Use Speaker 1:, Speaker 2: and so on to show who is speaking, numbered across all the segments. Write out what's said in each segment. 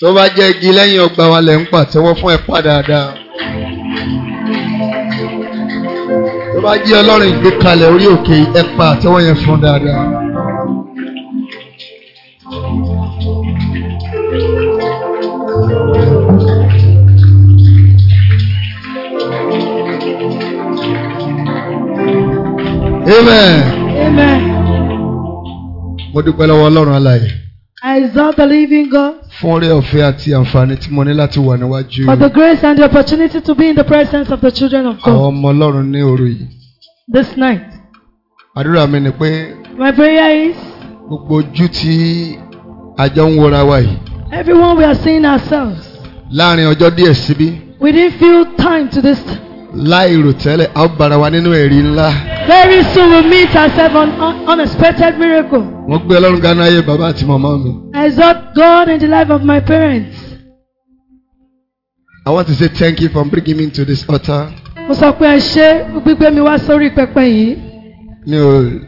Speaker 1: tó bá jẹ́ igi lẹ́yìn ọgbà wa lẹ̀ ń pàtẹ́wọ́ fún ẹ dáadáa. tó bá jẹ́ ọlọ́run ìgbékalẹ̀ orí òkè ẹ pa yẹn fún dáadáa. Amen. Amen mo dúpẹ́ lọ́wọ́ ọlọ́run alààyè. I exalt the living God. Fún oore ọ̀fẹ́ àti àǹfààní tí mo ní láti wà níwájú. For the grace and the opportunity to be in the presence of the children of God. Àwọn ọmọ ọlọ́run ní òru yìí. This night. Àdúrà mi ni pé. My prayer is. Gbogbo ojú tí àjọ ń wọra wa yìí. Everyone we are seeing ourselves. Láàárín ọjọ́ díẹ̀ síbí. Within few time to this time láìrò tẹ́lẹ̀ a ó bára wa nínú ẹ̀rí ńlá. very soon we meet and ourselves an unexpected miracle. mo gbé ọlọ́run ganu ayé bàbá àti màmá mi. I exalt God in the life of my parents. I want to say thank you for bringing me to this altar. mo sọ pé ẹ ṣé gbígbé mi wá sórí pẹpẹ yìí. mi ò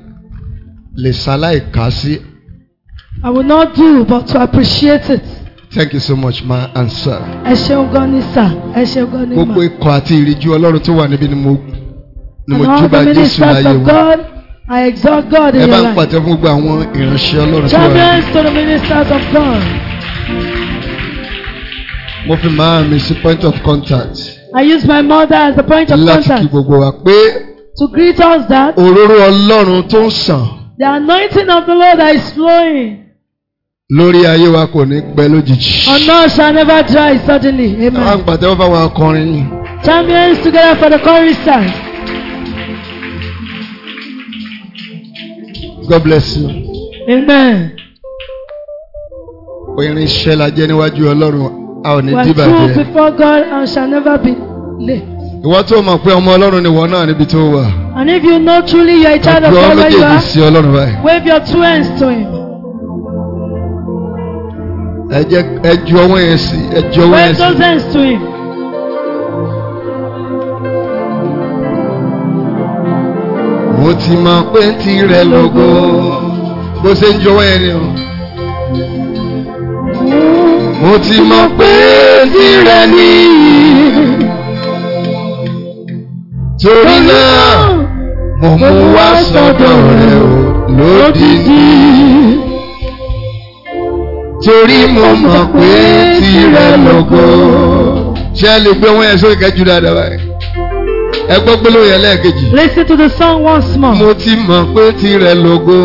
Speaker 1: lè ṣaláì sí. I will not do but to appreciate it. Thank you so much ma and sir. Ẹ ṣeun gan ni sir, ẹ ṣeun gan ni ma. Gbogbo ikọ̀ àti ìríjú Ọlọ́run tó wà níbí ni mo júbà Jésù láyé wọn. I exalt God in your life. Ẹ Champions to the ministers of God. Mo fi màá mi sí point of contact. I use my mother as the point of contact. Láti kí gbogbo wa pé. To greet us that. Òróró Ọlọ́run tó ń sàn. The anointing of the Lord that is flowing lórí ayé wa kò ní pẹ́ lójijì. ọ̀nà shall never dry suddenly amen. àwọn àgbàtẹ́wọ́ fáwọn akọrin yìí. champions together for the choristers. God bless you. amen. irinṣẹ́ la jẹ́ níwájú Ọlọ́run a ò ní dìbàjẹ́. we are true before God and shall never be late ìwọ tó mọ̀ pé ọmọ ọlọ́run ni ìwọ náà níbi tó wà. and if you know truly you are a child of God where you are. àgbọ̀ méjèèjì sí ọlọ́run báyìí. wave your two hands to him ẹ jẹ́ ẹ ju ọwọ́ yẹn sí ẹ ju ọwọ́ yẹn sí. wave those hands to him. mo ti mọ̀ pé tirẹ̀ lógo bó ṣe ń ju yẹn ni o. mo ti mọ̀ pé tirẹ̀ ni torí náà mo mú wá sọ́dọ̀ rẹ̀ o lódìdí torí mo mọ̀ pé tirẹ̀ lógo. ṣé ẹ lè gbé wọn yẹn sórí kẹjú dáadáa báyìí. ẹ gbọ́ gbólóhùn yẹn lẹ́ẹ̀kejì. listen to the song once more. mo ti mọ̀ pé tirẹ̀ lógo.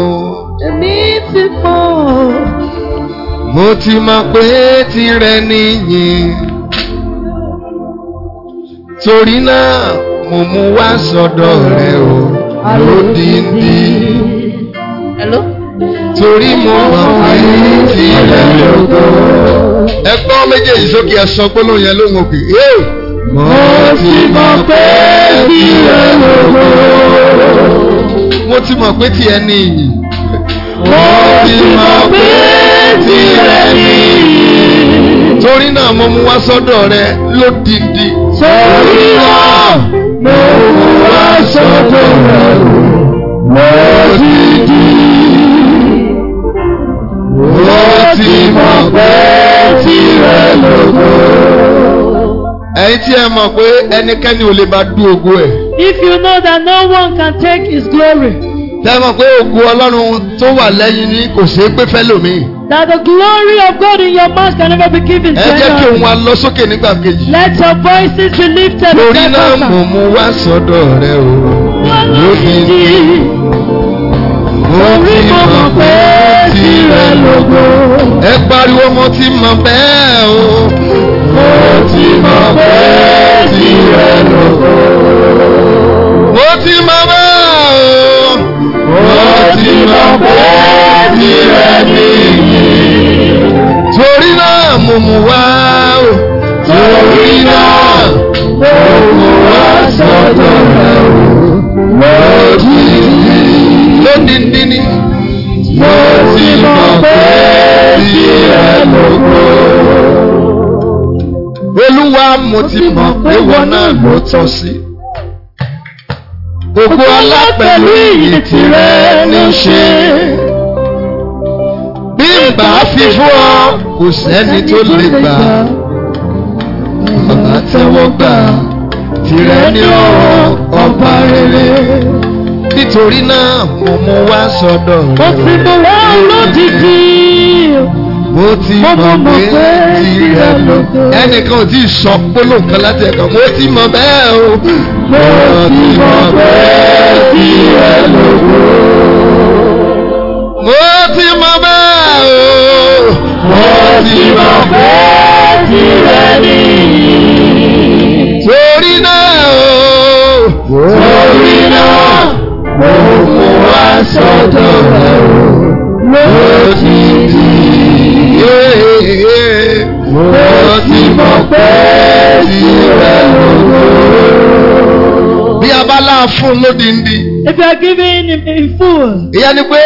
Speaker 1: èmi ti mọ̀. mo ti mọ̀ pé tirẹ̀ nìyí. torí náà mo mú wá sọ́dọ̀ rẹ o lódìndín. hello torí mo mọ̀ pé ti ilẹ̀ mi ò gbọ́. ẹ gbọ́ méjèèjì sókè ẹ sọ gbólóhùn yẹn lóhùn òkè. mo ti mọ̀ pé ti ilẹ̀ mi ò gbọ́. mo ti mọ̀ pé ti ẹ ní ìyìn. mo ti mọ̀ pé ti ní ìyìn. torí náà mo mú wá sọ́dọ̀ rẹ lódìdí. torí náà mo mú wá sọ́dọ̀ rẹ lódìdí. ìfẹ́ tí ẹ mọ̀ pé ẹnikẹ́ni ò lè máa du ògo ẹ̀. if you know that no one can take his glory. tẹ́ mọ̀ pé ògo Ọlọ́run tó wà lẹ́yìn ní kò ṣeé pé fẹ́ lòmíì. That the glory of God in your mouth can never be given to anyone. Ẹ jẹ́ kí òun á lọ sókè nígbà kejì. Let your voices be lifted. Torí náà mo mú wá sọ́dọ̀ rẹ o. Lójijì mo rí mo mọ̀ pé tirẹ̀ lógo. ẹ pariwo mo ti mọ̀ bẹ́ẹ̀ o. mo ti mọ̀ pé tirẹ̀ lógo. mo ti mọ̀ bẹ́ẹ̀ o. mo ti mọ̀ pé tirẹ̀ nìyí. torí náà mo mú wá o. torí náà. kíni. mo ti mọ̀ pé bí ẹ lóko. olúwa mo ti mọ̀ pé wọn náà ló tọ́ sí. gbogbo ọlá pẹ̀lú ìyìn tìrẹ ní ṣe. bí n bá fi fún ọ kò sẹ́ni tó lè gbà bàbá tẹ́wọ́ gbà á tìrẹ ní ọba rere nítorí náà mo mú wá sọ́dọ̀ rẹ̀. mo ti mú wá lódìdí. mo ti mọ̀ pé tirẹ̀ lọ. ẹnìkan ò tí ì sọ gbólóǹkan láti ẹ̀kan mo ti mọ̀ bẹ́ẹ̀ o. mo ti mọ̀ pé tirẹ̀ lọ́wọ́. mo ti mọ̀ bẹ́ẹ̀ o. mo ti mọ̀ pé tirẹ̀ nìyí. mo mú wá sọ́dọ̀ rẹ̀ o lójijì mo ti eh, eh, eh, mọ̀ pé tirẹ̀ lòlò. bí a bá láà fún lódìndí. if you are giving him in full. ìyá ni pé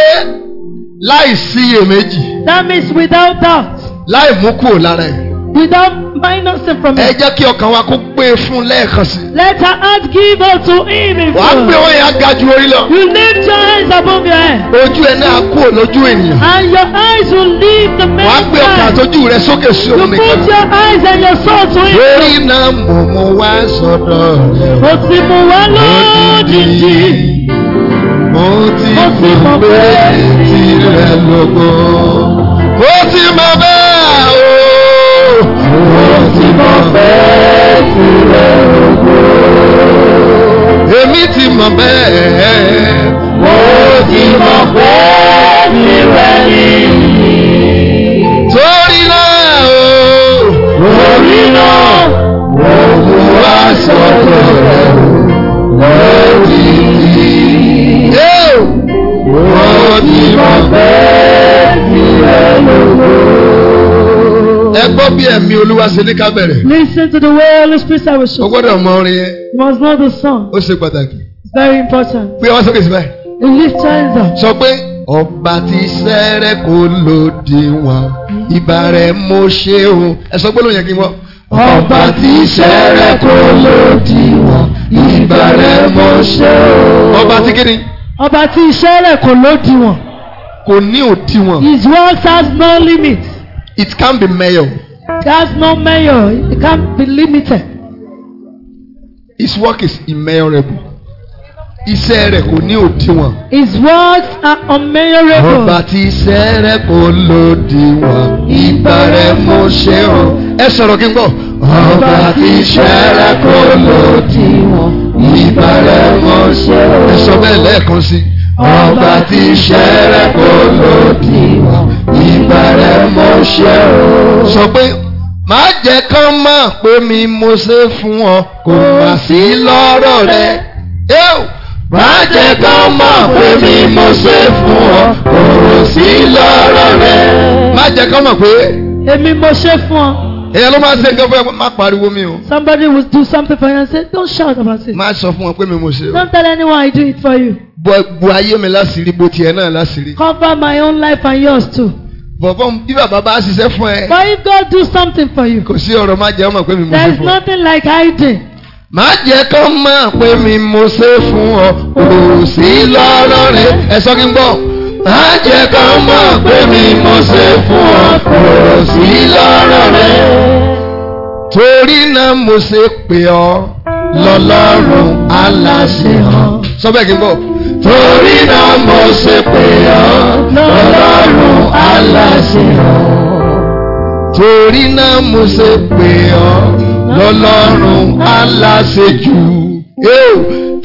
Speaker 1: láì sí iyèméjì. that means without doubt. láì mú kúrò lára ẹ̀. without minus it from him. ẹ jẹ́ kí ọkàn wa kó gbé e fún lẹ́ẹ̀kan sí. let her heart give up to him in full. gbé wọn yẹn ga ju orí lọ. you lift your eyes above your head. ojú ẹ náà kúrò lójú ènìyàn. and your eyes will leave the man. wàá gbé ọkàn àtọ́jú rẹ sókè sí omi. you put your eyes and your soul to him. lórí náà mo mú wá sọ́dọ̀ rẹ. mo ti mú wá lójijì. mo ti mọ̀ pé tirẹ̀ lógo. mo ti mọ̀ bẹ́ẹ̀. èmi ti mọ̀ bẹ́ẹ̀. mo ti mọ̀ pé tirẹ̀ nìyí. torí náà o. torí náà mo mú aṣọ tó rẹ̀. ẹ gbọ́ bí ẹ̀mí olúwa ṣe ní ká listen to the way Holy Spirit say we should. o gbọ́dọ̀ mọ orin yẹn. you must know the song. ó ṣe pàtàkì. it's very important. pé ọwọ́ sókè sí báyìí. he lift hands up. sọ pé ọba ti sẹ́rẹ̀ kó lòdìwọ̀n ìbà rẹ̀ mo ṣe o. ẹ sọ gbólóhùn yẹn kí n wọ́. ọba ti sẹ́rẹ̀ kó lòdìwọ̀n ìbà rẹ̀ mo ṣe o. ọba ti kí ni. ọba ti sẹ́rẹ̀ kó lòdìwọ̀n. kò ní òdiwọ̀n. his words has no limit. It can be measured. It no measure. It can't be limited. His work is immeasurable. Iṣẹ́ rẹ̀ kò ní òdiwọ̀n. His words are unmeasurable. Ọba tí iṣẹ́ rẹ̀ kò lòdiwọ̀n. Ìgbà mo ṣe o. Ẹ sọ̀rọ̀ kí n gbọ́. Ọba tí iṣẹ́ rẹ̀ kò lòdiwọ̀n. Ìgbà mo ṣe o. Ẹ sọ bẹ́ẹ̀ lẹ́ẹ̀kan sí i ọba tí ṣẹrẹ kò lòdì wá ìgbà rẹ mo ṣe o. sọ pé màá jẹ́ kán mọ̀ pé mi mo ṣe fún ọ kò mà sí lọ́rọ̀ rẹ. màá jẹ́ kán mọ̀ pé mi mo ṣe fún ọ kò sí lọ́rọ̀ rẹ. màá jẹ́ kán mọ̀ pé. èmi mo ṣe fún ọ. Èyàn ló máa ṣe nǹkan má pariwo mi o. Somebody will do something for you and say don't shout about it. Má sọ fún wọn pé mi mo ṣe o. Don't tell anyone I do it for you bu ayé mi láṣìírí bó tiẹ̀ náà láṣìírí. cover my own life and yours too. bọ̀bọ̀ bí bàbá bá ṣiṣẹ́ fún ẹ. but if God do something for you. kò sí ọ̀rọ̀ má jẹ́ ọmọ pé mi mo ṣe fún ọ. there is nothing like hiding. má jẹ́ kó mọ̀ pé mi mo ṣe fún ọ kò sí lọ́rọ̀ rẹ ẹ sọ kí n gbọ́. má jẹ́ kó mọ̀ pé mi mo ṣe fún ọ kò sí lọ́rọ̀ rẹ torí náà mo ṣe pè ọ́ lọ́lọ́run aláṣẹ hàn. sọ bẹ́ẹ̀ kí n bọ̀ torí náà mo ṣe pè ọ́ lọ́lọ́run aláṣẹ̀wọ̀n. torí náà mo ṣe pè ọ́ lọ́lọ́run aláṣejù.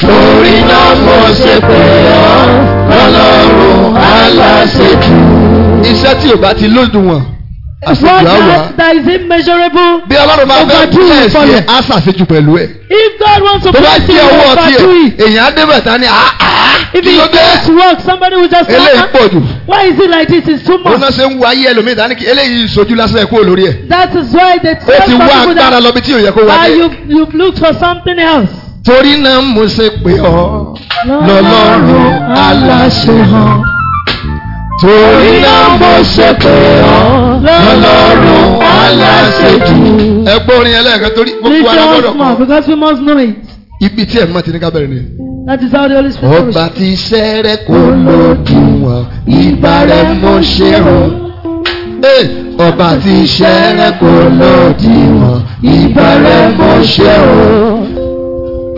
Speaker 1: torí náà mo ṣe pè ọ́ lọ́lọ́run aláṣejù. iṣẹ́ tí ò ti lódùn wọn project that is immeasurable bí ọlọ́run bá fẹ́ bless yẹ á ṣàṣejù pẹ̀lú ẹ̀. if God wants to bless you overdo it. èèyàn á débẹ̀ tán ni àá ah, ah, if he goes to work somebody will just say why is it like this it's too much. ṣe ń wo ayé ẹlòmíì dání kí eléyìí ìṣojú lásán ẹ̀kọ́ lórí ẹ̀. that is why they tell people that. ó ti wá agbára lọ bí tí ò yẹ wá dé. you you look for something else. torí náà mo ṣe pé ọ lọ́lọ́run aláṣẹ hàn torí náà mo ṣe pé ọ́ lọ́lọ́run aláṣejù. ẹ gbọ́ orin ẹlẹ́ẹ̀kan torí gbogbo ara gbọ́dọ̀ kọ́. because we must know it. ibi tí ẹ̀ mọ́ ti ní ká bẹ̀rẹ̀ ni. that is how the holy spirit works. ọba ti iṣẹ́ rẹ̀ kò lòdùwọ̀n ìbá rẹ̀ mo ṣe rọ̀. ọba ti iṣẹ́ rẹ̀ kò lòdùwọ̀n ìbá rẹ̀ mo ṣe rọ̀.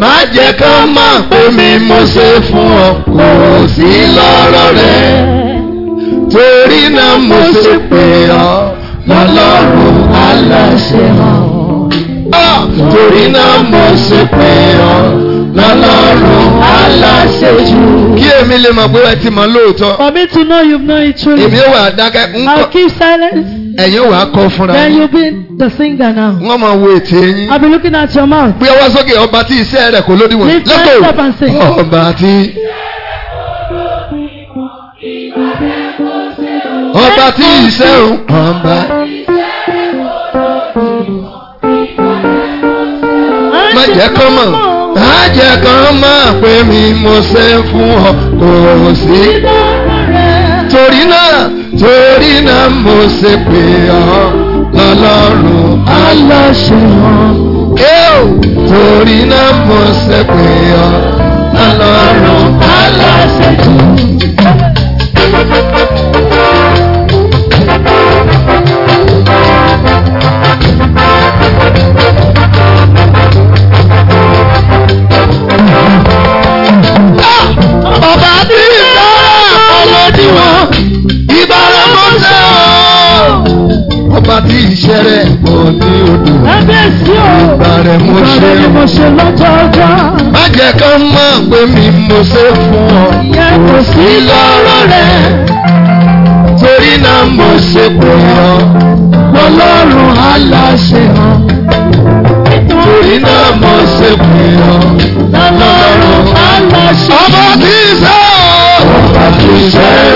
Speaker 1: má jẹ́ ká máa pè mí mo ṣe fún ọ kò sí lọ́rọ̀ rẹ̀. Ah! torí náà mo ṣe pè ọ́ lọ́lọ́run aláṣẹ hàn. torí náà mo ṣe pè ọ́ lọ́lọ́run aláṣẹ jù. kí èmi lè mọ̀ pé ẹ ti mọ̀ lóòótọ́. for me to know you know it truly. èmi wà dákẹ́ ń kọ́. I'll keep silence. ẹ̀yin ò wá kọ́ fúnra. then you be the singer now. wọ́n máa wo ètè yín. I'll be looking at your mouth. gbé ọwọ́ sókè ọba tí iṣẹ́ rẹ̀ kò lódiwọ̀n. lift your ọba tí ọba tí iṣẹ́ òun kàn bá. má jẹ́ kán mọ̀ má jẹ́ kán mọ̀ pé mi mo ṣe fún ọ kò sí. torí náà torí náà mo ṣe pé ọ lọ́lọ́run aláṣẹ ọ. torí náà mo ṣe pé ọ lọ́lọ́run aláṣẹ ọ. máa bí iṣẹ́ rẹ̀ pọ̀ ní odò. Kábíyèsí o, ìbàrẹ̀ mo ṣe o. Ìbàrẹ̀ mo ṣe lọ́jọ́jọ́. Má jẹ́ ká mọ̀ pé mi mo ṣe fún ọ. Ìyá kò sí lọ́rọ̀ rẹ̀. Torí náà mo ṣe pè ọ́. Ọlọ́run aláṣẹ hàn. Torí náà mo ṣe pè ọ́. Ọlọ́run aláṣẹ hàn. Ọba kìí ṣe o. Ọba kìí ṣe o.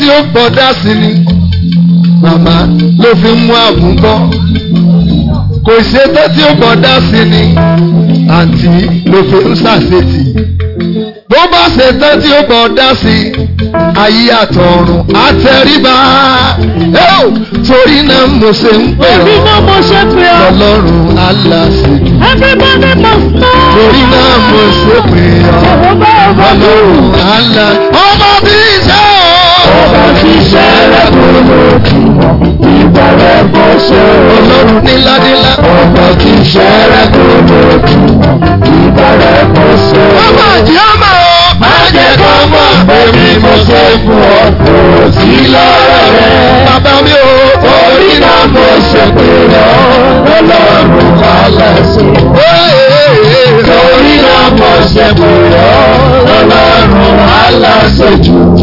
Speaker 1: tí ó gbọ́dá sí ni màmá ló fi mú àmúbọ́ kò ṣe tó tí ó gbọ́dá sí ni àǹtí ló fi ń ṣàṣetì bó bá ṣe tán tí ó gbọ́dá sí ayé àtọ̀run àtẹríba torí náà mo ṣe ń pè ọ́ lọ́lọ́run aláṣejù everybody must know torí náà mo ṣe pè ọ́ lọ́lọ́run aláṣejù ọmọ bíi ṣe ọ́ ọba ti ṣẹlẹ̀ gbogbo kìlọ̀ ìbẹ̀rẹ̀ bó ṣe olórí níládílá ọba ti ṣẹlẹ̀ gbogbo kìlọ̀ ìbẹ̀rẹ̀ bó ṣe. bàbá àjí ọmọ o. má jẹ́ kó mọ̀ pé bí mo ṣe fún ọ kò sí lọ́rọ̀ rẹ̀. bàbá mi o. orí náà mo ṣe pé ọ lọ́lọ́run kálẹ̀ sí. torí náà mo ṣe pé ọ lọ́lọ́run aláṣẹ jù.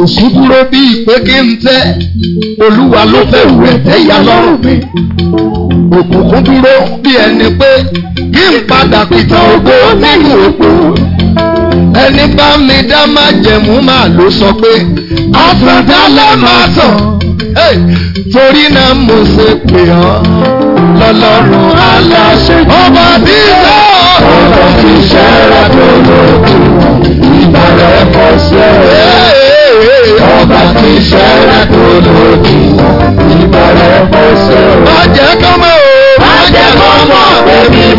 Speaker 1: kò sí kúrò bí ìpè kí n tẹ́ olúwa ló fẹ́ wù ẹ̀tẹ́ ìyá lọ́rùn mi òkùnkùn dúró bí ẹni pé kí n padà pìtàn ògo nínú òkú ẹni bá mi dá má jẹ̀mú máa ló sọ pé àtàndálá máa tàn torí náà mo ṣe pè ọ́ lọ́lọ́run aláṣẹ ọba bíbá ọ̀rọ̀ fi ṣẹ́ra tó lókè ìbára ẹ̀kọ́ sí ẹ̀ bá ti ṣẹ́rẹ́ tó lòdì ìbẹ̀rẹ̀ fẹsẹ̀ o. má jẹ́ kán mọ̀ o. má jẹ́ kán mọ̀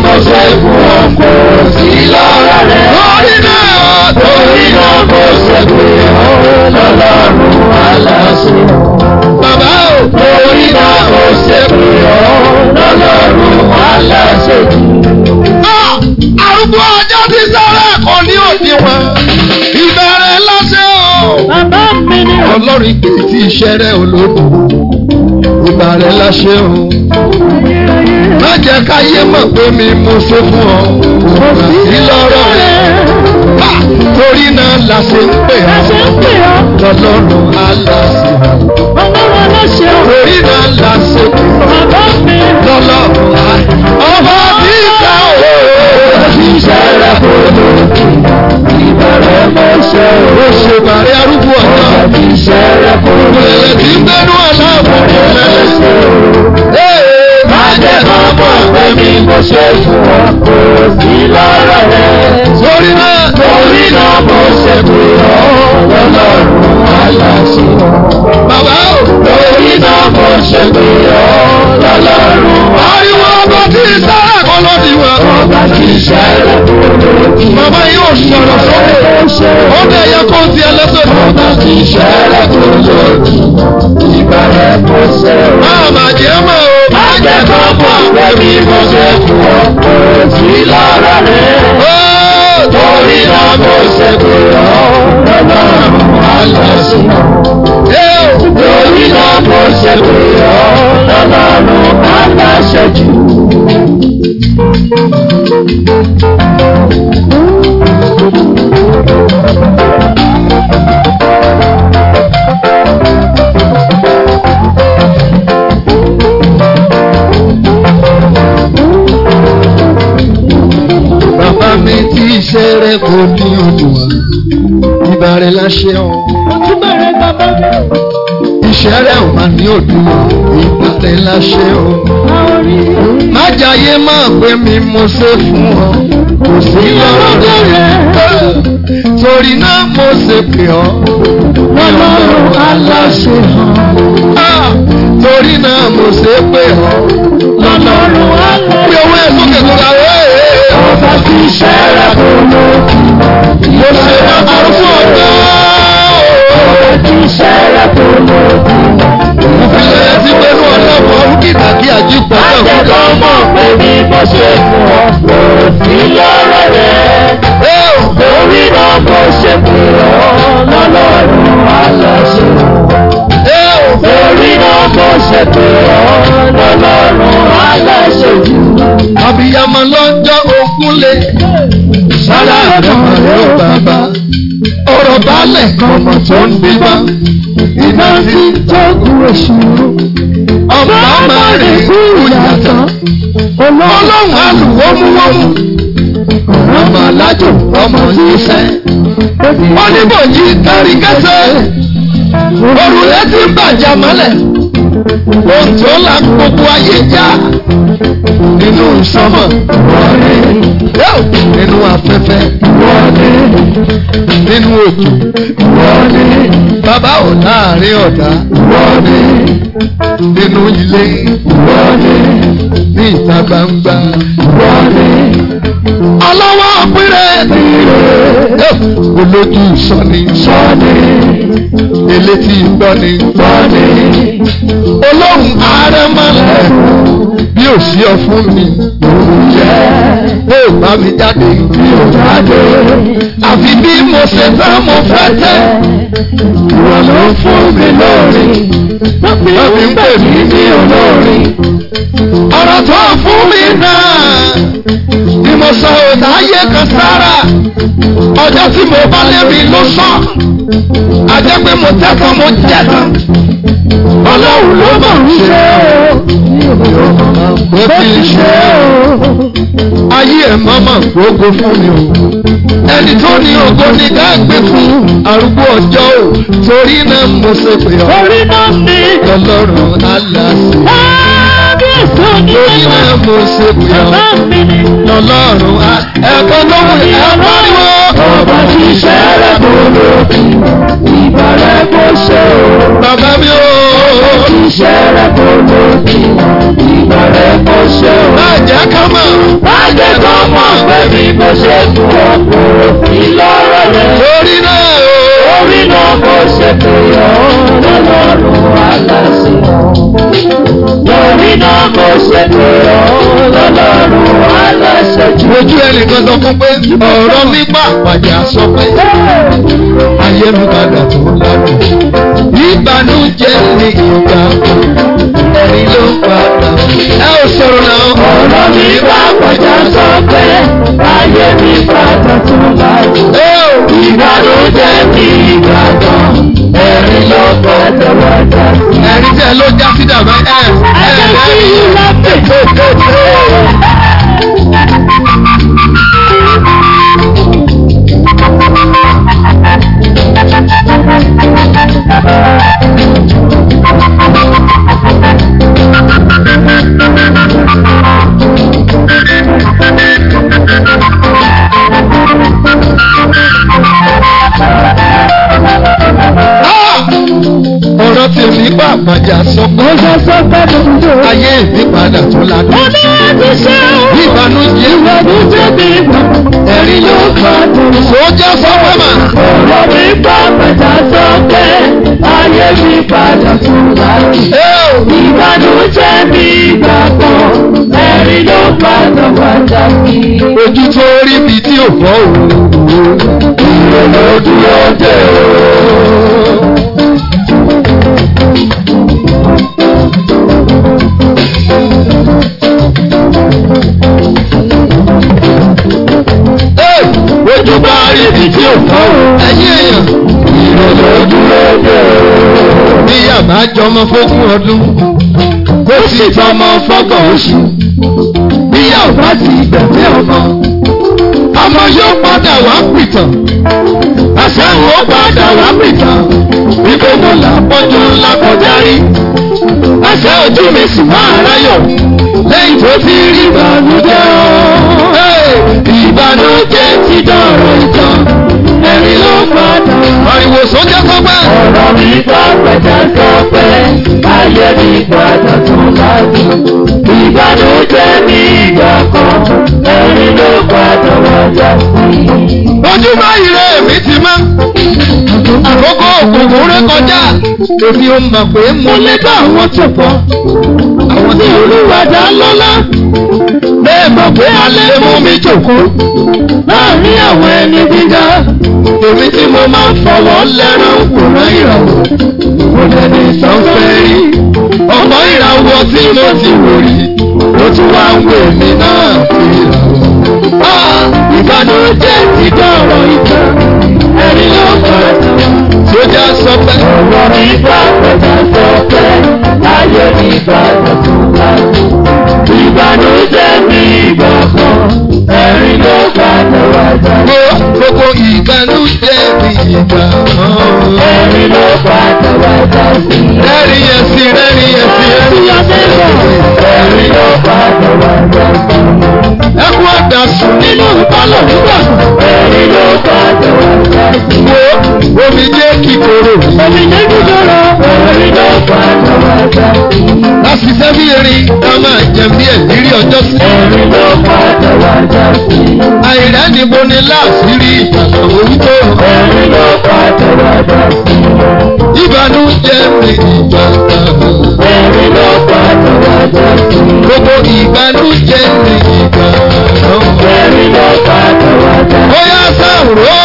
Speaker 1: mo ṣe fún ọ kò sí lọ́rọ̀ rẹ̀. lórí náà o. torí náà mo ṣe pé ọ̀rọ̀ lọ́lọ́run aláṣẹ. bàbá o. torí náà mo ṣe pé ọ̀rọ̀ lọ́lọ́run aláṣẹ. Ah, arúgbó ọjọ́ ti sára kò ní òdiwọ̀n ọlọ́run kì í ti iṣẹ́ rẹ̀ olódò ìgbà rẹ̀ la o. ń. má jẹ́ káyé mọ̀ pé mi mo ṣe fún ọ kò sí lọ́rọ̀ rẹ̀ torí náà la ṣe ń pè ọ́ lọ́lọ́run aláṣẹ o. torí náà la ṣe pè ọ́ lọ́lọ́run aláṣẹ ọba bíi ká òun ò ṣiṣẹ́ rẹ̀ kò lò mo ṣe o. Oṣù Bàrí arúgbó ọ̀tá. Ọ̀gá ti ṣe rẹ̀ kò ní. Bẹ̀rẹ̀ tí ń bẹ́nu aláàbò rẹ̀ lẹ́sẹ̀. Májẹ̀ máa mọ̀ pé mi mo ṣe fún ọ kò sí lára rẹ̀. Sórí náà. Torí náà mo ṣe pé ọ́ lọ́lọ́run aláṣẹ. Bàbá o. Torí náà mo ṣe pé ọ́ lọ́lọ́run ariwo ọmọ tí iṣẹ́ ẹ̀kọ́ ló ti wẹ̀. ọba tí iṣẹ́ rẹ̀ kò lókè. màmá yìí ò sókè. ó dé ẹyẹ kó ti ẹlẹ́sẹ̀. ọba tí iṣẹ́ rẹ̀ kò kò ṣe o. máa mà jẹ́ mọ́ o. má jẹ́ kó pọ̀ pé bí mo ṣe kú ọ kò sí lára rẹ̀. torí náà mo ṣe pé ọ́ lọ́nà àlọ́ sí. torí náà mo ṣe pé ọ́ lọ́nà aláṣẹ jù. Bàbá mi ti ṣeré kò ní òdùwà, ìbàrẹ̀ láṣẹ ọ̀. Ojúbà rẹ̀ bàbá mi. Ìṣẹ́rẹ́ ò máa ní òdùwà, ìbàrẹ̀ láṣẹ ọ̀ má jayé má pé mi mo ṣe fún ọ kò sí lọ́wọ́ rẹ torí náà mo ṣe pè ọ́ lọ́lọ́run aláṣẹ hàn torí náà mo ṣe pè ọ́ lọ́lọ́run aláṣẹ hàn. pé owó ẹ̀ sókè tó ga ọba tí iṣẹ́ rẹ̀ kò lò. Mo ṣe bàbá fún ọgbà. Oh. Ọba tí iṣẹ́ rẹ̀ kò lò. Mo fi ṣẹlẹ̀ sí pé bí àjíǹde náà. Àjẹ̀kọ́ mọ̀ pé bí mo ṣe kù ọ́ kò sí lọ́rọ̀ rẹ̀. Torí náà mo ṣe kù ọ́ lọ́lọ́run aláṣẹ. Torí náà mo ṣe kù ọ́ lọ́lọ́run aláṣẹ jù. Àbíyamọ lọ́jọ́ òkúnlé. Sálá àdàmọ̀ ló bàbá. Ọ̀rọ̀ balẹ̀ kan mọ̀ tó ń bímọ. Iná ti tó kú èṣù ọmọ rẹ̀ gbúrú yàtọ̀ ọlọ́run alùwọ́mú ọmọ alájò ọmọ tí í fẹ́ oníbòjì tẹ́rí kẹsẹ̀ òrùlé ti ń bàjá mọ́lẹ̀ ohun tí ó la gbogbo ayé já nínú sọ́mọ̀ wọlé nínú afẹ́fẹ́ wọlé nínú òjò wọlé bàbá ò láàrin ọ̀dá. Wọ́ni. Nínú ilé. Wọ́ni. Ní ìta gbangba. Wọ́ni. Ọlọ́wọ́ pínrẹ́. Pínrẹ́. Olójú sọ́ni. Sọ́ni. Elétí gbọ́ni. Gbọ́ni. Olóhùn ààrẹ mọ́lẹ̀. Bí ò sí ọ fún mi. Òun jẹ́ ó bá mi jáde. mi ò jáde. àfi bí mo ṣe fẹ́ mo fẹ́ tẹ́. ìwọ ló fún mi lọ olórin ló fi ń pè mí ní olórin.
Speaker 2: ọ̀rọ̀ tó fún mi náà
Speaker 1: ni mo sọ òdà ayé kan sára ọjọ́ tí mo bá lébi ló sọ àjẹ́ pé mo tẹ́tàn mo jẹ̀tàn ọlọ́run ló mọ̀ ń ṣe o mo ti ṣe o ayé ẹ̀ mọ́mọ́ gbogbo fún mi o ẹni tó ní ògo ni ká gbé fún arúgbó ọjọ́ o torí náà mo ṣe pé ọ. torí náà ni ọlọ́run aláṣẹ. kábíyèsí náà mo ṣe pé ọ. ẹ̀rọ a. ẹ̀kọ́ lóhùn ẹ̀kọ́ ni wọ́n. ọba ṣiṣẹ́ rẹ̀ kò lókun ìbá rẹ̀ kò ṣe o. bàbá mi o. ọba ṣiṣẹ́ rẹ̀ kò lókun ìbá rẹ̀ kò ṣe o jẹ́ ká mọ̀. má jẹ́ kó mọ̀ pé bí mo ṣe fún ọkọ̀ ìlọrọ rẹ̀. lórí náà o. lórí náà kò ṣe pé ọ̀hún lọ́lọ́run aláṣẹ. lórí náà kò ṣe pé ọ̀hún lọ́lọ́run aláṣẹ. ojú ẹnìkan sọ fún pé ọ̀rọ̀ mi pàpàjà sọ pé ayé mi padà tó lánàá. ìbànújẹ́ ni ìgbà kan ẹ̀rín ló pa ẹ ò sọ̀rọ̀ náà. ọ̀rọ̀ mi bá kọjá sọ pé ayé mi padà tó láyé. ìbànújẹ́ mi ìbàdàn ẹ̀rín ló padà wá dá sí. ẹ̀rín tẹ ló já sí dàbẹ́ ẹ̀ ẹ̀ lẹ́yìn. Thank you. Ah! ọ̀rọ̀ tèmi pàpà jà sọ pé. mo ṣe sọ pé mo ti dùn. ayé mi padà tó ládùn. mo ní láti ṣe o. ìbànújẹ́ ìbànújẹ́ mi dùn. ẹ̀rín yóò gbádùn. sójà sọ pé mà. ọ̀rọ̀ mi pàpà jà sọ pé ayé mi padà tó ládùn. ìbànújẹ́ mi gbàgbọ́. Ojú tó rí mi tí ò fọ́ òun. Ìrọ̀lẹ́ ojú ọjẹ́ o. ojú bá rí ibi tí ò fọ́ ẹ̀yìn èèyàn. ìrọ̀lẹ́ dúró dé. bí yàrá jọmọ fógún ọdún kó sì tọmọ fọ́gbọ̀n oṣù bí yóò bá ti gbẹ̀mí ọmọ ọmọ yóò padà wá pìtàn àṣà wo padà wá pìtàn wípé mo là pọ́njú ńlá kọjá rí àṣà ojú mi sì máa ráyọ̀ lẹ́yìn tó ti rí ìbànújẹ́ ọ́ ìbànújẹ́ ti dọ̀rọ̀ ìtàn ẹ̀rín ló padà. ariwo sójà sọpẹ́. ọ̀rọ̀ mi sọ pẹ̀tẹ́ sọpẹ́ ayé mi padà tún lágùn ìbànújẹ́ ní ìgbà kan ẹni ló padà wájà sí i. ojúmọ́ ire mi ti mọ́ àkókò òkùnkùn ré kọjá èmi ò mọ̀ pé mo lé bá àwọn tó pọ̀ àwọn tí olúwa dá lọ́lá bẹ́ẹ̀ mọ̀ pé alẹ́ mú mi jòkó láàrin àwọn ẹni gíga èmi tí mo máa ń fọwọ́ lẹ́rán wòran ìràwọ̀ mo lẹ́ni sọ́fẹ́ rí ọ̀pọ̀ ìràwọ̀ tí mo ti wò tún wá ń wè mí náà sílẹ̀. Ah, ìbànújẹ́ ti dọ̀rọ̀ ìtàn ẹ̀rí ló fà á tí ó já sọ pé. ọ̀rọ̀ ìbàdàn sọ pé ayé ní ìbàdàn fún wa. ìbànújẹ́ mi ìgbà kan ẹ̀rí ló fà á lọ́wọ́ àjà. gbogbo ìbànújẹ́ mi ìgbà kan. ẹ̀rí ló fà á lọ́wọ́ àjà sí. rẹ́rìn yẹn sí rẹ́rìn yẹn sí rẹ́rìn yẹn sí yóò padà wá dàgbà. ẹkún àdàsùn nínú ìbálò nígbà. ẹni yóò padà wá dàgbà. wo omi jẹ́ kíkorò. omi jẹ́ kíkorò. ẹni yóò padà wá dàgbà láṣiṣẹ́ bí erin ká máa jẹ bí ẹ̀dírí ọjọ́ sí. ẹ̀rín ló padà wá já sí. àìrẹ́ níbo ni láàṣírí ìtàkùn orúkọ. ẹ̀rín ló padà wá já sí. mi ìgbà kan. ẹ̀rín ló padà wá já padà. Gbogbo ìbànújẹ́ ti ìgbà. Ẹ̀rí ló padà wá dá. Ó yá sọ̀rọ̀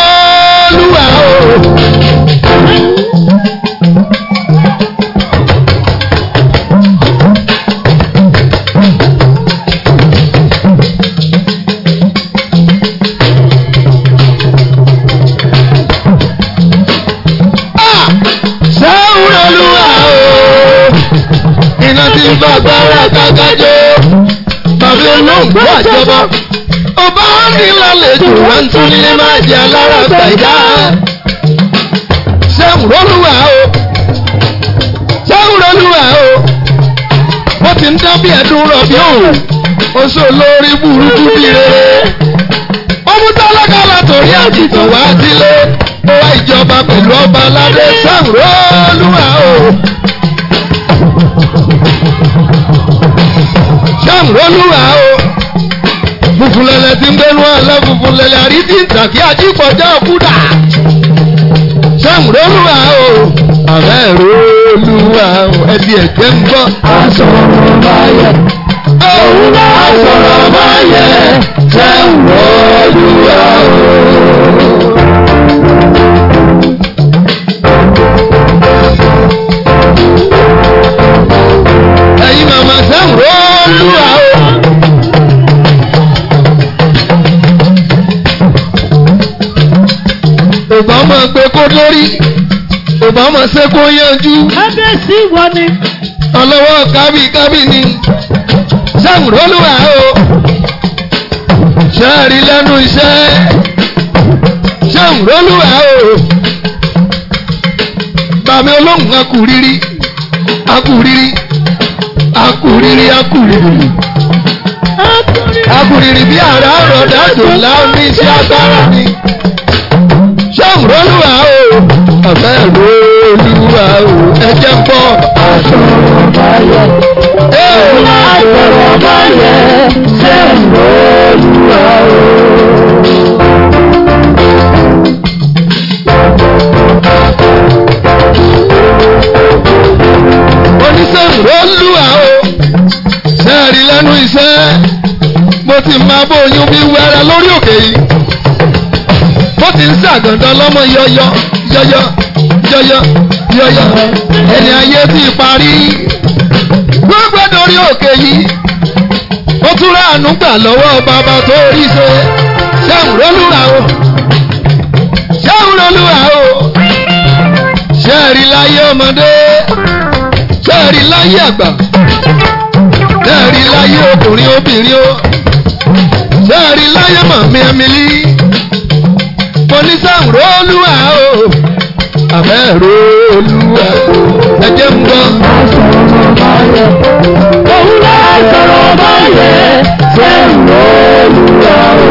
Speaker 1: Olúwa o. àǹtúnilé má jẹ́ alára ṣẹ̀dá ṣéun rólúwà o ṣéun rólúwà o ó ti ń dán bí ẹ̀dùn rọ̀bí òun ó sọ lórí burúkú bí rere ó mú tálákà látòrí àtìtàn wá sílé ó wá ìjọba pẹ̀lú ọba aládé ṣéun rólúwà o. ṣéun rólúwà o funfunlẹ̀lẹ̀ tí ń gbẹ́nu àlẹ́ funfunlẹ̀lẹ̀ àrí tí ń tàn kí ají kọjá kúdà sàmúrólùwà o àbẹ́ ìrólùwà o ẹbí ẹ̀jẹ̀ ń gbọ́. àsọ̀rọ̀ máa yẹ. òun náà sọ̀rọ̀ máa yẹ sẹ́wọ̀n o. mọ̀ pé kó dórí kò bá ṣe kó yanjú. kábíyèsí ìwọ ni. ọlọ́wọ́ kábí kábí ni ṣàǹrólùwà o ṣáàrí lẹ́nu iṣẹ́ ṣàǹrólùwà o bàmí olóhùn akùrírí akùrírí akùrírí akùrírí akùrírí bí àrà ọ̀rọ̀ dájò láwọn iṣẹ́ agbára ni rọ́lùwà o àfẹ́ rọ́lùwà o ẹ jẹ́ gbọ́. àṣọ̀rọ̀ báyẹ̀ àṣọ̀rọ̀ báyẹ̀ ṣe rọ́lùwà o. oníṣẹ́ rọ́lùwà o sẹ́ẹ̀rì lẹ́nu iṣẹ́ mo ti máa bóyún bí wẹ́rẹ́ lórí òkè yìí ó ti ń ṣàgàndàn lọ́mọ yọyọ yọyọ yọyọ yọyọ ẹni ayé ti parí gbogbo dorí òkè yìí ó tún ráàánú gbà lọ́wọ́ bàbá tó rí ṣe ṣéun lólùrà o ṣéun lólùrà o ṣẹ́ẹ̀rí láyé ọmọdé ṣẹ́ẹ̀rí láyé àgbà ṣẹ́ẹ̀rí láyé ọkùnrin obìnrin o ṣẹ́ẹ̀rí láyé màmí Emily mo ní sàǹró olúwa o àbẹ̀rò olúwa o ẹ jẹ́ ń gbọ́. òun lè sọ̀rọ̀ báyẹ̀ sẹ́ǹró olúwa o.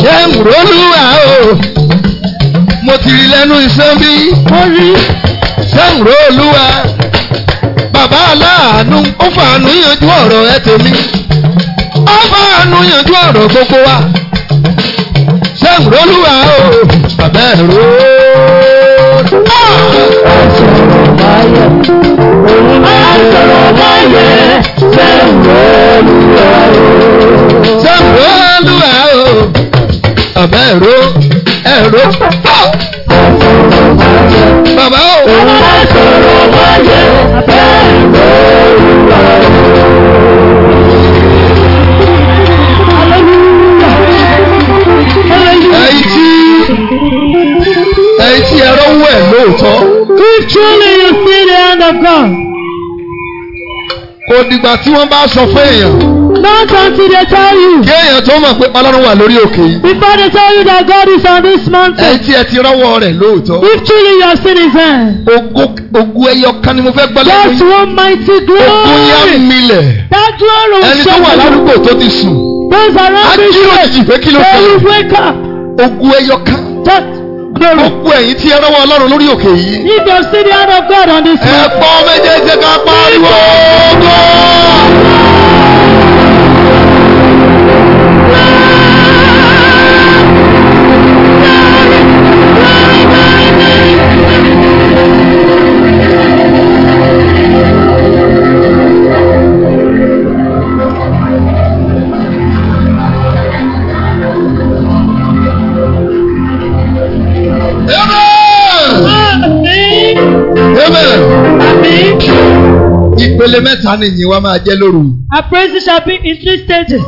Speaker 1: ṣé ń rolúwa o mo ti rí lẹ́nu iṣẹ́ bí. ṣé ń ro olúwa bàbá aláàánú ó fàánú yanjú ọ̀rọ̀ ẹ tèmi ó fàánú yanjú ọ̀rọ̀ gbogbo wa ṣé ń rólúwa o bàbá ẹ̀rọ. Àṣọ̀rọ̀ báyẹ̀, ìgbà tí wọ́n bá sọ fún èèyàn. Not until they tell you. Kí èèyàn tó mọ̀ pé Ọlọ́run wà lórí òkè yìí. Before they tell you that God is on this mountain. Ẹ ti ẹ ti rọ́wọ́ rẹ̀ lóòótọ́. If truly your sin is there. Ogun ẹyọ kan ni mo fẹ́ gbọ́ lẹ́yìn. Just one mighty glory. Ogun yá milẹ̀. That glory will show you. Ẹni tó wà lárúgbó tó ti sùn. Those around me. Akíròjì pé kí ló fẹ́. They will wake up. Ogun ẹyọ kan. Just gbèrú. gbogbo ẹ̀yin tí ẹ rọ́wọ́ ọlọ́run lórí òkè yìí. if you see the hand of God on this. ẹ̀pọ́ méjèèjì ká pariwo gbọ́. ìpele mẹ́ta ni ìyìn wa máa jẹ́ lóru. Our praises shall be in three stages.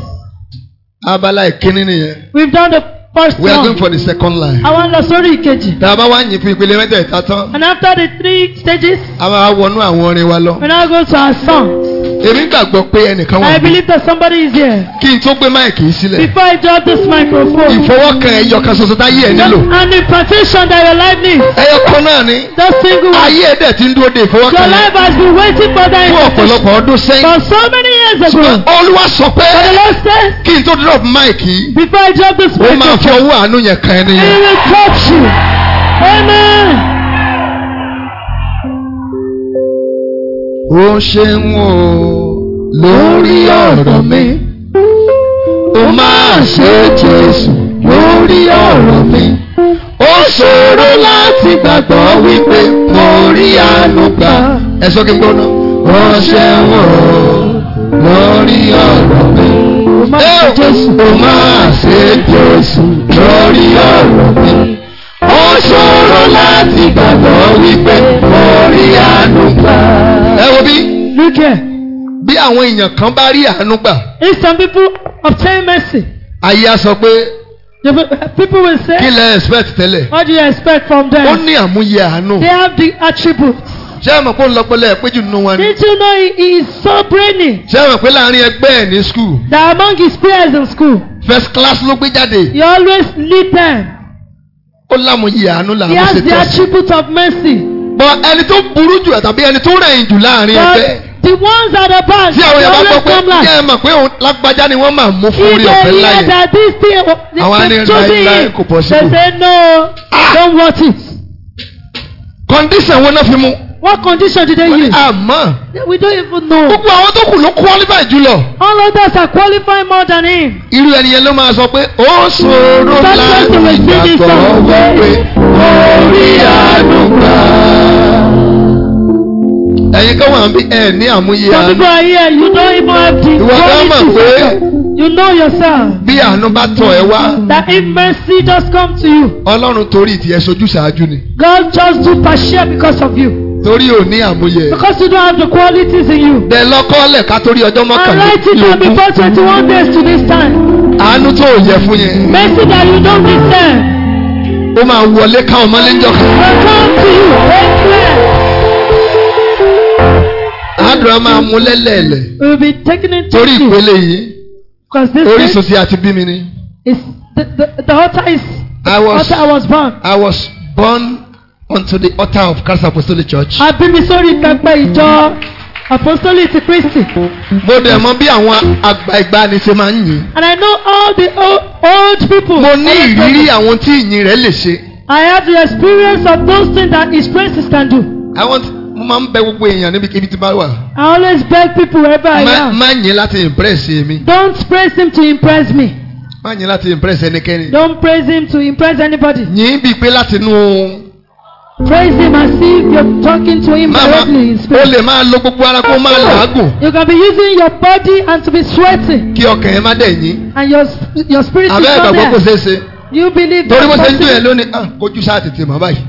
Speaker 1: Abala ìkíní nìyẹn. We've done the first one. We are going for the second line. Àwọn lọ sórí ìkejì. Tá a bá wá yìn fún ìpele mẹ́tẹ̀ẹ̀ta tán. And after the three stages. A máa wọnú àwọn orin wa lọ. We now go to our song. Èmi gbàgbọ́ pé ẹnìkan wà. I believe that somebody is here. Kí n tó gbé máìkì yìí sílẹ̀. Before I drop this microphone. Ìfọwọ́kàn ẹyọ kan ṣoṣo tá yí ẹ nílò. An impartation that your life needs. Ẹyọ kan náà ni. That single one. Ayé ẹ̀dẹ̀ ti ń dúró de ìfọwọ́kàn. Your life has been waiting for that impartation. Fún ọ̀pọ̀lọpọ̀ ọdún sẹ́yìn. For so many years ago. Ṣùgbọ́n Olúwa sọ pé. For the Lord said. Kí n tó drop máìkì yìí. Before I drop this microphone. Ó máa fi ọwọ́ àánú yẹn kan ẹni yẹn. He will touch you. Amen. ó ṣeun o lórí ọ̀rọ̀ mi ó máa ṣe Jésù lórí ọ̀rọ̀ mi ó ṣòro láti gbàgbọ́ wípé mo rí àánú gbà. ẹ sọ kí n gbóná. ó ṣeun o lórí ọ̀rọ̀ mi ó máa ṣe Jésù lórí ọ̀rọ̀ mi ó ṣòro láti gbàgbọ́ wípé mo rí àánú ẹ wo bí. look here. bí àwọn èèyàn kan bá rí àánú gbà. if some people obtain mercy. ayé á sọ pé. people will say. kí lẹ expect tẹ́lẹ̀. what do you expect from them. ó ní àmúyẹ àánú. they have the attributes. ṣé ẹ mọ̀ pé ńlọpọlọ ẹ péjú nínú wọn ni. did you know he is so brainy. ṣé ẹ mọ̀ pé láàrin ẹgbẹ́ ẹ̀ ní school. that among his peers in school. first class ló gbé jáde. he always lead them. ó lámúyẹ àánú làwọn ṣe tọ́sí. he has the attributes of mercy but ẹni tó burú jù tàbí ẹni tó rẹ̀yìn jù láàrin ẹgbẹ́. the ones that are bad they always come last. tí ẹ mọ̀ pé òun lágbájá ni wọ́n máa mú fún orí ọ̀fẹ́ láyé. if they hear that this thing àwọn ẹni rẹ̀ láyé kò pọ̀ síbò. they say no ah. don't want it. condition wo náà fi mú. What condition did they use? Àmọ́. We don't even know. Gbogbo àwọn tó kù ló qualify jùlọ. All others are qualifying more than him. Irú ẹni yẹn ló máa sọ pé ó ṣòro láti gbàgbọ́ wọ́pẹ́ orí àdúgbò. kan wà bí ẹ̀ ní àmúyẹ àánú. some people are here you know even have the quality. ìwọ náà mọ̀ pé. you know yourself. bí àánú bá tọ̀ ẹ́ wá. that if mercy just come to you. ọlọ́run torí tiẹ̀ sojú ṣáájú ni. God just do partial because of you torí ò ní àmúyẹ. because you don't have the qualities in you. bẹ́ẹ̀ lọ́kọ́lẹ̀ ká torí ọjọ́ mọ́kànlá. I write it down before twenty one days to this time. àánú tó yẹ fún yẹn. mercy that you don't deserve ó máa wọlé káwọn ọmọ lẹ́jọ́ kan. àdúrà máa mú lẹ́lẹ̀lẹ̀. we be taken into torí ìpele yìí. because this thing. orísun bí mi ni. the the the altar is. I was altar I was born. I was born unto the altar of Christ Apostolic Church. àbí mi sórí ìkápẹ́ ìjọ apostoli Christy. Kristi. mo dẹ̀ mọ̀ bí àwọn àgbà ìgbani ṣe máa ń yìn. and I know all the old, old people. mo ní ìrírí àwọn tí ìyìn rẹ̀ lè ṣe. I have the experience of those things that his princes can do. I want mo máa ń bẹ gbogbo èèyàn níbi kíbi tí bá wà. I always beg people wherever I am. má yìn láti impress mi. Don't praise him to impress me. má yìn láti impress ẹnikẹ́ni. Don't praise him to impress anybody. yìn bí pé láti nú. No Praise him as see if you're talking to him directly in spirit. O lè máa lo gbogbo ara kó máa làágùn. You can be using your body and to be sweating. Kí ọkàn yẹn má dẹ̀ yín. And your, your spirit is not there. Abẹ́ ìgbàgbọ́ kò ṣeé ṣe. You believe that. Torí bó ṣe ń jó lónìí, ah, kojú sáà tètè mọ́ báyìí.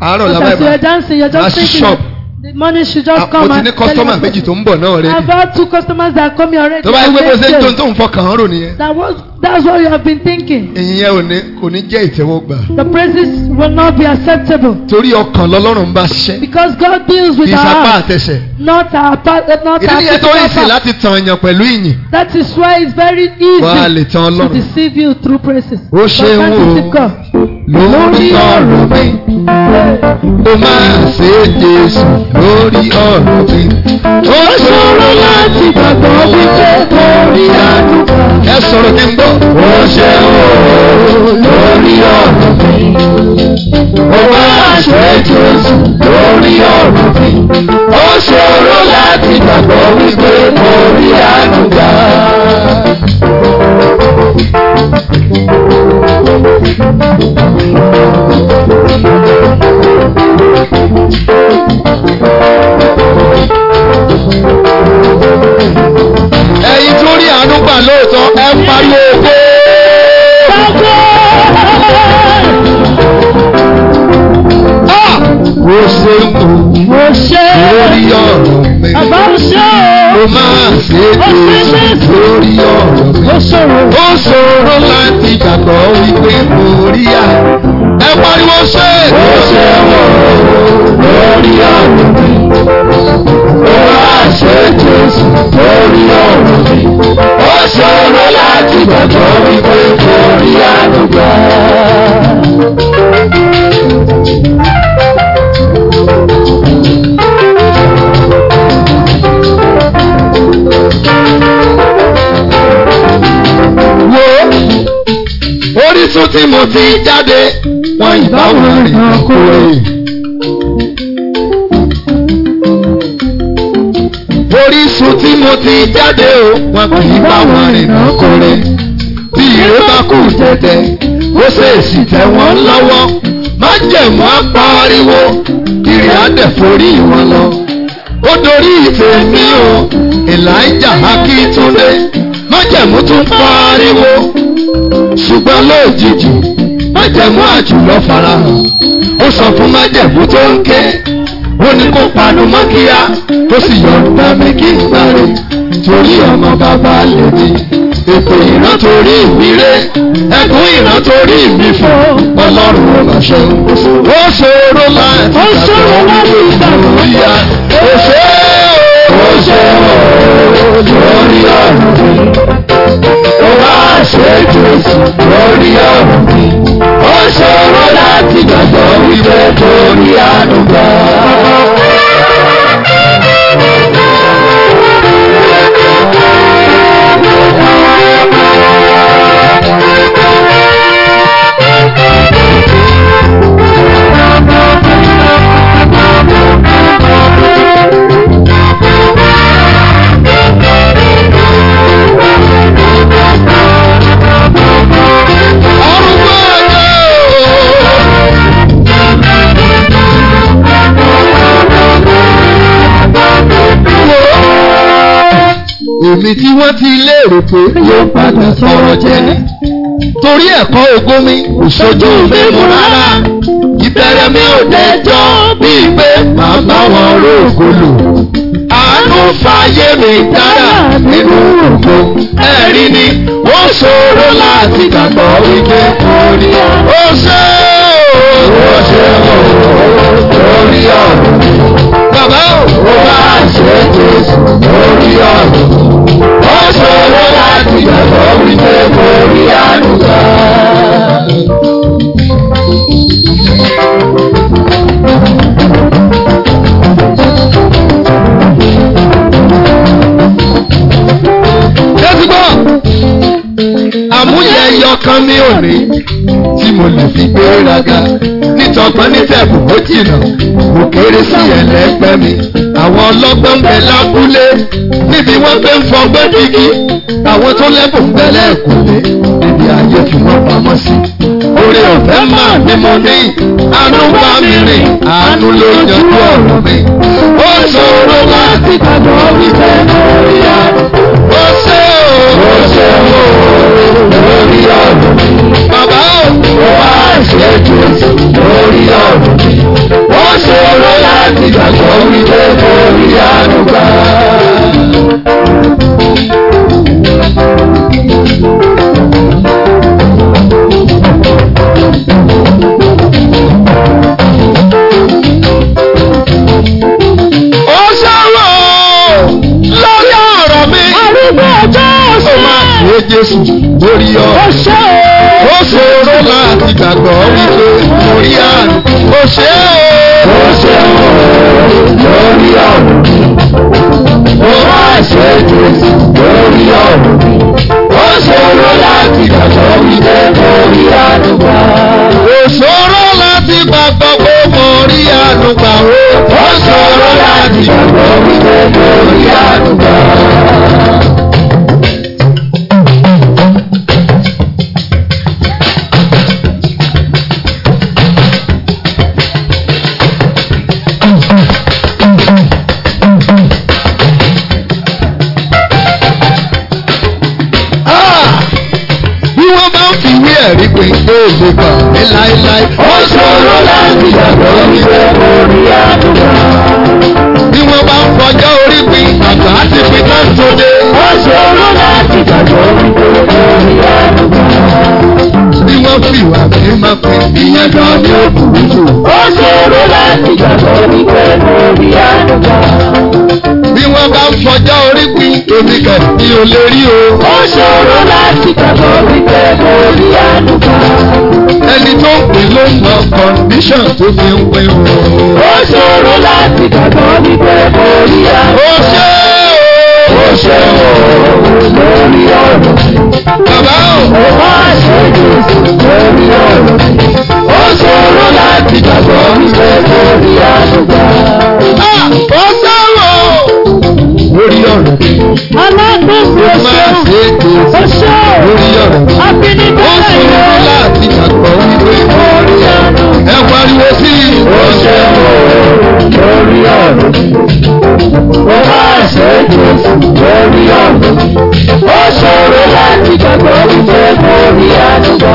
Speaker 1: Àárọ̀ làbáyìí. Because you are dancing, you are just thinking. Aṣọ the money should just ah, come and tell you. customer méjì tó ń bọ̀ náà rẹ. I had two customers that come here already. tó bá yẹ pé bó ṣe ń tó ń tó ń fọkàn án rò nìyẹn. that was That's what you have been thinking. Ìyẹn ò ní kò ní jẹ́ ìtẹ́wọ́gbà. The praises will not be acceptable. Torí ọkàn lọ́lọ́run bá ṣiṣẹ́. Because God deals with our heart. Ìsapá àtẹsẹ̀. Not our part not our physical part. Ìdíyẹ tó ń ṣe láti tan èèyàn pẹ̀lú ìyìn. That is why it's very easy. Wà lè tan Ọlọ́run. To deceive you through praises. Ó ṣeun o lórí ọ̀rọ̀ mi. Ó máa ṣe Jésù lórí ọ̀rọ̀ mi. Ó ṣòro láti gbàgbọ́ wípé lórí àdúrà ẹ sọ̀rọ̀ kí n gbọ́. ó ṣe wò lórí ọ̀rọ̀ mi ó wá ṣe jésù lórí ọ̀rọ̀ mi ó ṣòro láti gbàgbọ́ wípé orí àdúgbà. máa ṣe èjì lórí ọ̀rọ̀ mi. Ó ṣòro láti gbàgbọ́ wípé mo rí à. Ẹ pariwo ṣe. Ó ṣe wọ̀ lórí ọ̀rọ̀ mi. Ó máa ṣe Jésù lórí ọ̀rọ̀ mi. Ó ṣòro láti gbàgbọ́ wípé mo rí àdúgbò. tuntun tí mo ti jáde wọ́n ìbáwọ̀ rìn ọkùnrin. orísun tí mo ti jáde o wọn kì í bá wọn rìn ọkùnrin. bí ìró bá kù tẹ̀tẹ̀ ó ṣèèṣì tẹ̀ wọ́n lọ́wọ́ má jẹ̀mọ́ pariwo ìrìn àdẹ̀forí wọn lọ. ó dorí ìtẹ̀mí o Elijah Akíntúndé má jẹ̀mú tún pariwo ṣùgbọ́n lójijì májẹ̀mú àjùlọ farahàn ó sọ fún májẹ̀mú tó ń ké ó ní kó panu mọ́ kíá ó sì yọ̀ǹda mi kí n sáré torí ọmọ bàbá lèmi ètò ìran torí mi ré ẹkún ìran torí mi fọ ọlọ́run ó mà ṣe ó ṣòro láì ó ṣòro láti ìgbàgbọ́ yá ó ṣe ó ṣe ó lórí ọ̀run mi ṣe Jésù lórí ọ̀run mi. Ó ṣòro láti gbàgbọ́ wípé torí àánú gan. mi tí wọ́n ti léèrò pé yóò padà sọ̀rọ̀ jẹ́ ní. torí ẹ̀kọ́ ògo mi kò sojú mi mú rárá ìbẹ̀rẹ̀ mi ò dẹjọ́ bíi pé màá bá wọn ró ògo lò. àánú fàyè mi dára nínú ògo ẹ̀rí ni ó ṣòro láti gbàgbọ́ wípé ó ṣe ó ṣe ó rí ọ̀rọ̀ bàbá ò. ó bá ṣe Jésù lórí ọ̀rọ̀ orí pé kò rí àánú gbà. àmúyẹ yọkan ní òní tí mo lè fi gbéraga nítọgbọ́n nítẹ̀bù ó jìnnà mo kéré sí ẹlẹgbẹ́ mi àwọn ọlọ́gbọ́n ń bẹ lábúlé níbi wọ́n fẹ́ ń fọgbọ́n dígí àwọn tó lẹ́bùn gbẹ́lẹ́ èkúté ibi ayé fi wọ́n pamọ́ sí. orí ọ̀fẹ́ máa ní mo ní àánú bá mi rìn àánú ló yanjú ọ̀rọ̀ mi. ó ṣòro láti gbàgbọ́ wípé lórí ya ó ṣe o ó ṣe o lórí ọ̀rọ̀ mi. bàbá o wá ṣe jésù lórí ọ̀rọ̀ mi. ó ṣòro láti gbàgbọ́ wípé lórí ya ló gbà á. Jésù lórí ọ̀rọ̀. Ó ṣe ó. Ó ṣòro láti gbàgbọ́ wípé mo rí àná. Ó ṣe ó. Ó ṣe ó lórí ọ̀rọ̀. Ó wá ṣe Jésù lórí ọ̀rọ̀. Ó ṣòro láti gbàgbọ́ wípé mo rí àná gbà. Ó ṣòro láti gbàgbọ́ pé mo rí àná gbà. Ó ṣòro láti gbàgbọ́ wípé mo rí àná gbà. bí wọ́n bá ń fọjá orí pín àgbà á ti pín náà sóde. ó ṣòro láti gbàgbọ́ nítorí àdúgbò. bí wọ́n fi wà pín máa pín ìyẹn kan ní òkùnkùn jù. ó ṣòro láti gbàgbọ́ nítorí àdúgbò. bí wọ́n bá ń fọjá orí pín èmi kan ni ò lè rí o. ó ṣòro láti gbàgbọ́ nítorí àdúgbò ẹni tó ń pè ló mọ kọndíṣàn tó fi ń pè ó. ó ṣòro láti gbàgbọ́ wípé mo rí a. ó ṣe o. ó ṣe o. lórí ọ̀rọ̀ mi. bàbá o. ó má ṣe jù lórí ọ̀rọ̀ mi. ó ṣòro láti gbàgbọ́ wípé mo rí a lùgbà. ó ṣe o. lórí ọ̀rọ̀ mi. alágbèsè ó ṣe o. ó ṣe o. lórí ọ̀rọ̀ mi. àbínibẹ́lẹ̀ yóò ti gbàgbọ́ wípé ẹ pariwo sí i. ó ṣe mọ́ lórí ọ̀rọ̀ ó má ṣe Jésù lórí ọ̀rọ̀ ó ṣòro láti gbàgbọ́ wípé mo rí àdúgbò.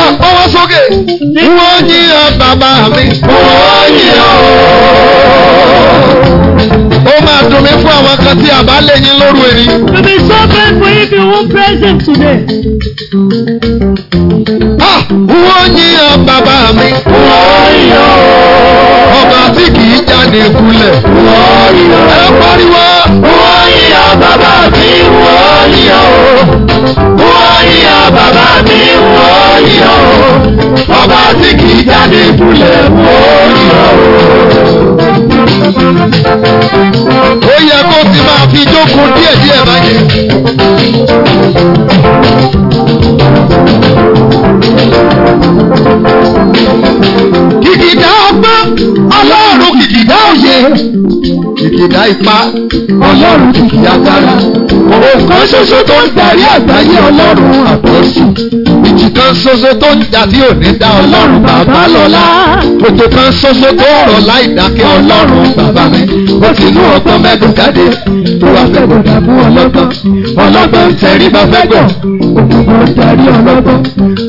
Speaker 1: ọwọ́ sókè wọ́n yíyan bàbá mi wọ́n yíyan ooo máa dùn mí fún àwọn kan tí a bá lè yín lóru èyí. You be so thankful if you won praise him today yíyan bàbá mi. wọ́n yàn. ọba tí kì í jáde kulẹ̀. ẹ pariwo. wọ́n yàn bàbá mi. wọ́n yàn. wọ́n yàn bàbá mi. wọ́n yàn. ọba tí kì í jáde kulẹ̀. wọ́n yàn. ó yẹ kó ti máa fi jókòó díẹ̀díẹ̀ báyìí. Thank you kìkìdá ọgbọ́n ọlọ́run kìkìdá òye kìkìdá ipa, ọlọ́run kìkìdá agbára òkan ṣoṣo tó ń darí àgbáyé ọlọ́run àpọ́sù ìjì kan soso, tó ń jà tí ò ní dá ọlọ́run bàbá lọ́lá òjò kan soso tó ń rọ̀ láìdákẹ́ ọlọ́run bàbá mi ó ti mú ọgbọ́n mẹ́dùn jáde tó wá fẹ́ gbọ̀dà fún ọlọ́gbọ́n ọlọ́gbọ́n ń tẹríba fẹ́gbọ̀n òkùnkùn ń darí ọlọ́gbọ́n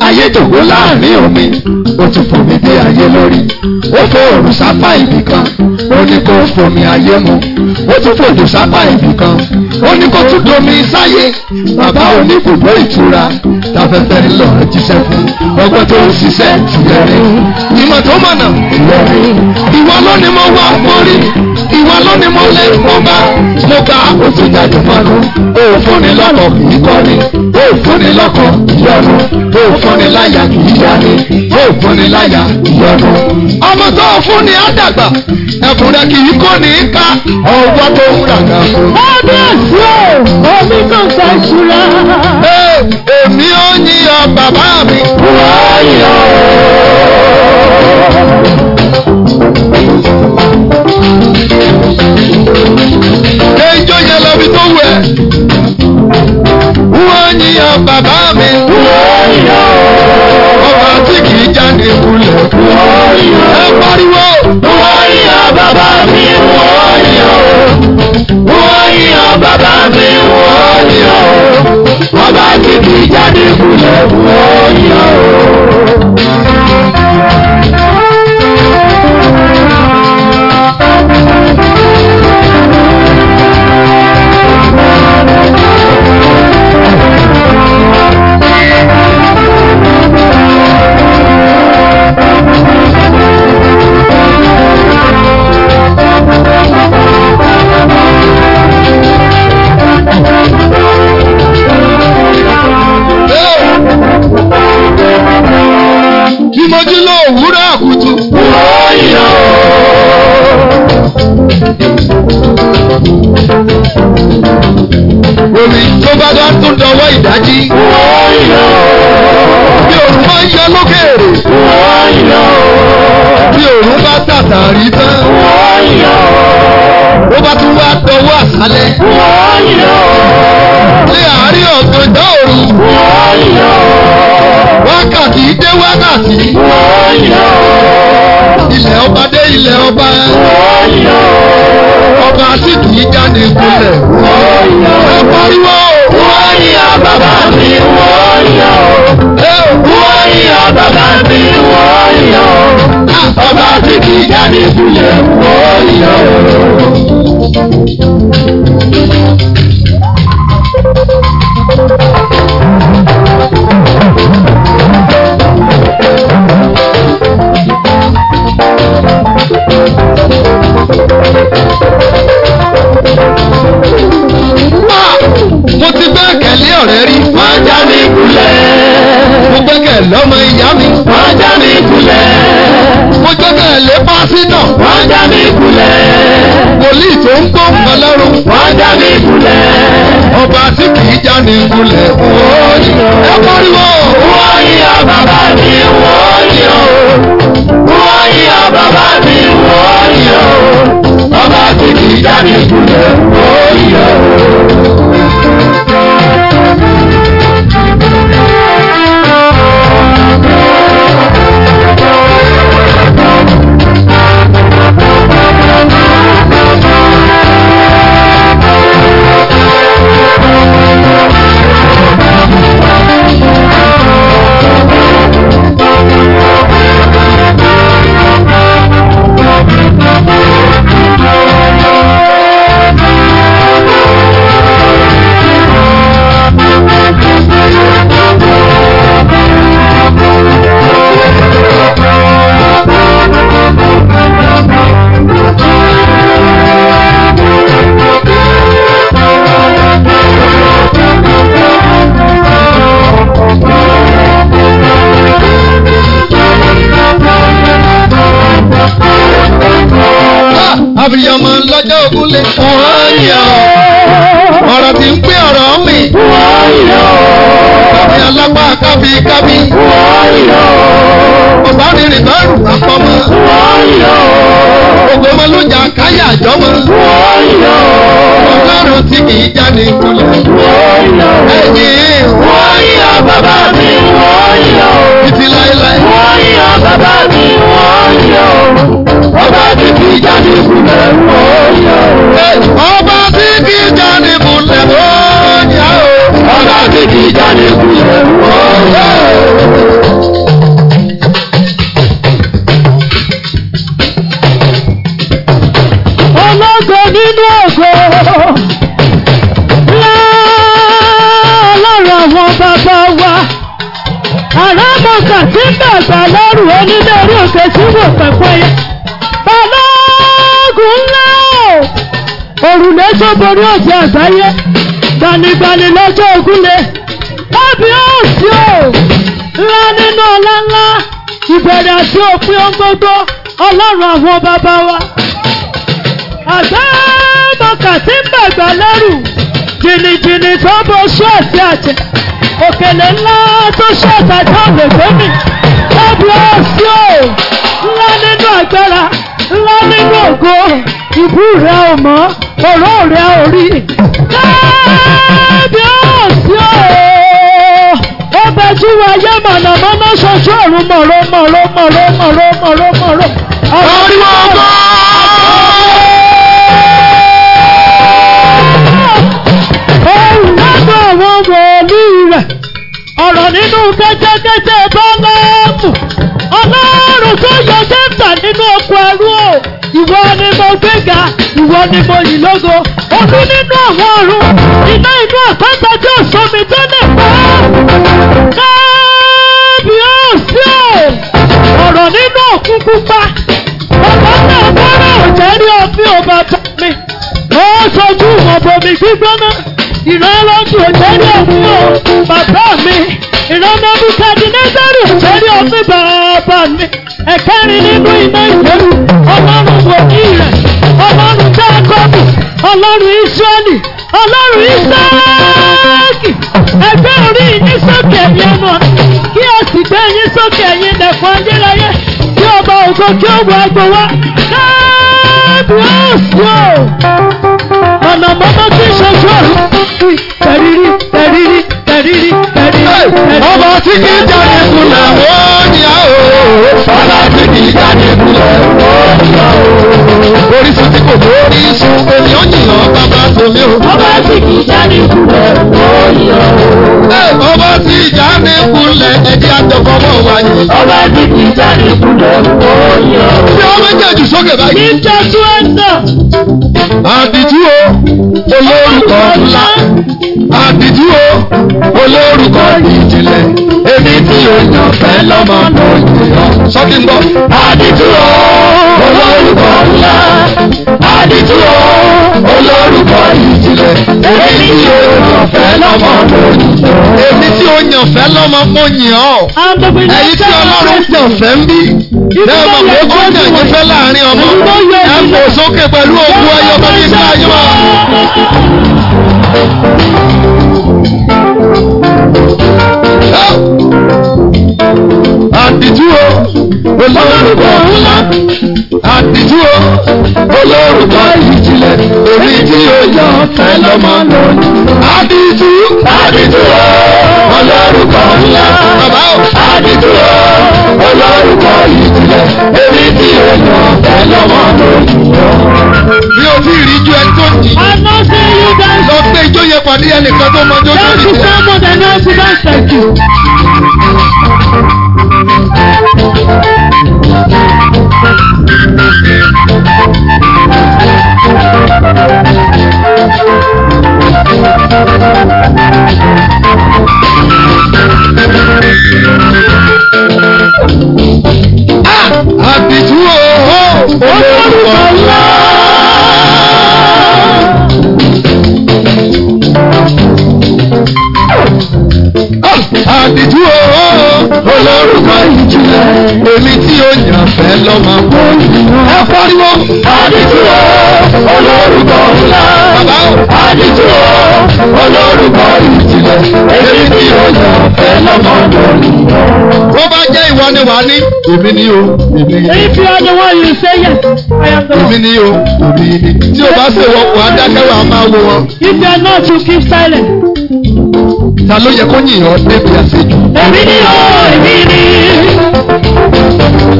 Speaker 1: ayé jòkó láàrin omi ó ti fòmí dé ayé lórí ó fò òrùn sápá ibì kan ó ní kó fòmí ayé mu ó tún fòjò sápá ibì kan ó ní kó tún domi sáyé bàbá oníbùdó ìtura tafẹ́fẹ́ ńlọ jíṣẹ́ fún ọgbọ́n tó ń ṣiṣẹ́ ìrẹ̀rẹ̀ ìmọ̀ tó mọ̀nà ìrẹ̀rẹ̀ ìwọ lónìí mo wá mọ́rí ìwọ lónìí mo lè mọ́ bá mo gbà ó tún jáde mọ́nu ó fúnni lọ́kọ̀ kìí kọ́ni ó fúnni lọ́kọ̀ yọnu ó fúnni láyà kìí yáni ó fúnni láyà yọnu. ọmọ tó o fún ni á dàgbà ẹ̀kúnrẹ́ kìí kó ní í ká ọwọ́ tó ń ràgà fún. ó bí ẹ̀sùn ò omi náà fẹ́ ṣúra. èmi ò yí ọ bàbá mi. wọ́n yọ. àwọn bàbá mi wọ́n ní ọ́ wọ́n bá kìkì jáde kulẹ̀ wọ́n ní ọ́. bá dá tún dọwọ́ ìdájí. bí òòrùn máa ń yọ lókèèrè. bí òòrùn bá tàtàrí tán. ó bá tún wá dọwọ́ àṣálẹ́. ní àárín ọ̀gànjọ́ òru. wákàtí dé wákàtí. ilẹ̀ ọba dé ilẹ̀ ọba ọba sì kì í jáde kulẹ̀. ẹ pariwo wọ́n yàn bàbá mi wọ́n yàn o. wọ́n yàn bàbá mi wọ́n yàn o. jẹ́kẹ̀ lọ́mọ ìyá mi. wọ́n já mi kulẹ̀. mo jẹ́kẹ̀ lé pásítọ̀. wọ́n já mi kulẹ̀. wòlíì tó ń gbó nǹkan lọ́rùn. wọ́n mi kulẹ̀. ọba tí kì já ni kulẹ̀. wọ́n ní ẹ pariwo. wọ́n yíya bàbá mi wọ́n ní o. wọ́n yíya bàbá mi wọ́n ní o. ọba tí kì já ni kulẹ̀. wọ́n ní o. àfìyàmọ lọ́jọ́ ogun lè. wọ́n yọ. ọ̀rọ̀ tí ń pín ọ̀rọ̀ mi. wọ́n yọ. kábí alápá kábí kábí. wọ́n yọ. ọ̀sán ni rìbárù àpamọ́. wọ́n yọ. ògbó mọ́ ló jà káyà àjọmọ́. wọ́n yọ. ọlọ́run tí kì í jáde kulẹ̀. wọ́n yọ. ẹ̀yìn. bàbá mi. wọ́n yọ. títí láéláé. wọ́n yọ bàbá mi. wọ́n ọba tí kì í jáde fúnlẹ̀ ń wọ̀nyá o. ọba tí kì í jáde fúnlẹ̀ ń wọ̀nyá o. ọba tí kì í jáde fúnlẹ̀ ń wọ̀nyá o. nínú ògo. Lọ́rọ̀ àwọn bàbá wa. Àràmọ̀kà lọ́rùn onílé òkè tí wò pẹ̀pẹ́ yẹn. òrùlé tó borí òsì àgbáyé gbanigbani lọ́jọ́ ògúnlé kábíyèsí o ńlá nínú ọlá ńlá ìbẹ̀rẹ̀ àti òpin ohun gbogbo ọlọ́run àwọn bàbá wa. àgbàmọ̀kà tí ń bàgbà lẹ́rù jìnnìjìnnì tó bo oṣù àti àjẹ òkèlè ńlá tó ṣọ̀tà táwọn ègbé mi kábíyèsí o ńlá nínú agbára ńlá nínú ògo ìbú rẹ̀ olóòrè orí kábíyèsí ooo ó bẹjú ayé mọ̀nàmọ́ná ṣojú ọ̀run mọ̀rọ̀ mọ̀rọ̀ mọ̀rọ̀ mọ̀rọ̀ mọ̀rọ̀ mọ̀rọ̀. ariwo ọgbọ́n. ohun lẹ́nu àwọn wòlíì rẹ̀ ọ̀rọ̀ nínú kẹ́tẹ́kẹ́tẹ́ bọ́lá mú ọlọ́run tó yọ jẹ́ta nínú oko ẹrú o ìwọ ni mo gbéga ìwọ ni mo yìn lógo ọdún nínú àwọn ọ̀run iná inú àpáta tí ò sómi tó lè pa kábíyèsí ọ̀rọ̀ nínú òkun pupa ọ̀pọ̀ náà bọ́rọ̀ òjẹ́ rí ọbí ọba bá mi ó sojú ọ̀bọ̀mí gbígbóná ìrànlọ́jù òjẹ́ rí ọbí ọba bàbá mi ìrànlọ́jù kàdínẹ́sẹ̀rì òjẹ́ rí ọbí bàbá mi ẹ̀kẹ́rin nínú iná ìlú. ọlọ́run israẹli ọlọ́run isaaki ẹgbẹ́ orí yín sókè ẹ̀yìn ọmọ kí a sì gbé yín sókè ẹ̀yìn dẹ̀kun ayérayé kí ọba ògo kí ó wọ agbo wa káàbíọ́sì o ọ̀nà mọ́mọ́ tí ń ṣojú ọ̀run tẹ̀rírí tẹ̀rírí tẹ̀rírí tẹ̀rírí. ọba tí kì í jáde kùnà wọ́n o. Fọlá ti di jáde kulẹ̀ lọ́yà o. Orísun tí kò lórí sun omi ó yìnbọn bàbá tèmi o. Fọlá ti di jáde kulẹ̀ lọ́yà o. Ẹ ọba ti jáde kulẹ̀ ẹ̀jẹ̀ àjọkọ̀ mọ̀ wáyé. Fọlá ti di jáde kulẹ̀ lọ́yà o. Ṣé ọmọ jẹ̀jù sókè báyìí? Mi jẹ́ Suwẹ́ńdà. Àdìjú o, olórúkọ ńlá. Àdìjú o, olórúkọ ìjìnlẹ̀ lọ́mọ lójú lọ. sọ́kì ń bọ̀. àdìtúrò olórúkọ ńlá àdìtúrò olórúkọ ìjìnlẹ̀ èmi tí ó yàn lọ́mọ lójú èmi tí ó yàn lọ́mọ mo yàn ọ́ èyí tí ọlọ́run yàn fẹ́ ń bí bẹ́ẹ̀ mọ̀ pé ó yàn yín fẹ́ láàrin ọmọ ẹ̀ ń bò sókè pẹ̀lú ogun ẹyọ tó ní sáà yín wá. Oh! àdìjú o olórúkọ ńlá àdìjú o olórúkọ ìjìnlẹ̀ èmi tí ó yọ ọ̀fẹ́ lọ́mọ lónìí. àdìjú àdìjú o olórúkọ ńlá àdìjú o olórúkọ ìjìnlẹ̀ èmi tí ó yọ ọ̀fẹ́ lọ́mọ lónìí. mi ò tí ì rí ju ẹni tó jì. àná ṣe yí dáńsì. lọ gbé ijó yẹn pàdé ẹnìkan tó mọjó lórí. dáńsì sámọ̀dà náà ti bá ṣàkíyèsí. olórúkọ ìjìnlẹ̀ èmi tí ó yàn fẹ́ lọ máa bọ̀ ẹ pariwo. àdìtúrò olórúkọ ńlá bàbá o. àdìtúrò olórúkọ ìjìnlẹ̀ èmi tí ó yàn fẹ́ lọ máa bọ̀ bó bá jẹ́ ìwọ ni wàá ní. èmi ni o èmi ni. èyí fi ọdún wọn yìí ṣe yẹ. èmi ni o èmi ni. tí o bá ṣe wọ wàá máa wo if you are not to keep silent. ta ló yẹ kó yìnyín ọ débi àṣejù èmi ni ó èmi ni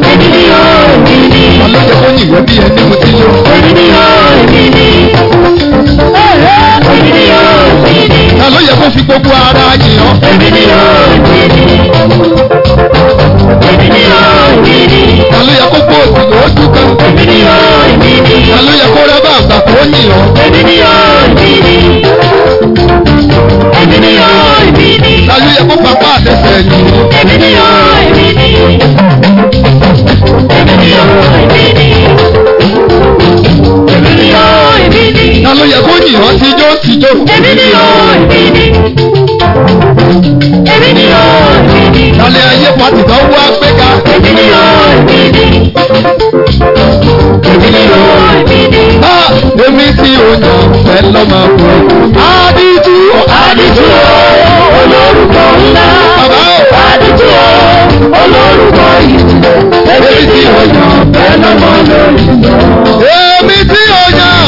Speaker 1: èmi ni ó èmi ni. ọlọ́jọ́ ó yìnbọn bí ẹni mo ti lọ. èmi ni ó èmi ni èmi ni ó èmi ni. ta ló yẹ kó fi gbogbo ara yìí hàn. èmi ni ó èmi ni èmi ni ó èmi ni. ta ló yẹ kó gbó òsìkò oṣù kan. èmi ni ó èmi ni. ta ló yẹ kó rẹ́bà àgbà kó yìí hàn. èmi ni ó èmi ni. Èmi ni yọ èmi ni. Láyé yẹ kó papá àtẹsẹ̀ ni. Èmi ni yọ èmi ni. Èmi ni yọ èmi ni. Èmi ni yọ èmi ni. Ta ló yẹ kó yìn ọ́ tíjó tíjó? Èmi ni yọ èmi ni. Èmi ni yọ èmi ni. Lálẹ́ ayé pàtì tó wá gbé ga. Èmi ni yọ èmi ni. Èmi ni yọ èmi ni. Ah, èmi tí o yàn fẹ́ lọ́mọ kúrò. Fàdìtú olórúkọ ńlá. Fàdìtú olórúkọ ìjìnlẹ̀. Èmi tí ó yàn fẹ́ lọ́mọ lórí lọ. Èmi tí ó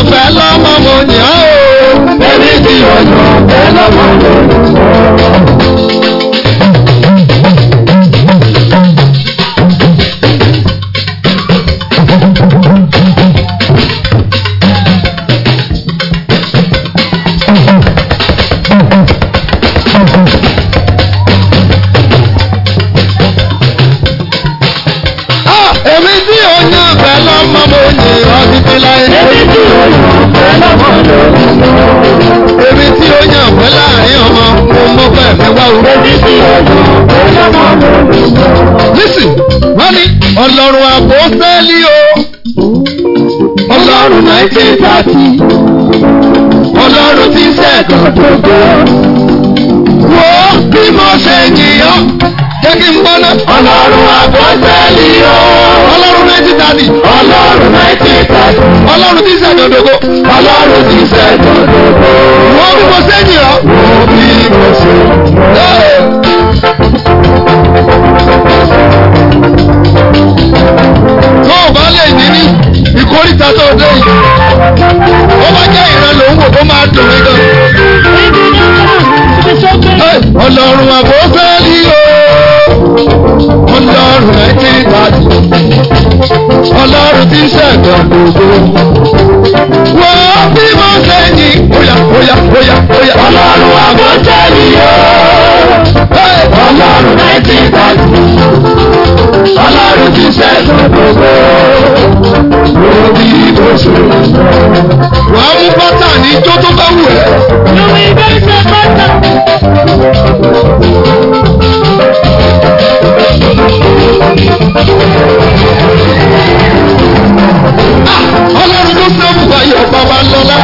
Speaker 1: fẹ́ lọ́mọ mo yàn ó. Èmi tí ó fẹ́ lọ́mọ lórí lọ. ọlọ́run àpọ́sẹ́lì o ọlọ́run nineteen thirty ọlọ́run ti ṣẹ̀dọ̀ gbogbo wo bí mo ṣe yìnyọ́ jẹ́ kí n gbọ́ná. ọlọ́run àpọ́sẹ́lì o ọlọ́run nineteen thirty ọlọ́run nineteen thirty ọlọ́run ti ṣẹ̀dọ̀ gbogbo ọlọ́run ti ṣẹ̀dọ̀ gbogbo wo bí mo ṣe yìnyọ́ wo bí mo ṣe yìnyọ́. ní ìkórìtà tó dé yìí ó bá jẹ́ ìran lòun wò kó máa dùn mí gan. ọlọ́run àbọ̀fẹ́lì o ọlọ́run ẹ ti dájú ọlọ́run ti ń ṣẹ̀dọ̀ gbogbo. wọ́n bí mo ṣe bóyá bóyá bóyá bóyá. ọlọ́run àbọ̀fẹ́lì o ọlọ́run ẹ ti dájú ọlọ́run ti ṣẹ́gun gbogbo lórí ìbòsù. wàá mú bọ́tà ní ijó tó bá wù ẹ́. lórí ìgbẹ́ ìṣe bọ́tà. Ah, ọlọ́run tó ṣe fún ayọ̀ bàbá lọ́lá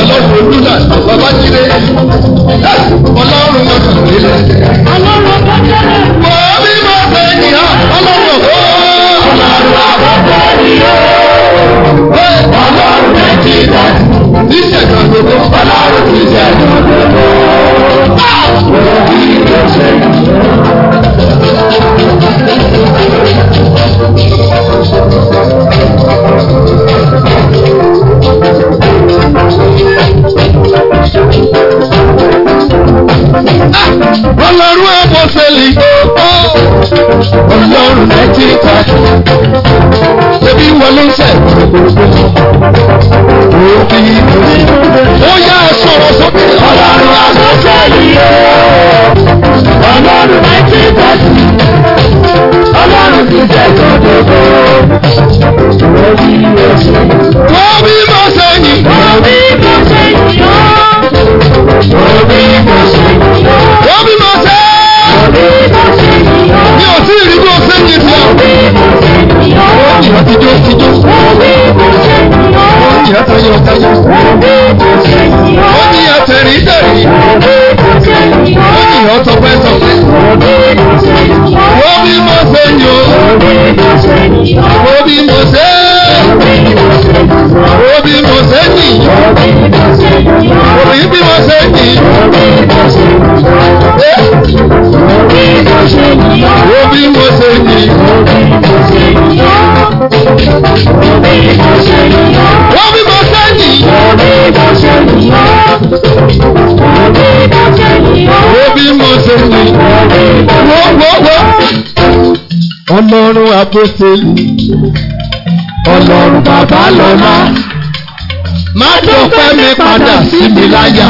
Speaker 1: ọlọ́run olúlà bàbá jíire ah, ọlọ́run ọdún lílẹ̀. ọlọ́run ọdún lílẹ̀. yó. Ọlọ́run ẹ̀ ti dẹ̀. Níṣẹ̀dá gbogbo ọlọ́run ti dẹ̀. Àwọn òbí ló ṣe. Ọlọ́run ẹ̀ bọ̀ fẹ́lẹ̀. Ọlọ́run ẹ̀ ti dẹ̀ tẹ́bí ń wọlé sẹ̀. ó yá sọ̀rọ̀ sóbì. ọlọ́run àlọ́jọ́ yìí ọlọ́run náìjí bọ́sì ọlọ́run ti jẹ́ kó dodo lórí oṣù. wọ́n bí Ijó ijó. Omi bó ṣe ni ó. Oúnjẹ tayọ tayọ. Omi bó ṣe ni ó. Ó ní àtẹ̀rí tẹ̀rí. Omi bó ṣe ni ó. Ó ní ọ̀tọ̀pẹ́ tọ̀pẹ́. Omi bó ṣe ni ó. Omi mo ṣe ni ó. Omi bó ṣe ni ó. Omi mo ṣe. Omi mo ṣe ni. Omi bí mo ṣe ni. bí mo ṣe níyà. Wo bí mo ṣe níyà. Wo Wo Wo bí mo ṣe níyà. Wo wo wo. Ọlọ́run àpòsílì. Ọlọ́run bàbá lọ́lá. Má dọ̀pẹ́ mi padà sí mi láyà.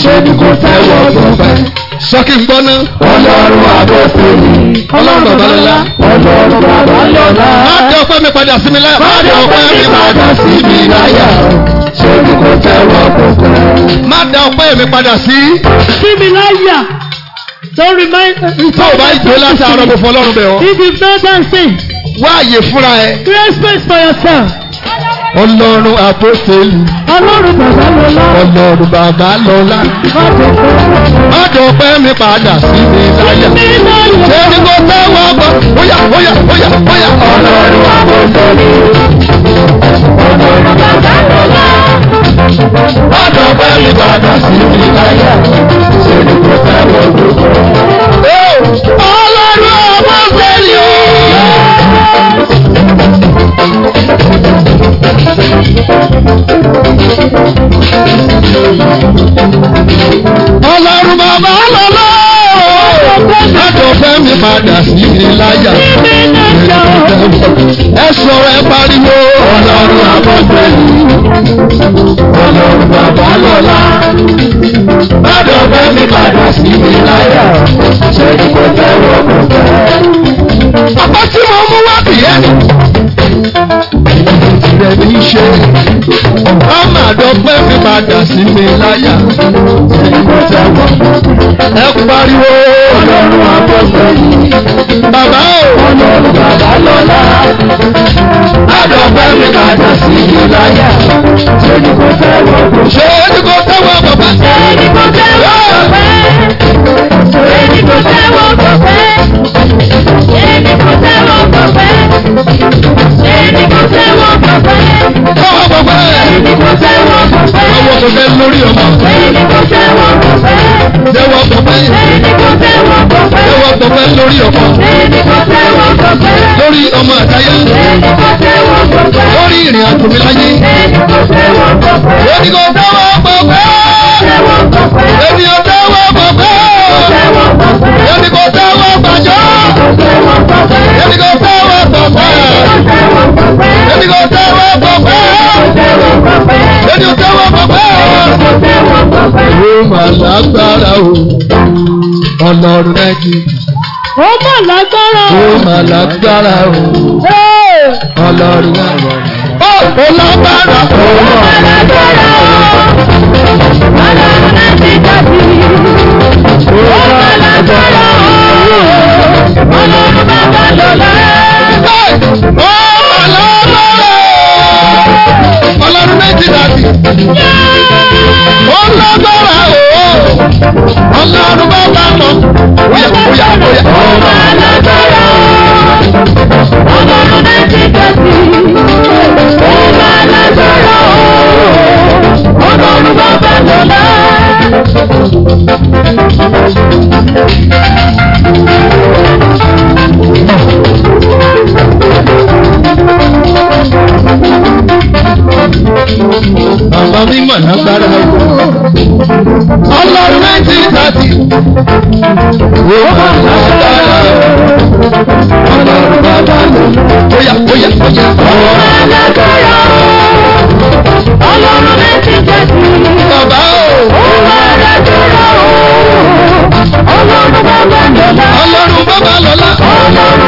Speaker 1: Ṣé ni kò fẹ́ wọ́n tó fẹ́? sọ́kì ń gbọ́ná. ọlọ́run àbẹ̀fẹ́lì. ọlọ́run bàbá lọ́la. ọlọ́run bàbá lọ́la. má dé ọpẹ́ mi padà sí mi láyà. má dé ọpẹ́ mi padà sí mi láyà. ṣé mi kò fẹ́ràn kókó. má dé ọpẹ́ mi padà sí. sí mi láyà. Don't remind me. Tó o bá jó láti àárọ̀ mo fọ ọlọ́run bẹ̀ ọ́. If you no dancing. Wá àyè fúnra ẹ. Create space for yourself. Ọlọ́run àpótẹ́lì. Ọlọ́run bàbá lọ́lá. Ọlọ́run bàbá lọ́lá. Má dé ọpẹ́ mi ọjọ́ pẹ́ mi padà sí mi láyà. ṣé ní kò fẹ́ wá bọ̀ bóyá bóyá bóyá bóyá. ọlọ́run àkóso mi ọlọ́run bàbá mi wá. ọjọ́ pẹ́ mi padà sí mi láyà. ọlọ́run bàbá lọ́lọ́ látọ̀fẹ́ mi padà sí mi láyà ẹ sọ̀rọ̀ ẹ pariwo ọlọ́run àbọ̀fẹ́ ọlọ́run bàbá lọ́lá látọ̀fẹ́ mi padà sí mi láyà ṣé kò fẹ́ wọ́n kò fẹ́. àpótí mo mú wá bìyẹn dẹ̀ ní ṣe. Ó mà dọ́pẹ́ mi padà sí mi láyà. Ẹ pariwo ọlọ́run àbọ̀sẹ̀ yìí. Bàbá o. Ọlọ́run bàbá lọ́la. Àdọ̀pẹ́ mi padà sí mi láyà. Ṣé ni kò fẹ́ wọ bọ̀? Ṣé ni kò fẹ́ wọ bọ̀? Ṣé ni kò fẹ́ wọ bọ̀? Ṣé ni kò fẹ́ wọ bọ̀? kò fẹ́ lórí ọmọ. Bẹ́ẹ̀ ni kò fẹ́ wọn kò fẹ́. Jẹ́wọ́ kò fẹ́. Bẹ́ẹ̀ ni kò fẹ́ wọn kò fẹ́. Jẹ́wọ́ kò fẹ́ lórí ọmọ. Bẹ́ẹ̀ ni kò fẹ́ wọn kò fẹ́. Lórí ọmọ àtayá. Bẹ́ẹ̀ ni kò fẹ́ wọn kò fẹ́. Lórí ìrìn àjò mi láyé. Bẹ́ẹ̀ ni kò fẹ́ wọn kò fẹ́. Bẹ́ẹ̀ ni kò fẹ́ wọn kò fẹ́. Bẹ́ẹ̀ ni kò fẹ́ wọn kò fẹ́. Bẹ́ẹ̀ ni kò fẹ́ wọn gbàjọ́. Bẹ́ẹ̀ ni kò fẹ́ wọn kò fẹ́. Bẹ́ẹ̀ ni kò fẹ́ Ìwé màlágbára o, ọlọ́run Nàìjíríà. Ó mà lágbára o. Ó mà o. Ọlọ́run Nàìjíríà. Ó ó lágbára o. Ó mà o. Ọlọ́run Nàìjíríà sí. Ó mà o. Ọlọ́run bàbá o ọlọ́run bàbá lọ. bóyá bóyá bóyá. ọba alágbára ọlọ́run náà ti gbà sí. ọba alágbára ọlọ́run bàbá lọ́lá. Bàbá mi mọ̀ lágbára o. ó máa ń dáná ọlọ́run bá dáná bóyá bóyá bóyá. ó máa ń dáná ọlọ́run mi ti jẹ́ sí i. bàbá lọ́la. ọlọ́run bàbá lọ́la. ọlọ́run bàbá lọ́la. ọlọ́run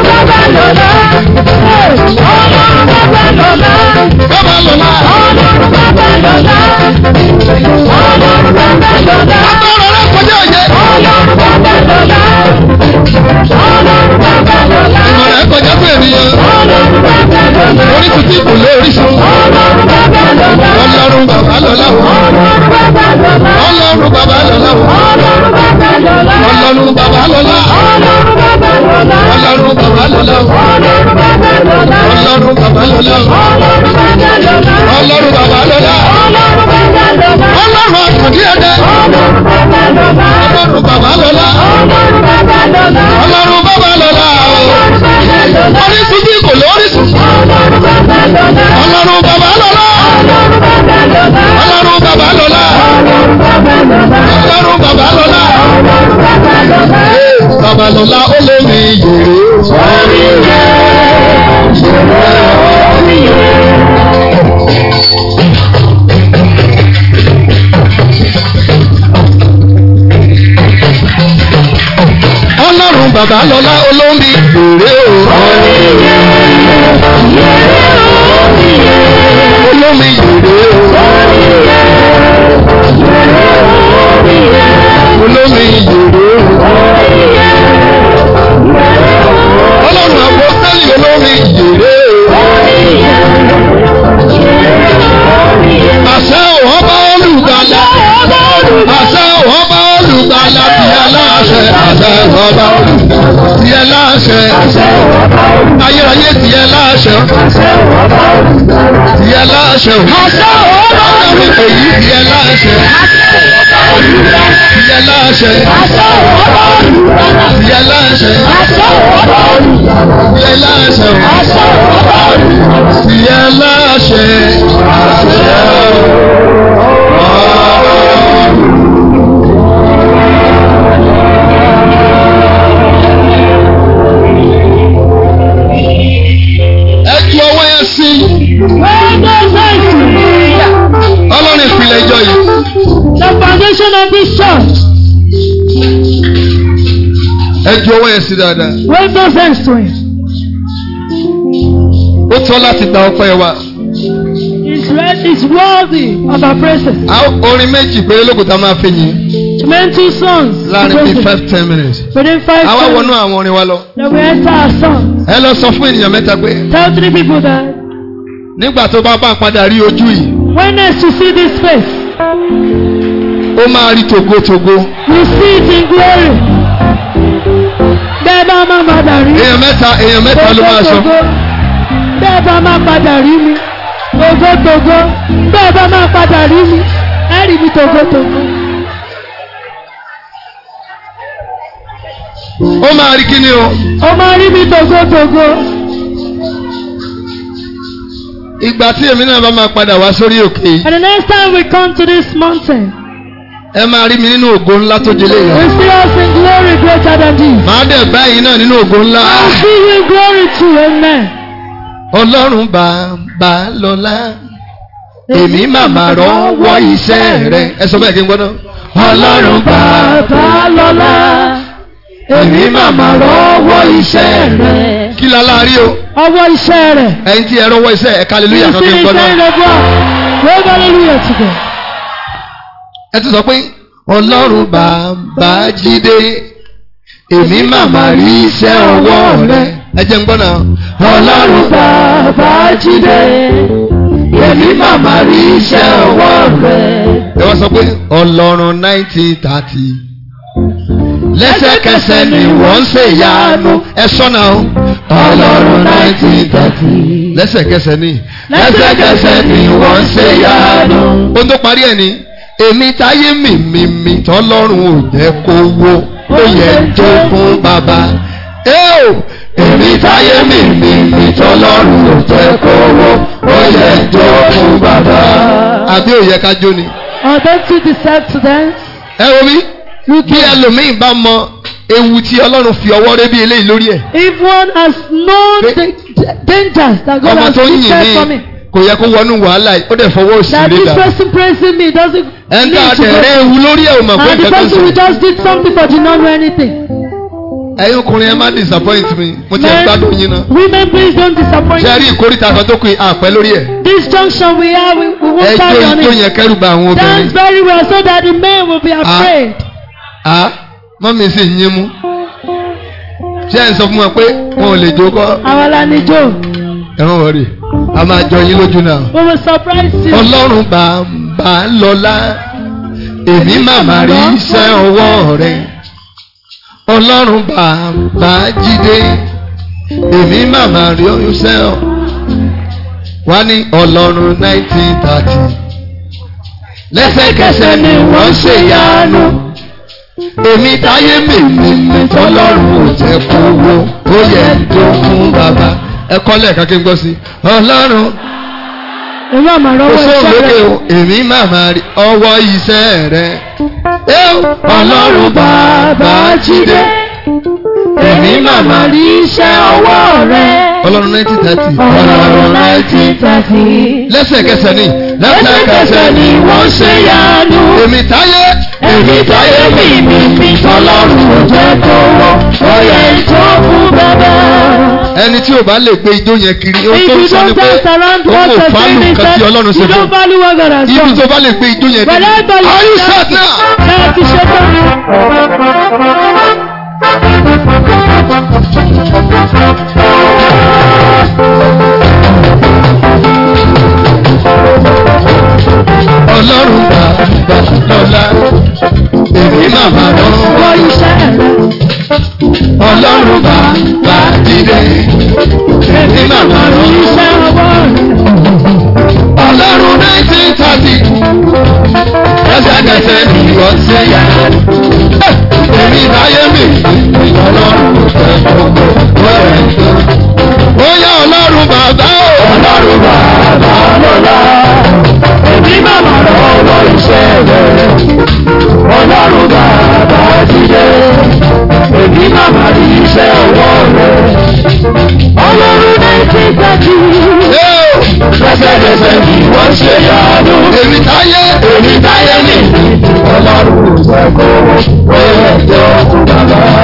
Speaker 1: bàbá lọ́la lọ́lá. Ọlọ́run bàbá lọ́lá. Ìmọ̀ràn ẹ̀ kọjá fún ènìyàn. Ọlọ́run bàbá lọ́lá. Oríṣi tí kò lé oríṣun. Ọlọ́run bàbá lọ́lá. Ọlọ́run bàbá lọ́lá. Ọlọ́run bàbá lọ́lá. Ọlọ́run bàbá lọ́lá. Ọlọ́run bàbá lọ́lá. Ọlọ́run bàbá lọ́lá. Ọlọ́run bàbá lọ́lá. Ọlọ́run bàbá lọ́lá. Ọlọ́run bàbá lọ́lá. Ọlọ́run bàbá lọ́lá. Ọlọ́run bàbá lọ́lá. Ọlọ́run bàbá lọ́lá. Ọlọ́run bàbá lọ́lá. Ọlọ́run àkàndí ẹ̀dẹ́. Ọlọ́run bàbá lọ́lá. Ọlọ́run bàbá lọ́lá. orísun bí kò lórísun. ọlọ́run bàbá lọ́lá. ọlọ́run bàbá lọ́lá. ọlọ́run bàbá lọ́lá. bàbá lọ́lá ó lé mi yèrè. orí yẹn ṣòro orí yẹn. bàbá lọ́lá olómi lèrè o. olómi lèrè o. olómi lèrè o. ọlọ́run àpọ́sẹ́lì olómi lèrè. olùgbà láti aláṣẹ àṣẹ ọba ti ẹ láṣẹ ayérayé ti ẹ láṣẹ ti ẹ láṣẹ àṣẹ ọba mi kò yí ti ẹ láṣẹ ti ẹ láṣẹ àṣẹ ọba ti ẹ láṣẹ àṣẹ ọba ti ẹ láṣẹ àṣẹ ọba ti ẹ láṣẹ àṣẹ ọba. sí dáadáa. wọ́n gbọ́ thanks to him. ó tọ́ láti gba ọpẹ́ wa. It's ready, it's worthy of our praises. Orin méjì péré lókùtà máa fi yìn. Twenty songs. Láàrin bíi five ten minutes. Within five ten. Àwa wọnú àwọn orin wa lọ. Then we enter our song. Ẹ lọ sọ fún ènìyàn mẹ́ta pé. Tell three people that. Nígbà tó bá bá padà rí ojú yìí. When next you see this face. Ó máa rí tògótògó. You see it in glory bá máa padà rí. èèyàn mẹ́ta èèyàn mẹ́ta ló máa sọ. bẹ́ẹ̀ bá máa padà rí mi togotogo bẹ́ẹ̀ bá máa padà rí mi ẹ rí mi togotogo. ó máa rí kí ni o. ó máa rí mi togotogo. ìgbà tí èmi náà bá máa padà wá sórí òkè. and the next time we come to this mountain ẹ máa rí mi nínú ògo ńlá tó délé yẹn. we see us in glory greater than this. màá dẹ̀ báyìí náà nínú ògo ńlá. I see you in glory too amen. ọlọ́run bàbá lọ́lá èmi màmá rọ́wọ́ iṣẹ́ rẹ. ẹ sọ bẹ́ẹ̀ kí n gbọ́dọ̀. ọlọ́run bàbá lọ́lá èmi màmá rọ́wọ́ iṣẹ́ rẹ. kí la láàárí o. ọwọ́ iṣẹ́ rẹ. ẹ̀yin tí ẹ rọ́wọ́ iṣẹ́ ẹ̀ hallelujah kan kí n gbọ́dọ̀. you see me say the word wave hallelujah to ẹ tún sọ pé ọlọ́run bàbá jíde èmi màmá rí iṣẹ́ ọwọ́ rẹ ẹ jẹ́ ń gbọ́ náà. ọlọ́run bàbá jíde èmi màmá rí iṣẹ́ ọwọ́ rẹ. ẹ wá sọ pé ọlọ́run nineteen thirty lẹ́sẹ̀kẹsẹ̀ ni wọ́n ṣe yanu ẹ sọ́nà o. ọlọ́run nineteen thirty. lẹ́sẹ̀kẹsẹ̀ ni. lẹ́sẹ̀kẹsẹ̀ ni wọ́n ṣe yanu. ohun tó parí ẹ̀ ni èmi táyé mìmìmì tọ́lọ́run ò jẹ́ kó wó ló yẹ jó fún bàbá. èmi táyé mìmìmì tọ́lọ́run ò jẹ́ kó wó ló yẹ jó fún bàbá. àbí ò yẹ ni. oh don't you deserve to dance. ẹ wo mi bí ẹlòmíín bá mọ ewu tí ọlọ́run fi ọwọ́ rẹ bí eléyìí lórí ẹ̀. if one has known the dangers that God has prepared for me kò yẹ kó wọnú wàhálà ó dẹ̀ fọwọ́ sí i léda. that this person me doesn't And need to go. ẹnka àtẹ̀rẹ́ ewu lórí ẹ̀ ò mọ̀ pé nǹkan sí. and the person who just did something but did not do anything ẹ̀yin ọkùnrin ẹ má disappoint me mo ti ẹ gbádùn yín ná. women please don't disappoint me. ṣe rí ìkórìtà kan tó kù àpẹ lórí ẹ. this junction we are we, we won't carry on it. ẹ jó ijó yẹn kẹ́rù àwọn obìnrin. dance very well so that the men will be afraid. ah ah mọ́mí sì yín mú. ṣé ẹ sọ fún wọn pé wọn ò lè jó kọ́. la ni jó ẹ wọ́n wọ̀rí a máa jọ yín lójú náà. we will surprise you. ọlọ́run bàbá lọ́lá
Speaker 2: èmi màmá rí iṣẹ́ ọwọ́
Speaker 1: rẹ̀ ọlọ́run bàbá jíde èmi màmá rí iṣẹ́ ọ wá ní ọlọ́run nineteen thirty lẹ́sẹ̀kẹsẹ̀ ni wọ́n ṣèyanu èmi táyé mi mi tọ́lọ́run ò jẹ́ kó wo ó yẹ tó fún bàbá ẹ kọ́ lẹ́ẹ̀kan kí n gbọ́ sí i ọlọ́run èmi àmà rọwọ́ iṣẹ́ rẹ o èmi màmá rí ọwọ́ iṣẹ́ rẹ. ọlọ́run bàbá jíde èmi màmá rí iṣẹ́ ọwọ́ rẹ. ọlọ́run nineteen thirty. ọlọ́run nineteen thirty. lẹ́sẹ̀kẹsẹ̀ ni. lẹ́sẹ̀kẹsẹ̀ ni wọ́n ṣe yanu. èmi táyé. èmi táyé mi mi mi tọ́lọ́run ò jẹ́ tó wọ́ ó yẹ ìtọ́kùn bẹ́bẹ́ ẹni tí ò bá lè gbé ijó yẹn kiri ohun tó sọ ni pé òun ò fálù nǹkan tí ọlọ́run ṣe fún ibi tó bá lè gbé ijó yẹn dé are you sad now. ọlọ́run bá lọ́la èmi náà máa lọ. ọlọ́run bá bá dìde nínú àwọn iṣẹ́ ọwọ́ ọlọ́run nineteen thirty ẹsẹ̀kẹsẹ̀ ni ìwọ ṣe yá èmi láyé mi ọlọ́run ṣe gbogbo wẹ̀rẹ̀ tó. ó yá ọlọ́run bàbá o. ọlọ́run bàbá lọ́la èmi màmá lọ́wọ́ iṣẹ́ rẹ̀ ọlọ́run bàbá ti dé èmi màmá rí iṣẹ́ ọwọ́ rẹ̀ gbájú. Lẹ́sẹ̀lẹ́sẹ̀ ni wọ́n ṣe yanu. Èmi táyé. Èmi táyé ni. Ọlọ́run ìgbàgbọ́ wọ́n ẹ̀jọ̀ bàbá.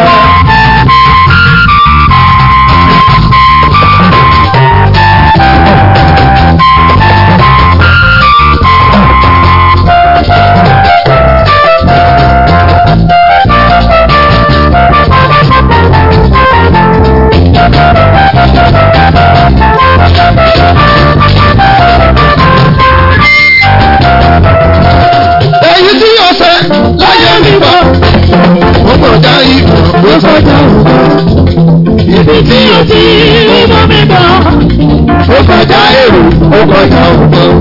Speaker 1: kọjá ọgbọ́n.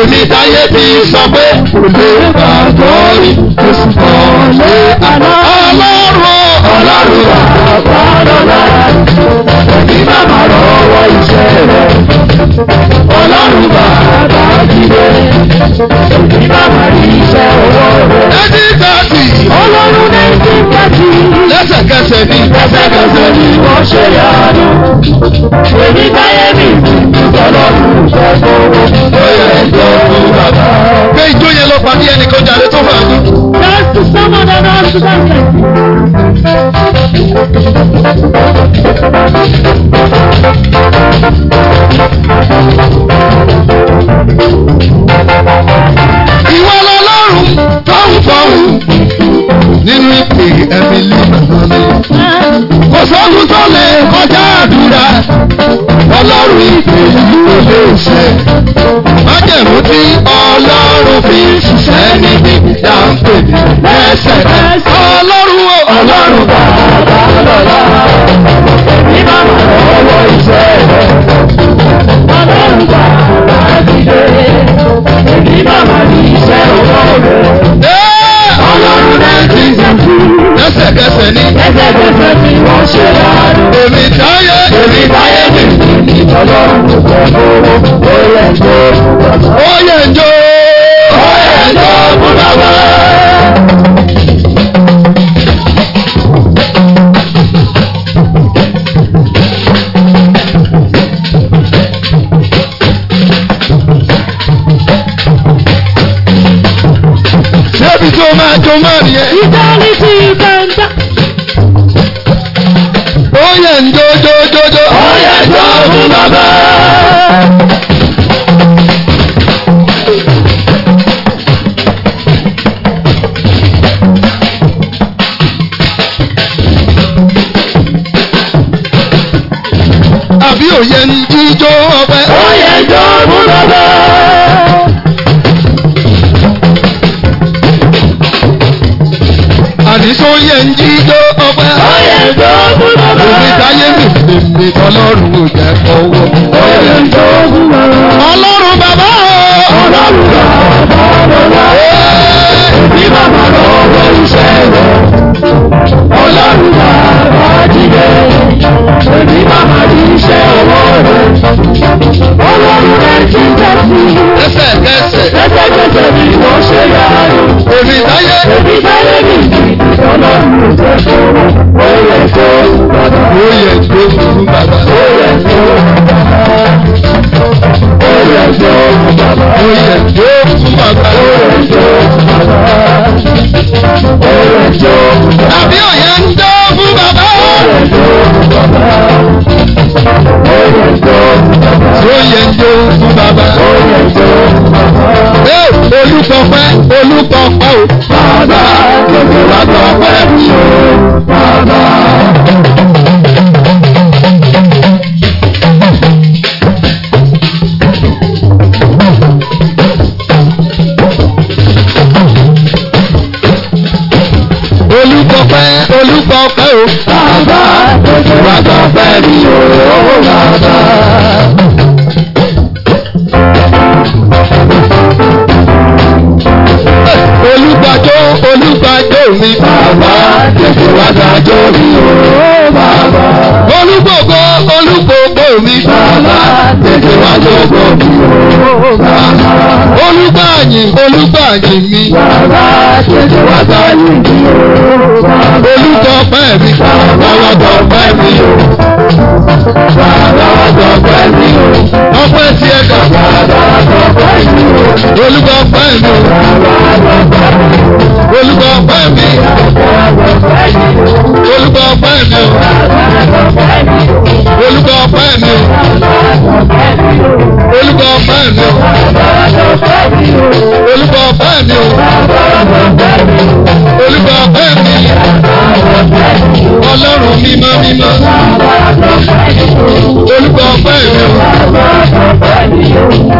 Speaker 1: Èmi táyé bí sọ pé òde bá tọ́rí oṣù kan lé àná. Ọlọ́run ọlọ́run bàbá lọ́la, èmi má má lọ́wọ́ iṣẹ́ rẹ̀. Ọlọ́run bàbá ti dé. Ìbá máa rí iṣẹ́ owó rẹ̀. Ẹni tàbí. Ọlọ́run ní ti pàtì. Lẹ́sẹ̀kẹsẹ̀ ni. Lẹ́sẹ̀kẹsẹ̀ ni wọ́n ṣe yánu. Èmi táyé mi, ọlọ́run fẹ́ fowó. Ó yẹ kó fún bàbá. Pé ìjó yẹn ló pa bí ẹnìkan jàre tó máa ní. That's the summer that I should have said. nínú ìpè Emily Mohammed. kò sóhun tó lè kọjá àdúrà ọlọ́run ìpè ìlú lè ṣe. májẹ̀mú tí ọlọ́run fi ṣiṣẹ́ níbi dáńpé lẹ́sẹ̀. ọlọ́run o ọlọ́run bàbá lọ́la ìbámu ọwọ́ iṣẹ́ rẹ̀. ẹgbẹ́gbẹ́gbẹ́ ni wọ́n ṣe láàánú. Èmi táyé èmi táyé mi. Ọlọ́run kò fẹ́ lówó, ó yẹ jó. Ó yẹ jó. Ó yẹ jó múláwá. Ṣé ibi tí o máa jó máa nìyẹn? Ìdánilẹ́sìn ìgbà ń dá yẹ̀ ń jójójójó. ó yẹ sọ fún bàbá. àbí òye ń jíjó ọbẹ̀. ó yẹ sọ bàbá. àní tó yẹ ń jíjó ọpẹ́. ó yẹ ń jó fún bàbá. òwe táyé mi lèmi ọlọ́run ò jẹ́ fọwọ́. ó yẹ ń jó fún bàbá. ọlọ́run bàbá o. ọlọ́run bàbá bàbá. bí bàbá lọ́wọ́ iṣẹ́ rẹ̀. ọlọ́run bàbá jíde. èmi bàbá rí iṣẹ́ ọwọ́ rẹ̀. ọlọ́run rẹ̀ ti tẹ̀sí. lẹ́sẹ̀kẹsẹ̀. lẹ́sẹ̀kẹsẹ̀ ni wọ́n ṣe yára bàbá. Ó yẹ kó bàbá. Ó yẹ kó fún bàbá. Ó yẹ kó bàbá. Ó yẹ kó bàbá. Ó yẹ kó fún bàbá. Ó yẹ kó bàbá. Ó yẹ kó bàbá. Àbí òye ń dán fún bàbá. Ó yẹ kó bàbá. Ó yẹ kó bàbá. Ó yẹ kó fún bàbá. Ó yẹ kó olùtọ̀pẹ́ olùtọ̀pẹ́ o. bàbá gbogbo wa tọpẹ́ ṣe bàbá. olùtọ̀pẹ́ olùtọ̀pẹ́ o. bàbá gbogbo wa tọpẹ́ ṣe bàbá. bàbá tètè wá dájọ́ mi o bàbá. olúgbògbò olúgbògbò mi. bàbá tètè wá dógbò mi o bàbá. olúgbàyìn olúgbàyìn mi. bàbá tètè wá gbàyìn mi o bàbá. olùtọ́pẹ́ mi. bàbá wà mi o. bàbá wà mi o. ọpẹ́ tí ẹ bàbá wà mi o. olùgbọ́pẹ́ mi o. bàbá wà mi o. olùgbọ́pẹ́ mi ọpẹ́ mi o olùgbà ọpẹ́ mi o olùgbà ọpẹ́ mi o olùgbà ọpẹ́ mi o olùgbà ọpẹ́ mi ọlọ́run mímọ́ mímọ́ olùgbà ọpẹ́ mi o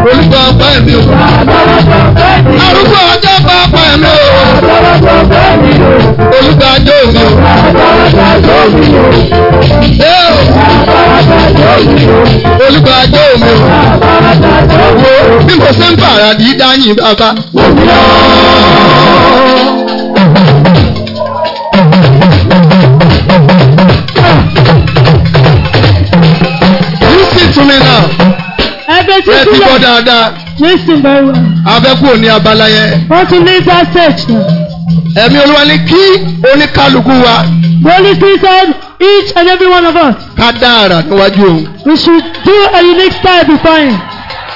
Speaker 1: olùgbà ọpẹ́ mi o arúgbó ọjọ́ pápá mi o olùgbà ọjọ́ mi o lóyún o. olùgbàjọ mi wo bí mo ṣe ń bàrà ní dáyìn bàbá. to me now. Ẹgbẹ́ tí kúrò. Rẹ́tí bọ́ dáadáa. Listen very well. Abẹ́kúrò ní abala yẹn. Wọ́n tún that church náà. Ẹ̀mí olúwa ni kí oníkálukú wa Holy Spirit said, each and every one of us. Ká dá níwájú òun. We should do a unique style before him.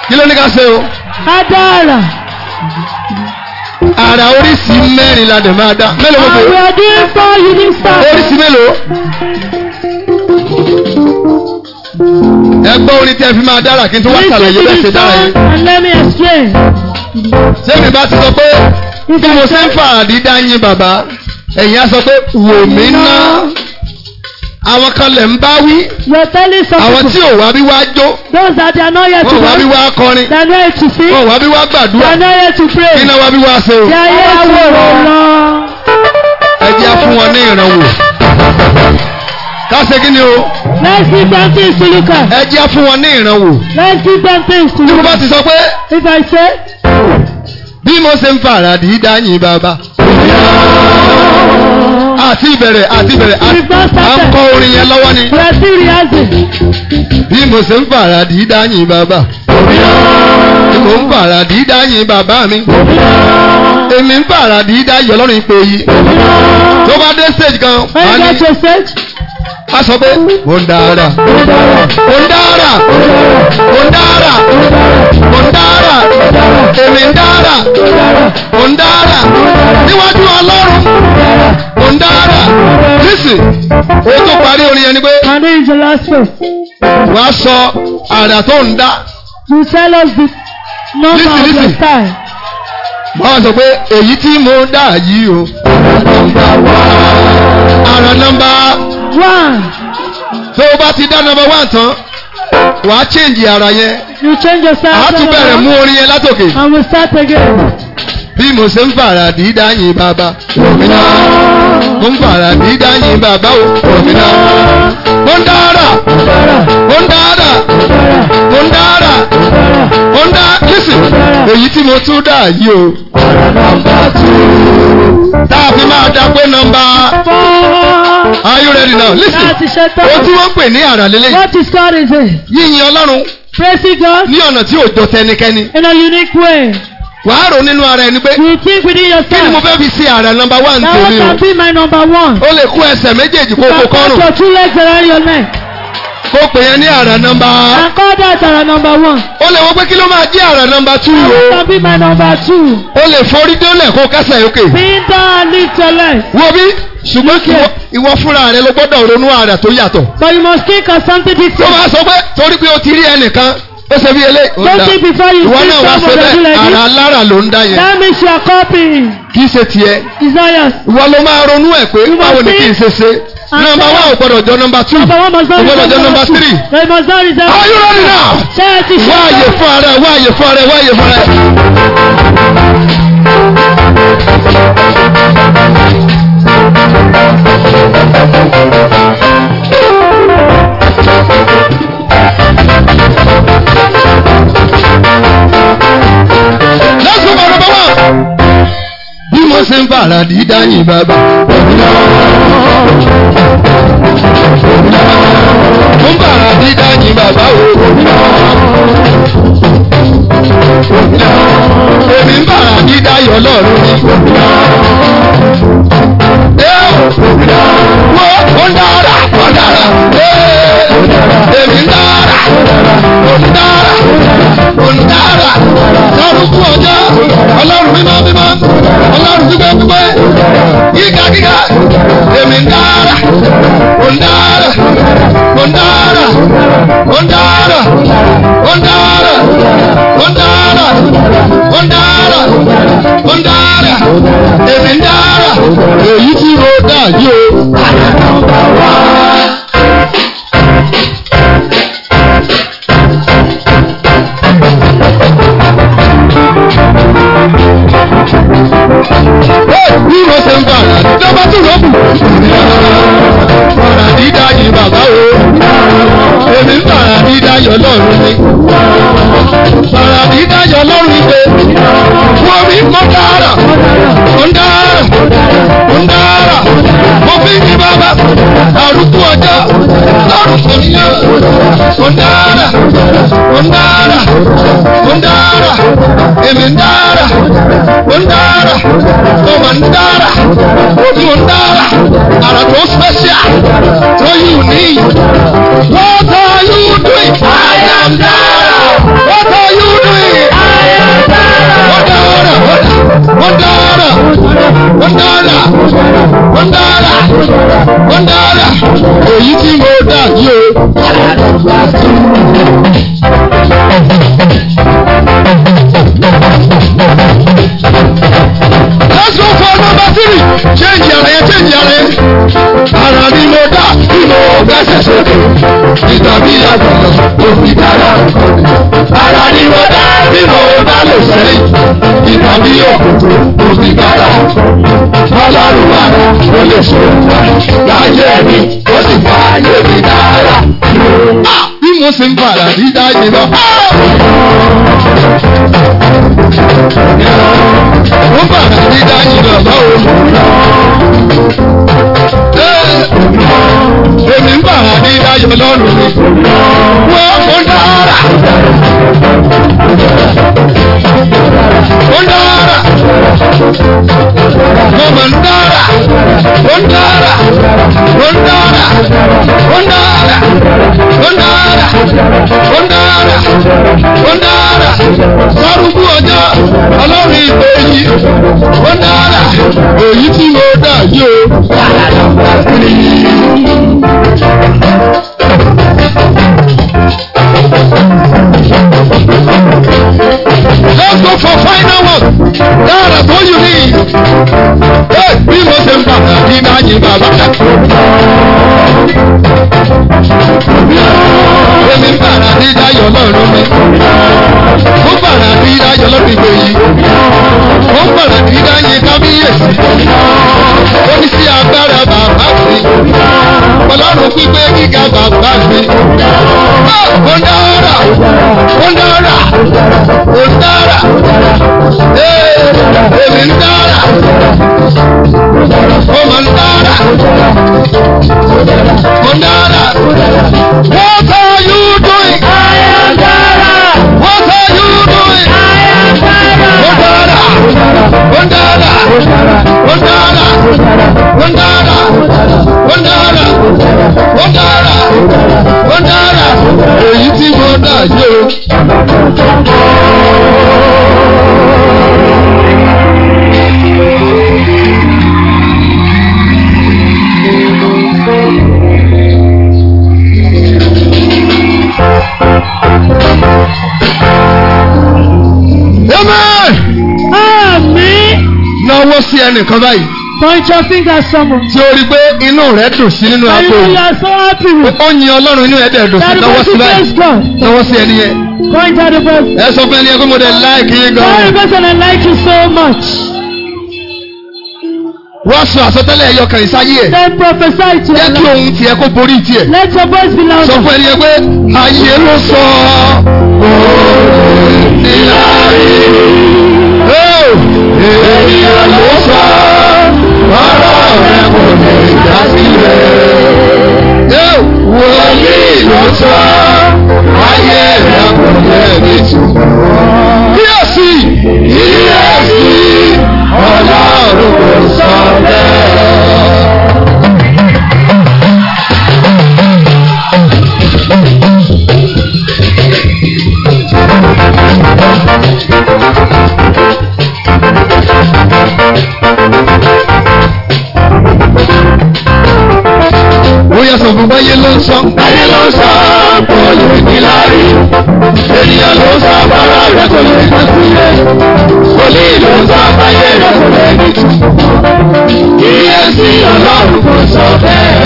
Speaker 1: Kí ló ní ká ṣe o? Ká dá àrà. oríṣi mẹ́rin la dẹ̀ máa dá. Mélòó gbogbo? And ah, we are doing for unique style. Oríṣi mélòó? Ẹ orin tí ẹ fi máa dára kí n tún wá ṣàlàyé bẹ́ẹ̀ ṣe dára yẹn. And let me explain. Ṣé mi bá ti sọ pé bí mo ṣe ń fa àdídá yín bàbá? ẹ̀yin á sọ pé wò mí ná àwọn kan lè ń bá wí. you are telling some àwọn tí ò wá bí wá jó. those that they are not yet to work. wọ́n wá bí wá kọrin. they are not yet to sing. wọ́n wá bí wá gbàdúrà. they are not yet to pray. kí náà wá bí wá ṣe o. they are yet to wòrán lọ. ẹ jẹ́ fún wọn ní ìrànwọ́. káṣe kí ni o. let's give them things to look at. ẹ jẹ́ fún wọn ní ìrànwọ́. let's give them things to look at. bí mo ti sọ pé. if I say. bí mo ṣe ń fàràdì dá yín bàbá. Yeah àti ìbẹ̀rẹ̀ àti ìbẹ̀rẹ̀ à ń kọ orin yẹn lọ́wọ́ ni. bí mo ṣe ń fàrà dídá yìn bàbá. bí mo ń fàrà dídá yìn bàbá mi. èmi ń fàrà dídá yìn ọlọ́run ìpè yìí. tó bá dé stage kan. wọ́n yẹ ṣe stage a sọ pé mo ń dára mo ń dára mo ń dára mo ń dára èmi ń dára mo ń dára níwájú ọlọ́run mo ń dára nísì èyí tó parí orin yẹn ni pé wàá sọ àrà tó ń dá. you tell us the number of your style wọ́n sọ pé èyí tí mo dà yìí o. ara nọ́mbà wá. ara nọ́mbà one. tó o bá ti dá number one tán wàá change ara yẹn. you change yourself. àá tún bẹ̀rẹ̀ mú orin yẹn látòkè. and we start again. bí mo ṣe ń fara dídá yín bàbá òmìnira mo ń fara dídá yín bàbá òmìnira mo ń dára mo ń dára mo ń dára ó ń dára ó ń dá listen èyí tí mo tún dà yìí o. tá a fi máa dá pé nọ́mbà. are you ready now listen o tí wọ́n pè ní àrà lélẹ́yìn. what is God is it. yíyin ọlọ́run. praise God. ní ọ̀nà tí ò jọ tẹnikẹ́ni. in a unique way wà á rò nínú ara ẹni pé kí ni mo fẹ́ fi ṣe ààrẹ nọmba one tèmi o ó lè kó ẹsẹ̀ méjèèjì kó your neck mo pè yẹn ní àrà nọmba. I call àrà nọmba one. o lè wọ pé kí ló máa jẹ́ àrà nọmba two. I want to be my number two. o lè forí délẹ̀ kó kásẹ̀ òkè. mi dá nítẹ̀lẹ̀. wo bí ṣùgbọ́n kí ìwọ fúnra rẹ ló gbọ́dọ̀ ronú àrà tó yàtọ̀. but you must think of something different. tó bá sọ pé torí pé o ti rí ẹnìkan ó ṣe bí eléyìí. don't think before you see someone that do like this. ìwọ náà wá ṣe bẹ́ẹ̀ àrà alára ló ń dá yẹn. that means you are kì í ṣe tiẹ̀. desires. ló máa ronú ẹ̀ pé báwo ni kì í ṣe ṣe. Ah. number one ò gbọdọ̀ jọ number two. number one must not be number two. they must are you ready now. ṣé ẹ ti ṣe. wá àyè fún ara ẹ fún ara ẹ fún ara ẹ. ṣe ń fàrà dídá yìí bàbá. Òmìnira òmìnira ó ń fàrà dídá yìí bàbá o. Òmìnira òmìnira èmi ń fàrà dídá yọ lọ́rùn ni. Òmìnira ẹ́ òmìnira wo ó ń dára ó dára ẹ́ èmi ń dára ó ń dára ó ń dára lọ́rùn fún ọjọ́ ọlọ́run mímọ́ mímọ́ ọlọ́run dúpẹ́ dúpẹ́ gíga gíga èmi ń dára ó ń dára ó ń dára ó ń dára ó ń dára ó ń dára ó ń dára ó ń dára èmi ń dára èyí tí mo dà yìí o. ìgbé. Sọ̀rọ̀ àdìdájọ́ lọ́rùn ìgbé. Fún omi mọ́ dára. Ó ń dára. Ó ń dára. Mo fi ní bàbá. Àrùkù ọjọ́. Lọ́rùn ènìyàn. Ó ń dára. Ó dára. Ó dára. Èmi ń dára. Ó dára. Ọmọ ń dára. Ojú ń dára. Àrà special. Tó unique. Wọ́n. I am Dara. What are you doing? I am Dara. Wandara. Wandara. Wandara. Wandara. Wandara. Èyí tí mo dà yí o. Let's go for number three. Change your change your hair. Ara ni mo dà, ni mi lọ́dọ̀ tó fi dára ọ̀dọ̀. Ara ni mo dá bí mo bá lè sẹ́yìn. Ìgbà mi yóò tó fi dára ọ̀dọ̀. Ọlọ́run wa ló lè ṣe wá. Láyé mi, ó sì fà ayé mi dára. Bí mo ṣe ń padà sí dáyé lọ. Mo padà sí dáyé lọ lọ́wọ́. Èmi ń padà sí ayọ̀ lọ́rùn. Wọ́n ó dára. Ó dára. Mo mọ̀ ń dára. Ó dára. Ó dára. Ó dára. Ó dára. Ó dára. Ó dára. Sárúkú ọjọ́ ọlọ́run ìgbé yìí. Ó dára. Èyí tí mo dà yìí o. Thank you. Let's go for final one. That's all you need. Hey, we must embark. We must embark. Èmi bàrà ní ìdáyọ̀ lọ́rùn mi. Ó bàrà ní ìdáyọ̀ lọ́rùn ìgbè yìí. Ó bàrà ní ìdáyẹ̀ kábíyèsí. Ó ní sí agbára bàbá sí. ọlọ́run pípé gíga bàbá mi. ó ah, dára ó dára ó dára eh, èmi ń dára ó mà ń dára ó dára. What are you doing? I am Dara. What are you doing? I am Dara. Oh Dara. Oh Dara. ó dára ó dára èyí tí mo dà yó. Amen. Amen. Náwó sí ẹnìkan báyìí. Consciousness that someone. Tí o rí pé inú rẹ̀ dùn sí nínú àpò. And you are so happy with. Ó yin Ọlọ́run inú ẹ̀ dẹ̀ dùn sí lọ́wọ́ sí báyìí. Lọ́wọ́ sí ẹni yẹn. Point at the person. Ẹ sọ fún ẹni yẹn pé mo dẹ̀ like yín gan. Sorry person I like you so much. Wọ́n sọ àsọtẹ́lẹ̀ ẹ̀yọ kan ìsáyé ẹ̀. Then prophesy to Allah. Jẹ́ kí ohun tiẹ̀ kó borí tiẹ̀. Let your voice be louder. Sọ fún ẹni yẹn pé ayé ló sọ òòrùn níláàrí. Ènìyàn ló sọ ọ̀rọ̀ rẹ kò lè já sílẹ̀. wòlíì ló sọ ayé rẹ kò lè rí tùmọ̀. kíyèsí kíyèsí ọlọ́run kò sọ bẹ́ẹ̀. ń sọ. Táyé ló ń sọ kò lè ní láàrí. Ènìyàn ló ń sọ bàrà rẹ̀ kò lè ní kúlẹ̀. Wòlí ló ń sọ rẹ̀ kò lè ní tù. Kíyèsí ọlọ́run kò sọ bẹ́ẹ̀.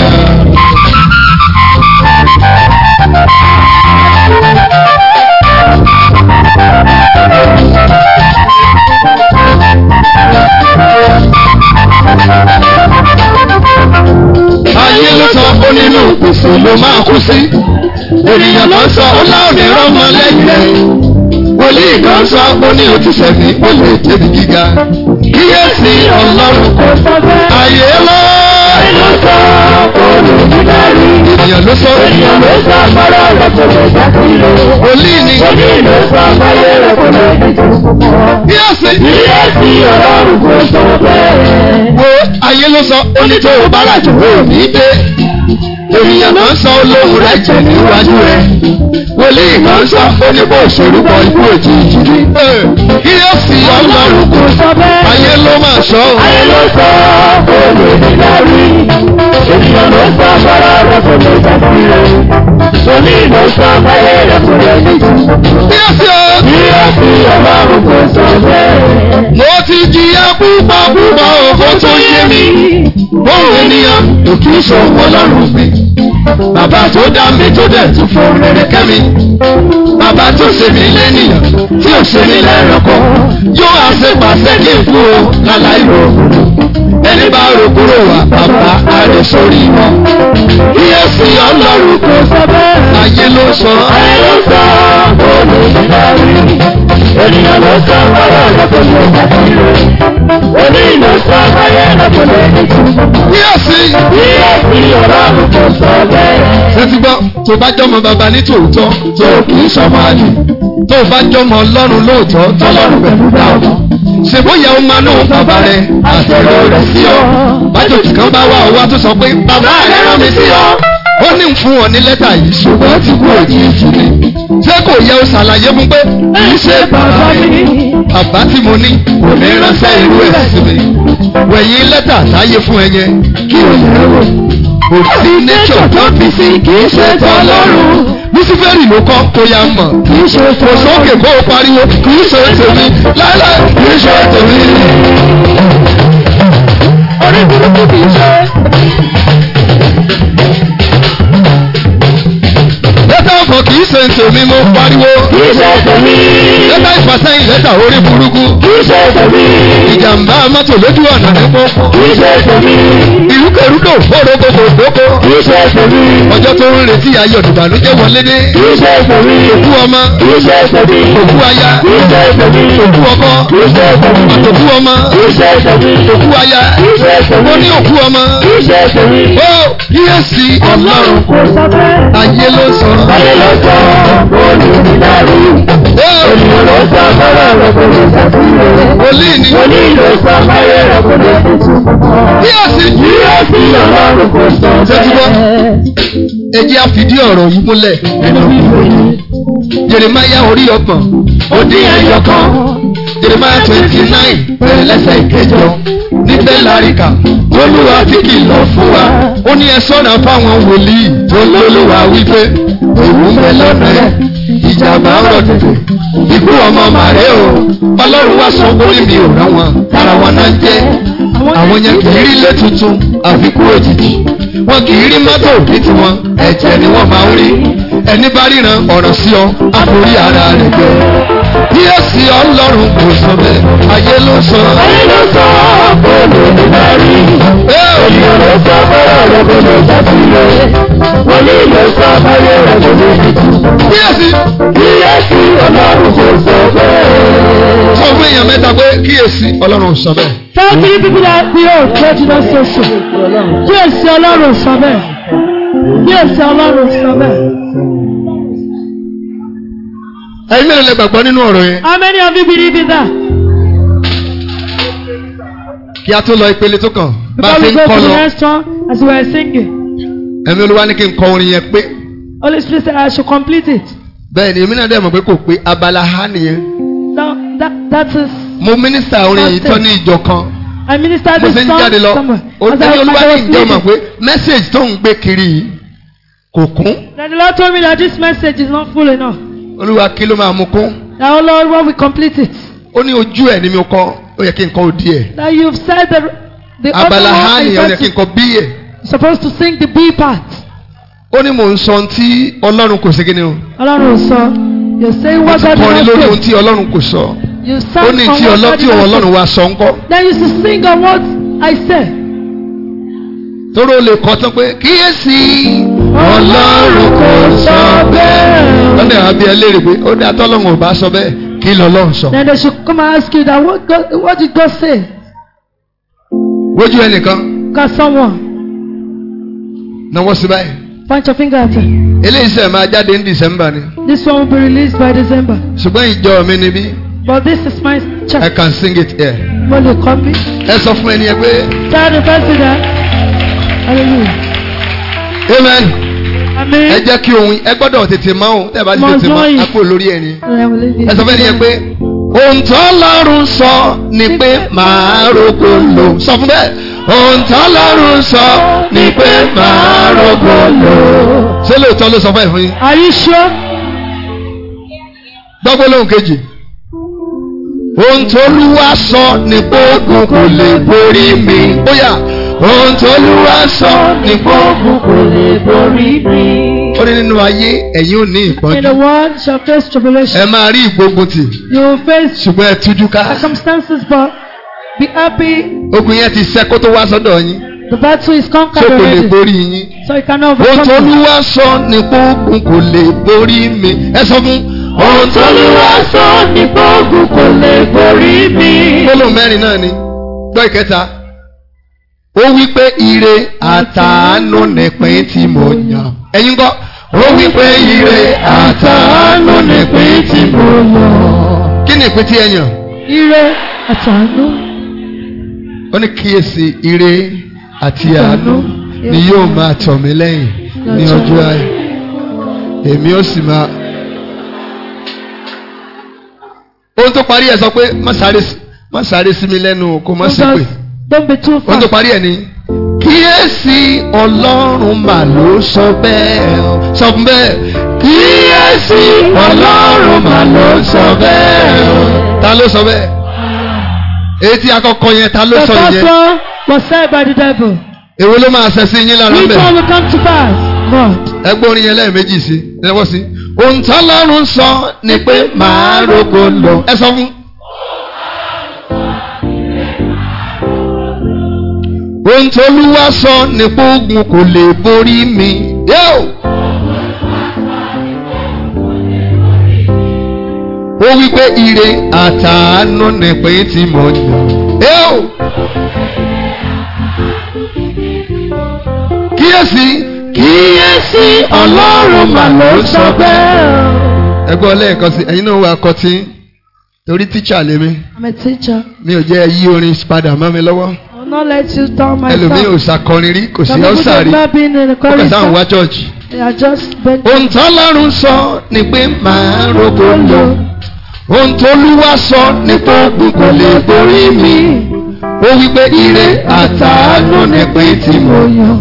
Speaker 1: ayé ló sọ ó nínú gbèsè ló máa kú sí. ènìyàn kan sọ ó láòdì rọmọ lẹ́gbẹ́. wòlíì kan sọ ó ní òtísẹ́ mi ó lè gíga. kíyèsí ọlọ́run ayé ló sọ ènìyàn ló sọ. ènìyàn ló sọ fọ́lọ́ rẹ̀ kò lè dá sí lò. olí ni. olí ló sọ fọ́lọ́ rẹ̀ kò lè dá sí lò. bíyẹ̀sì. bíyẹ̀sì ọlọ́run kò sọ bẹ́ẹ̀. wo ayé ló sọ onítòwò bára jù wò ní bẹ́ẹ̀ ènìyàn kan sọ olóhùn rẹ̀ jẹ níwájú rẹ̀ wòlíì kan sọ oníbò ìṣòrúkọ ikú òjì ìjìrí. kí ó sì ọlọ́run kò sọ bẹ́ẹ̀. ayé ló máa sọ ọ́. ayé ló sọ olè nílárí ènìyàn ló sọ agbára rẹ̀ kò lè sàbí rẹ̀ òní ló sọ ayé rẹ̀ kò lè níjì. kí ó sì ọ. kí ó sì ọlọ́run kò sọ bẹ́ẹ̀. mo ti jìyà púpọ̀ púpọ̀ òkú tó yé mi. bóun ènìyàn kò kí ń sọ ọlọ́run gbé bàbá tó dá mi tó dẹ̀ tó fún rere kẹ́mi bàbá tó ṣe mí lẹ́nìyàn tí ò ṣe mí lẹ́rọ̀kọ́ yóò àṣepàṣẹ kí n kú o láláì rò ẹni bá rò kúrò wá bàbá àrè sórí wọn. iye sí ọlọ́run kò sọ bẹ́ẹ̀. ayé ló sọ. ayé ló sọ olùdarí ènìyàn ló sọ ọ̀rọ̀ lọ́kùnrin ìgbàgbọ́ oníyìn ló sọ ayé lọ́kùnrin ìgbàgbọ́. iye sí. iye mi ọlọ́run tó sọ bẹ́ẹ̀. títí gbọ́ tó bá jọmọ bàbá ní tòótọ́ tó kì í sọmọ àlè tó bá jọmọ ọlọ́run lóòótọ́ tọ́lọ́run pẹ̀lú bá ọ̀nà ṣèbóyà ó máa lóun bàbá rẹ àṣẹrò rẹ sí ọ bájòjì kan bá wà ó wá tó sọ pé bàbá rẹ rán mi sí ọ ó ní fún ọ ní lẹ́tà yìí ṣùgbọ́n ti kú òjì ìsúlẹ̀ kò yẹ o ṣàlàyé fún pé kì í ṣe bàbá mi bàbá tí mo ní kò ní ránṣẹ́ irú ẹ̀ sí mi wẹ̀yìn lẹ́tà táyé fún ẹ kí o yẹ wò kò sí nature tó fi sí kì í ṣe tọ́lọ́run lucifere ló kọ́ kó ya mọ̀ kì í ṣe kò sókè kó o pariwo kì í ṣe tèmi láíláí kì í ṣe tèmi. orí burúkú kì í ṣe. kì í ṣe tèmi mo pariwo. kì í ṣe tèmi. lẹ́tà ìfàsẹ́yìn lẹ́tà orí burúkú. kì í ṣe tèmi. ìjàmbá mọ́tò lójú ọ̀nà ní pọ́pọ́. kì í ṣe tèmi. ìrúkèrúdò fòrò gbogbo gbogbo. kì í ṣe tèmi. ọjọ́ tó ń retí ayọ̀ ìbànújẹ́ wọlé dé. kì í ṣe tèmi. òkú ọmọ. kì í ṣe tèmi. òkú aya. kì í ṣe tèmi. òkú ọkọ. kì í ṣe tèmi. àtòkú ọmọ. kì í ṣe tèmi. òkú aya. kì í ṣe tèmi. ó ní òkú ọmọ. kì í ṣe tèmi. ó yíyẹ sí ọlọ́run. kò sọ bẹ́ẹ̀. Ayé ló sọ. Ayé ló sọ, olùdarí. Ènìyàn ló sọ fọ́rọ̀ rẹ̀ kò lè ṣàtúnṣe. Wòlíì ni. Wòlíì ló sọ fọ́rọ̀ rẹ̀ kò lè ṣàtúnṣe. Bí o sì jí o sì yọ̀rọ̀ rẹ̀ kò sọ bẹ́ẹ̀. Jẹ́túbọ́, ẹ jẹ́ àfìdí ọ̀rọ̀ yìí múlẹ̀. Jeremaya orí ọgbọ̀n. Ó dín ẹyọ kan. Jeremaya twenty nine pẹ̀lẹ́sẹ̀ ìkẹjọ. Nífẹ̀ẹ́ láríkà olúwa ti kìlọ̀ fún wa. ó ní ẹ sọ́nà fáwọn wòlíì. olúwa wípé òun fẹ́ lọ́nà ẹ̀ ìjàmbá ọ̀rọ̀ tètè ikú ọmọ màrè o ọlọ́run wá sọ orí mi ò rán wọn tára wọn náà jẹ́ àwọn yẹn kì í rí ilé tuntun àfikún òjijì wọn kì í rí mọ́tò bí tiwọn ẹ̀jẹ̀ ni wọ́n máa ń rí ẹni bá ríran ọ̀ràn sí ọ àforí ara rẹ̀ jẹ́ kíyèsí ọlọ́run kò sọ bẹ́ẹ̀ ayé ló sọ. ayé ló sọ bóòlù ní mẹ́rí. ènìyàn ló sọ fọ́rọ̀ rẹ̀ kò lè ṣàtúnyẹ. wọ́n ní ló sọ fọ́rọ̀ rẹ̀ kò lè ṣàtúnyẹ. kíyèsí. kíyèsí ọlọ́run kò sọ bẹ́ẹ̀. sọ fún èèyàn mẹ́ta pé kíyèsí ọlọ́run sọ bẹ́ẹ̀. tell three people that we all pray to that session. kíyèsí ọlọ́run sọ bẹ́ẹ̀. kíyèsí ọlọ́run sọ bẹ́ẹ̀ ẹ̀yin lẹ gbàgbọ́ nínú ọ̀rọ̀ yẹn. how many of you believe in that. kí a tó lọ ìpele tó kàn
Speaker 2: bá a ti ń kọ́ lọ. before we go to the
Speaker 1: next one as we were singing. ẹ̀mí olúwa ní kí n kọ orin yẹn pé. Holy Spirit said I should complete it. bẹ́ẹ̀ ni èmi náà dẹ̀ mọ̀ pé kò pé abala ha nìyẹn. so that that is. mo mínísítà orin yìí tán ní ìjọ kan. I minister this song somewhere. mo ṣe ń jáde lọ. olùdarí olúwa ní ìjọ mọ̀ pé tó ń gbé kiri yìí kò kún. Then the Lord told me that this message is not full enough olúwa kí ló máa mú kún. now lord when we complete it. ó ní ojú ẹ̀ ni mi kọ́ ó yẹ kí n kọ́ òdì ẹ̀. now you have said the the other one abala ha ni ó yẹ kí n kọ́ bí ẹ̀. you supposed to sing the B part. ó ní mò ń sọ tí ọlọ́run kò ṣe ni o. ọlọ́run sọ you say what God has said. ó ti kọrin lórí ohun tí ọlọ́run kò sọ. you sang on what God has said. ó ní tí ọlọ́run wa sọ ń kọ́. then you should sing on what I said. toro le kọ́ tán pé kíyèsí ọlọ́run kò sọ bẹ́ẹ̀. wọ́n dẹ̀ wá bí ẹ léèrè pé ó dá tọ́lọ́run ò bá sọ bẹ́ẹ̀ kí lọ́lọ́run sọ. then they should come and ask you that what, what did God say. wojú ẹnìkan. ka someone. náwó sí báyìí. punch your finger at her eléyìí sẹ̀ máa jáde ní december ni. this one will be released by december. ṣùgbọ́n ìjọ mi níbí. but this is my church. I can sing it here. mo lè kọ́ bí. ẹ sọ fún ẹni ẹ tell the person that hallelujah amen ẹ jẹ́ kí ohun ẹ gbọ́dọ̀ tètè máa ń tẹ̀ bá ti tètè máa àpò lórí ẹ̀ ni ẹ sọ fẹ́ ni ẹ pé ohun tó lọ́rùn sọ ni pé màá roko lò sọ fún bẹ́ẹ̀ ohun tó lọ́rùn sọ ni pé màá roko lò. ṣé lóòótọ́ ló sọ fún ẹ fún yín. are you sure? gbọ́gbó lóhùn kejì ohun tó lúwa sọ ni pé ogun kò lè borí mi. ó yà ohun t'Olúwa sọ ní gbogbo kò lè borí mi. ó ní nínú ayé ẹ̀yin ò ní ìpọ́njú. in the world shall face tribulation. ẹ máa rí ìgbógun tì. you will face. ṣùgbọ́n ẹ tújú ká. circumstances but be happy. ogun yẹn ti ṣẹ́ kó tó wá sọ́dọ̀ yín. The battle is conquered so already. Ṣé kò lè borí yín? So you cannot overcome. Ohun t'Olúwa sọ ní gbógun kò lè borí mi. Ẹ sọ fún ohun tó ló wá sọ ní bọ́ọ̀gù kò lè borí mi. gbólóhùn mẹ́rin náà ni gbọ́ ìkẹta ó wí ire àtàánú nìpín tí mo yàn. ẹ̀yin gbọ́. ó wí ire àtàánú nìpín tí mo yàn. kí ni ìpín tí ẹ yàn. ire àtàánú. ó ní kíyèsí ire àti àánú ni yóò máa tọ̀ mí lẹ́yìn ní ọjọ́ ayé èmi ó sì máa. ohun tó parí ẹ sọ pé má sáré sí mi lẹ́nu kó má ṣépè. Don't be too fast. Wọ́n tó parí ẹ̀ ni. Kíyèsí Ọlọ́run mà ló sọ bẹ́ẹ̀ o. Sọ fún bẹ́ẹ̀. Kíyèsí Ọlọ́run mà ló sọ bẹ́ẹ̀ Ta ló sọ bẹ́ẹ̀? Etí akọkọ yẹn ta ló sọ yẹn? The first was said by the devil. Èwo ló máa ṣẹ̀ sí yín lára bẹ́ẹ̀? Which one will come to pass? God. Ẹ gbọ́ orin yẹn lẹ́ẹ̀mejì sí. Ẹ lọ́wọ́ sí. Ohun tọ́lọ́run sọ ni pé màá roko lọ. Ẹ sọ fún. ohun tolúwa sọ nípa ogun kò lè borí mi. ó wí pé ire àtàánú nìpín tí mo jẹ. kíyèsí. kíyèsí ọlọ́run mà ló ń sọ bẹ́ẹ̀. ẹ gbọ́ lẹ́ẹ̀kan sí ẹ̀yin náà wà kọtí torí tíṣà lèmi. I'm a teacher. mi ò jẹ́ yí orin padà mọ́ mi lọ́wọ́ not let you down my son. ẹlòmíì ò ṣàkọrin rí kò sí ọ́sà rí ó kà sáà ń wá church. ohun tọ́lọ́run sọ ni pé màá rogo lọ ohun tolúwa sọ ni pé kò lè borí mi ó wí ire àtàánú ni pé tí mo yàn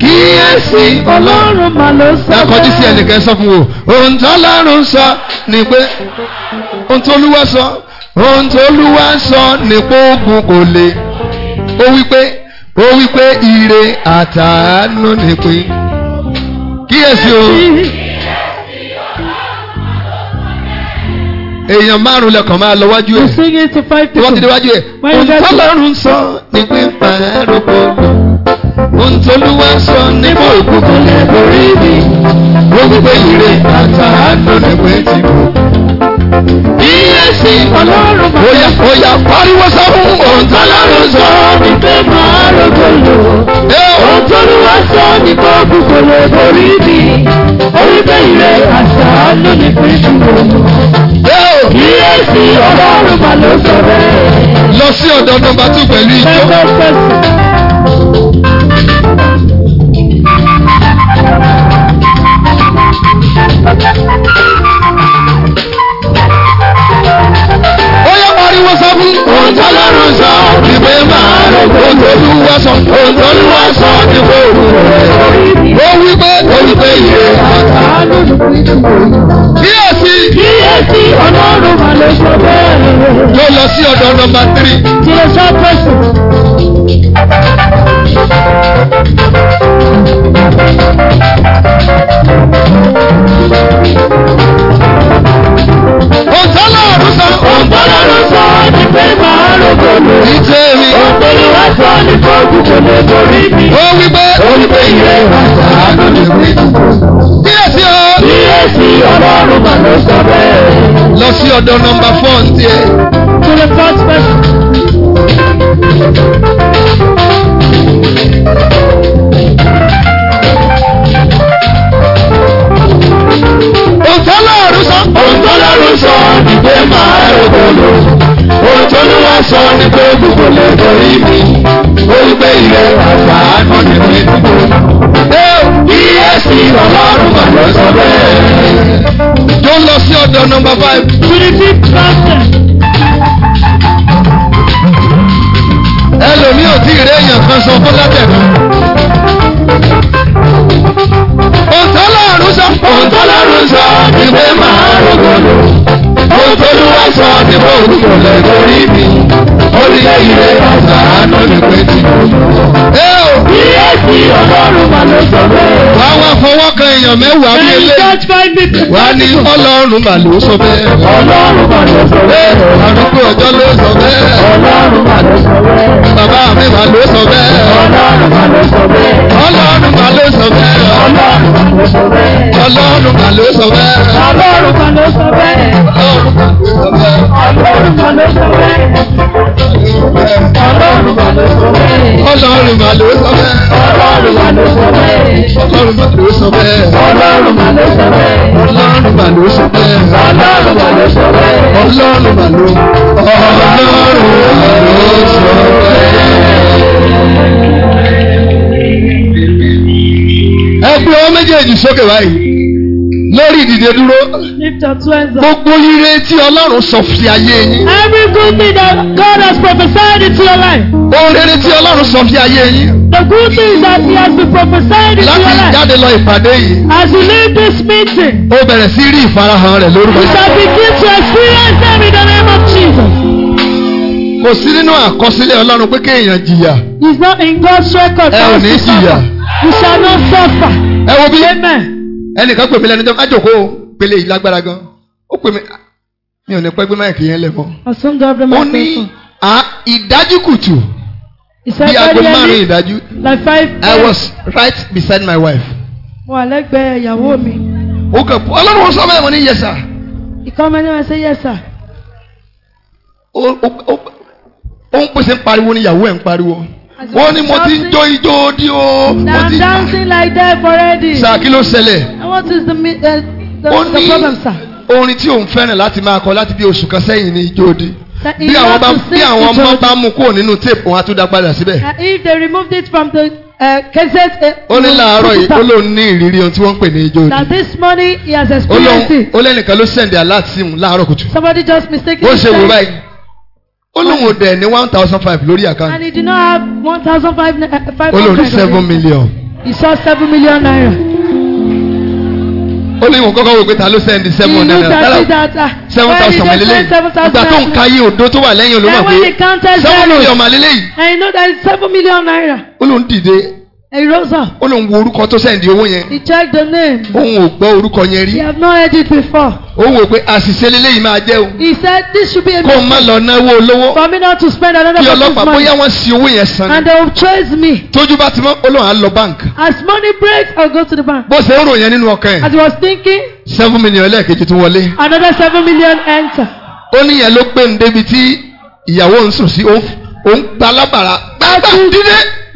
Speaker 1: kíyèsí ọlọ́run mà ló sọ bẹ́ẹ̀. dákọjú sí ẹnìkan sọ fún wo ohun tọ́lọ́run sọ ni pé ohun tolúwa sọ ohun tolúwa sọ ni pé ogun kò lè ó wí pé ó wí pé ire àtàánú nìpín kíyèsí o èèyàn márùn lẹ́kàn máa lọ wájú ẹ̀ wọ́n ti dé wájú ẹ̀ òǹtọ́lọ́run sọ nípín pàrọ̀pọ̀ òǹtọ́lúwa sọ níbo òkùnkùn lẹ́bùrì mi ó wí pé ire àtàánú nìpín ti mú bí èsì ọlọ́run Oya oya pariwo sọ fún òun tó lọ́run sọ ní pé máa lóko lò. Òun tó lù wá sọ ní kó kúkú lè borí mi. Orí bẹ́ẹ̀ rẹ̀ àṣà lónìí pín fún òun. Bí èsì ọlọ́run bá ló sọ bẹ́ẹ̀. Lọ sí ọ̀dọ̀ nọmba two pẹ̀lú ìjọ. Thank you. ni wọ́n sọ fún. òǹtọ́lọ́run sọ ìwé máa rẹ̀ òǹtọ́lúwa sọ òǹtọ́lúwa sọ ìwé òwúrọ̀. ó wí pé ó wí pé ìwé kíyèsí. kíyèsí ọlọ́run mà ló sọ bẹ́ẹ̀. yóò lọ sí ọ̀dọ̀ nọmba tírì. tí o sọ pẹ̀sì. òǹtọ́lọ́. Ọ̀gbọ́lọ́run sọ ní pé màá rògbòdò. Nítorí. Olúwa sọ ní fóògùn kò lè borí mi. Ó wí pé. Ó wí pé ilé wa o. Kíyèsí ọlọ́run mà ló sọ bẹ́ẹ̀. Lọ sí ọ̀dọ̀ nọmba four ń tiẹ̀. To the first person. ọlọ́run sọ ni pé màá rògbòlò ohun tó wá sọ ni gbogbo lè dorí mi ó ń gbé ni mi dúró. ESP ọlọ́run mà ló sọ bẹ́ẹ̀. tó lọ sí ọ̀dọ̀ nọ́mbà five. Trinity Pastor. ẹlòmíì ò tí ì rí èèyàn kan sọ fún látẹ̀kọ́ tọ́lọ́run sọ. ohun tọ́lọ́run sọ ni pé máa rògbòdò. ohun tolúwa sọ ni pé òun kò lè lórí mi. orílẹ̀ ilé àṣà àánú ni pé ti kò sọ. Kíyèsí ọlọ́run mà ló sọ bẹ́ẹ̀. Wá wá fọwọ́ kan èèyàn mẹ́wàá bí ilé. Wá ní ọlọ́run mà ló sọ bẹ́ẹ̀. Ọlọ́run mà ló sọ bẹ́ẹ̀. Àdúgbò ọjọ́ ló sọ bẹ́ẹ̀. Ọlọ́run mà ló sọ bẹ́ẹ̀. Bàbá mi mà ló sọ bẹ́ẹ̀. Ọlọ́run mà ló sọ bẹ́ẹ̀ ọlọ́run kan ló sọ bẹ́ẹ̀. ọlọ́run kan ló sọ bẹ́ẹ̀. ọlọ́run kan ló sọ bẹ́ẹ̀. ọlọ́run kan ló sọ bẹ́ẹ̀. ọlọ́run kan ló sọ bẹ́ẹ̀. ọlọ́run kan ló sọ bẹ́ẹ̀. ọlọ́run kan ló sọ bẹ́ẹ̀. ọlọ́run kan ló sọ bẹ́ẹ̀. ọlọ́run kan ló sọ bẹ́ẹ̀. ọlọ́run kan ló sọ bẹ́ẹ̀. ọlọ́run kan ló sọ bẹ́ẹ̀. ọlọ́run kan ló ọlọ́run kan ló sọ bẹ́ẹ̀. gbé ọwọ́ méjèèjì sókè báyìí lórí ìdìde dúró. gbogbo ire tí ọlọ́run sọ fi ayé yín. every good thing that God has prophesied into your life. ohun rere tí ọlọ́run sọ fi ayé yín. the good things that he has been prophesied into your life. láti jáde lọ ìpàdé yìí. as you leave this meeting. ó bẹ̀rẹ̀ sí rí ìfarahàn rẹ̀ lórúkọ yìí. you shall begin to experience them in the name of Jesus kò sí nínú àkọsílẹ̀ ọlọ́run pé kéèyàn jìyà. it's not in God's record. ẹ ò ní jìyà. You shall not suffer. Ẹ wo bí ẹnìkan pè mí lẹ́nu jẹ́ májòkó yìí lágbára gan. Ó pè mi ò ní pẹ́ gbé máìkì yẹn lẹ̀ mọ́. Ó ní ìdájú kùtù bí aago márùn-ún ìdájú. I was right beside my wife. Mo wà lẹ́gbẹ̀ẹ́ ìyàwó mi. Ó kàn fún ọlọ́run wọn sọ bẹ́ẹ̀ mo ní yẹsà. Ìkọ́mọ náà ṣe yẹsà. Ó ń pèsè ń pariwo ni ìyàwó ẹ̀ ń pariwo wọ́n ní mo ti ń jó ijó di o. na i'm dancing like that already. kí ló ṣẹlẹ̀. what is the, uh, problem sir. orin tí òun fẹ́ràn láti máa kọ láti bí oṣù kan sẹ́yìn ni ijó di bí àwọn bá bí àwọn ọmọ bá mú kúrò nínú tape wọn á tún dá padà síbẹ̀. if they removed it from the uh, cassette. Uh, ó ní làárọ̀ yìí ó lóun ní ìrírí ohun tí wọ́n ń pè ní ijó ni. this morning he has experienced it. ó lóun ó lẹ́nìkan ló send alert sí òun láàárọ̀ kùtù. somebody just mistakenly ó ṣe wò báyìí ó lóun dẹ̀ ní one thousand five lórí àkáǹtì. and he did not have one thousand five five hundred. ó seven million. he saw seven million naira. ó ní ìwọ̀n kọ́kọ́ wò pé ta ló send seven naira tálá seven uh, thousand malele ìgbà tó ń ka yí odó tó wà lẹ́yìn olómọ̀ pé seven million malele yìí. and he know that it's seven million naira. ó lóun dìde He rose up. Ó lóun wo orúkọ tó sẹ́ndì owó yẹn. He checked the name. Òun ò gbọ́ orúkọ yẹn rí. He had not heard it before. Òun wò pé àṣìṣe lélẹ́yìí máa jẹ́ o. He said this should be a mistake. Kó má lọ náwó olówó. For me not to spend another person's money. Bí ọlọ́pàá bóyá wọ́n sin owó yẹn san. And they will chase me. Tójú bá ti mọ́ Olóhùn á lọ bank. As money breaks, I will go to the bank. Bó ṣe ń rò yẹn nínú ọkàn yẹn. As he was thinking. Seven million lẹ́ẹ̀kejì tún wọlé. Another seven million enter. Ó níyẹn ló gbé ń débi tí ìyàwó ń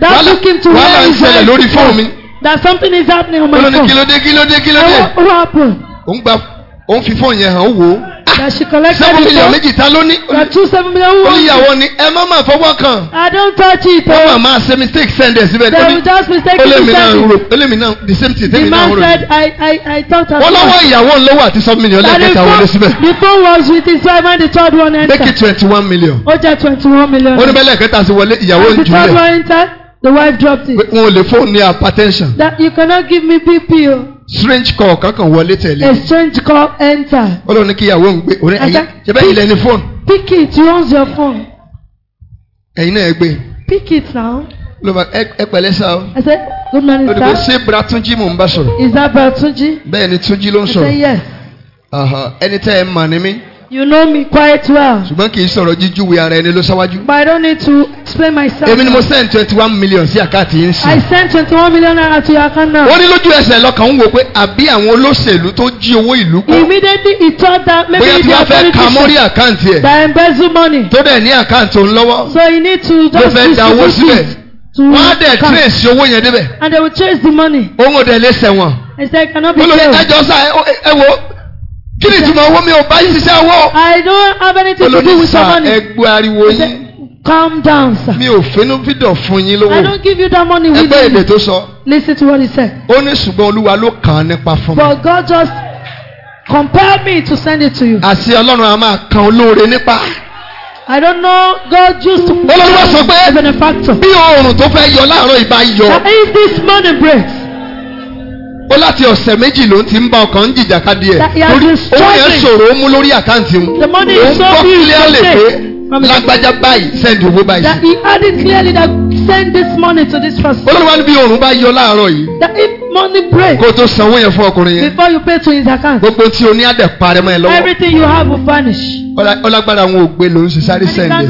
Speaker 1: that took him to where he went lórí fóònù that something is happening on my phone. kílódé kílódé kílódé. what happened. ó ń gba ó ń fi fóònù yẹn hàn ó wò ah, that she collected seven million méjì ta ló ní. that two seven million who won. oníyàwó ni ẹ má máa fọwọ́ kan. I don't touch it o. wọ́n oh. máa ṣe mistake send ẹ̀ síbẹ̀. they will just mistake you send it. olèmi náà the same thing the man said I I I thought as well. wọ́n lọ́wọ́ ìyàwó ńlọ́wọ́ àti seven million lẹ́ẹ̀kẹta wọlé síbẹ̀. the phone was with his wife when the third one entered. make it twenty one million. ó jẹ́ twenty one million. ó ní wọlé ìyàwó ń jùlẹ̀. and the third one entered. The wife dropped it. N ò lè fóònù ní hypertension. That you cannot give me BP o. Strange call kankan wọlé tẹ̀lé. A strange call enter. Ọlọ́run ní kí ìyàwó ń gbé orí ẹ̀yìn. Ṣé bẹ́ẹ̀ ni fóònù? Pick it, you want your phone. Ẹ̀yin náà ẹ gbé. Pick it now. Lọ́ba ẹ pẹ̀lẹ́ sá o. I said good morning sir. Olùkọ́ ṣé Bratunji mò ń bá sọ̀rọ̀? Is that Bratunji? Bẹ́ẹ̀ ni Tunji ló ń sọ̀rọ̀. I say, yes. Ẹni tẹ́ ẹ mà ní mí. You know me quite well. ṣùgbọ́n kì í sọ̀rọ̀ jíjúwe ara ẹni ló ṣáwájú. But I don't need to explain myself. Èmi ni mo send twenty one million sí àkáǹtì yín sí. I sent twenty one million naira to your account now. Ó ní lójú ẹsẹ̀ lọ́kàn ń wò pé àbí àwọn olóṣèlú tó jí owó ìlú kọ́. Immediately he thought that maybe the authorities. Bóyá tí wọ́n fẹ́ ka àkáǹtì ẹ̀. That embezzle money. Tó dẹ̀ ní àkáǹtì òun lọ́wọ́. So he need to just distribute it to wọ́n á dẹ̀ trace owó yẹn débẹ̀. and they will trace the money. òun dẹ̀ lé sẹ̀wọ̀n. he said cannot be jailed. olórí ẹjọ́ sá ẹ wo kí ni ìtumọ̀ owó mi ò bá ṣiṣẹ́ owó. I don't have anything to do with your money. olùdíje ẹgbẹ́ ariwo yín. Calm down, sir. Mi ò finú fídọ̀ fún yín lówó. I don't give you that money willingly. Ẹgbẹ́ èdè tó sọ. Listen to what he said. Ó ní ṣùgbọ́n Olúwa ló kàn án nípa fún mi. But God just compelled me to send it to you. Àṣẹ Ọlọ́run a máa kan olóore nípa. I don't know God just to. Olúwa sọ pé bí oòrùn tó fẹ́ yọ láàárọ̀ ìbá yọ. if this morning breaks ó láti ọ̀sẹ̀ méjì ló ti ń bá ọkàn ń jìjàkadì ẹ̀ torí owó yẹn ṣòro ó mú lórí àkáǹtì òun òun gbọ́ clearly pé lágbájá báyìí send owó báyìí. that he had clearly that send this money to this person. olórí wa níbi oòrùn bá yọ láàárọ̀ yìí. that if money break. kó o tó sanwó yẹn fún ọkùnrin yẹn. before you pay to his account. gbogbo tí o ní àdẹ̀ parẹ́ mọ́ ẹ lọ́wọ́. everything you have will vanish. ọlágbára àwọn ògbé ló ń ṣe sáré sẹ́ndẹ̀.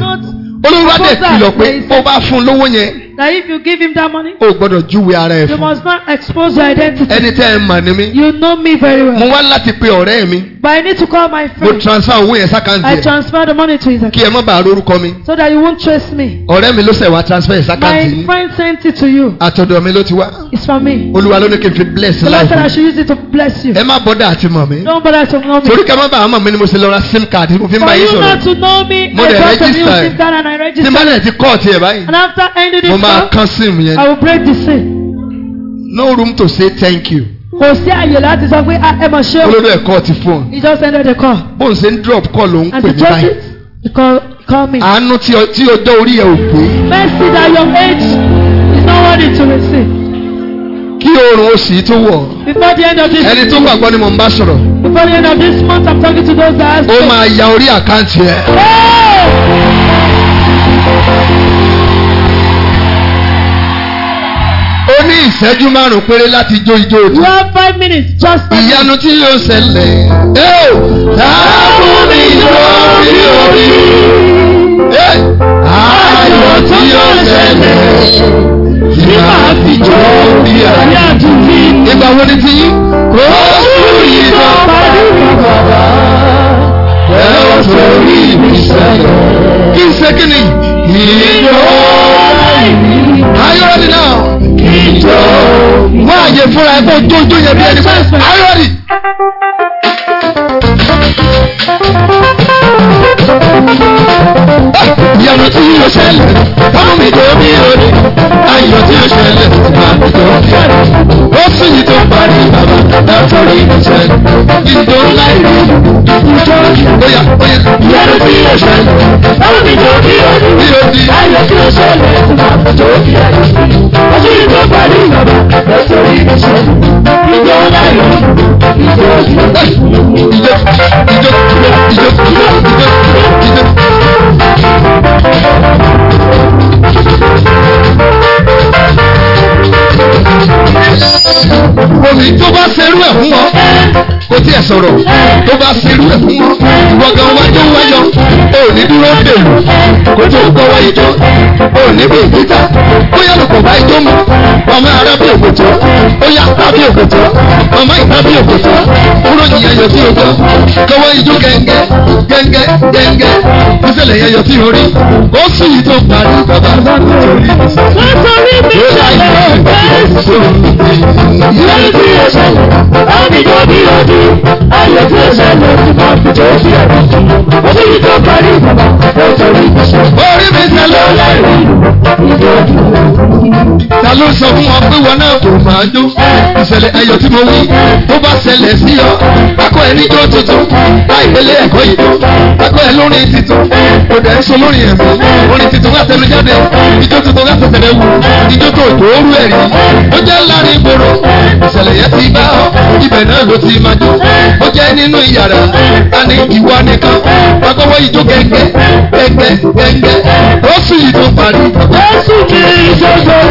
Speaker 1: olórí wa dẹ̀ kìlọ̀ pé ó bá fún lówó yẹn that if you give him that money. o gbọ́dọ̀ júwe ara ẹ fún. you must not expose your identity. Anytime, tẹ́ ẹ ni mí. you know me very well. mo wá láti pe ọ̀rẹ́ mi. but I need to call my friend. mo transfer owó yẹn sákàǹtì ẹ. I transfer the money to his account. kí ẹ má bàa rorúkọ mi. so that you won't trace me. ọ̀rẹ́ mi ló ṣẹ̀ wá transfer yẹn sákàǹtì my friend sent it to you. àtọ̀dọ̀ mi ló ti wá. it's for me. olúwa ló ní kí n fi bless life. the Lord said I should use it to bless you. ẹ má bọ́dà àti mọ̀ mi. don't bother to know me. torí kẹ́ má bàa mọ̀ mi ni mo ṣe lọ ra sim card mo fi ń yín sọ̀rọ̀. for you not to know me. mo dẹ̀ register. mo dẹ̀ register. tí n bá dẹ̀ ti kọ́ ọ̀tí ẹ̀ and after ending this máa kán yẹn. I will break the sin. No room to say thank you. Kò sí àyè láti sọ pé ẹ mọ̀ ṣé o. Olórí ẹ̀kọ́ ti fóònù. He just ended the call. Bóun ṣe ń drop call ló ń pè mí báyìí. And he just call call me. Àánú tí ọjọ́ orí ẹ̀ ò gbé. Mercy that your age is not worthy to receive kí oòrùn oṣù tó wọ̀. before the end of this. ẹni tó gbàgbọ́ ni mo ń bá sọ̀rọ̀. before the end of this month I'm talking to those that ask. ó máa ya orí àkáǹtì ẹ. ó ní ìṣẹ́jú márùn-ún péré láti jó ijó òde. you have five minutes just five minutes. ìyanu tí yóò ṣẹlẹ̀. dábùn mi lórí orí. ayọ̀ tí yóò ṣẹlẹ̀ tí jó bí ayé àdúgbò. Ìgbà wo ni ti yín? Oṣù ìlọ pàdúrà bàbá. Ẹ ò torí mi sẹ́yọ̀. Kí n ṣe kí ni? Ìjọ. Are you ready now? Wọ́n àyè fúnra ẹ̀ kó jójó yẹn bí ẹni pé are you ready? Thank you ìyanu tí yóò ṣẹlẹ̀ táwọn mi tó mi ò ní ayọ̀ tí yóò ṣẹlẹ̀ àmì tó fi ẹ̀rọ ó sì yí tó parí bàbá látọ̀rí ìṣẹ̀lẹ̀ ìdò ńlá ìlú ìfúnjọ́ bóyá bóyá ìyanu tí yóò ṣẹlẹ̀ táwọn mi tó mi ò ní ayọ̀ tí yóò ṣẹlẹ̀ àmì tó fi ẹ̀rọ ó sì yí tó parí bàbá látọ̀rí ìṣẹ̀lẹ̀ ìdò ńlá ìlú ìfúnjọ́ ìjọ ìjọ ìjọ ìjọ ìjọ. omi tó bá serú ẹ̀ fún ọ kò tí ẹ sọ̀rọ̀ tó bá serú ẹ̀ fún ọ ìwọ gan wájú wáyọ ò ní dúró dèrò kó tó gbọ́ wáyé tó ò ní bí ìgbìta ó yẹ lọ́kọ̀ báyìí tó mú ọmọ ara bí òkòtò ó yà ká bí òkòtò ọmọ ìta bí òkòtò kúrò nìyẹn yọ sí ọjọ́ kọ́wọ́ ijó gẹ́ngẹ́ gẹ́ngẹ́ gẹ́ngẹ́ ìṣẹ̀lẹ̀ yẹn yọ sí orí ó sì yí tó parí bàbá lánàá torí lórí tí yóò ṣẹlẹ̀ àbíjọ bí ojú ayọ̀ tí yóò ṣẹlẹ̀ tí máa fi tó fi ẹ̀rọ ó sì yí tó parí bàbá ẹ̀ torí ìṣẹ́. orí mi ṣẹlẹ̀ ó lẹ́rìí ìjọ ta ló sọ fún ọ pé wọn náà kò máa jó ìṣẹ̀lẹ̀ ayọ̀ tí mo wí tó bá ṣẹlẹ̀ sí ọ akọ́ ẹ níjó tuntun láìpẹ́lẹ́ ẹ̀kọ́ yìí akọ́ ẹ lórin titun kò dẹ̀ ń so lórin ẹ̀mí orin titun láti ẹnu jáde ijó tuntun láti ẹsẹ̀ wù ijó tó dòórú ẹ̀rí ó jẹ́ láàrin ìgboro ìṣẹ̀lẹ̀ yẹn ti bá ọ ibẹ̀ náà ló ti máa jó ó jẹ́ nínú ìyàrá tani ìwà nìkan agbọ́wọ́ ijó gẹ́gẹ́ gẹ́gẹ́ gẹ́gẹ́ ó sì ìdó parí. ó kì í ṣe gbòòrò.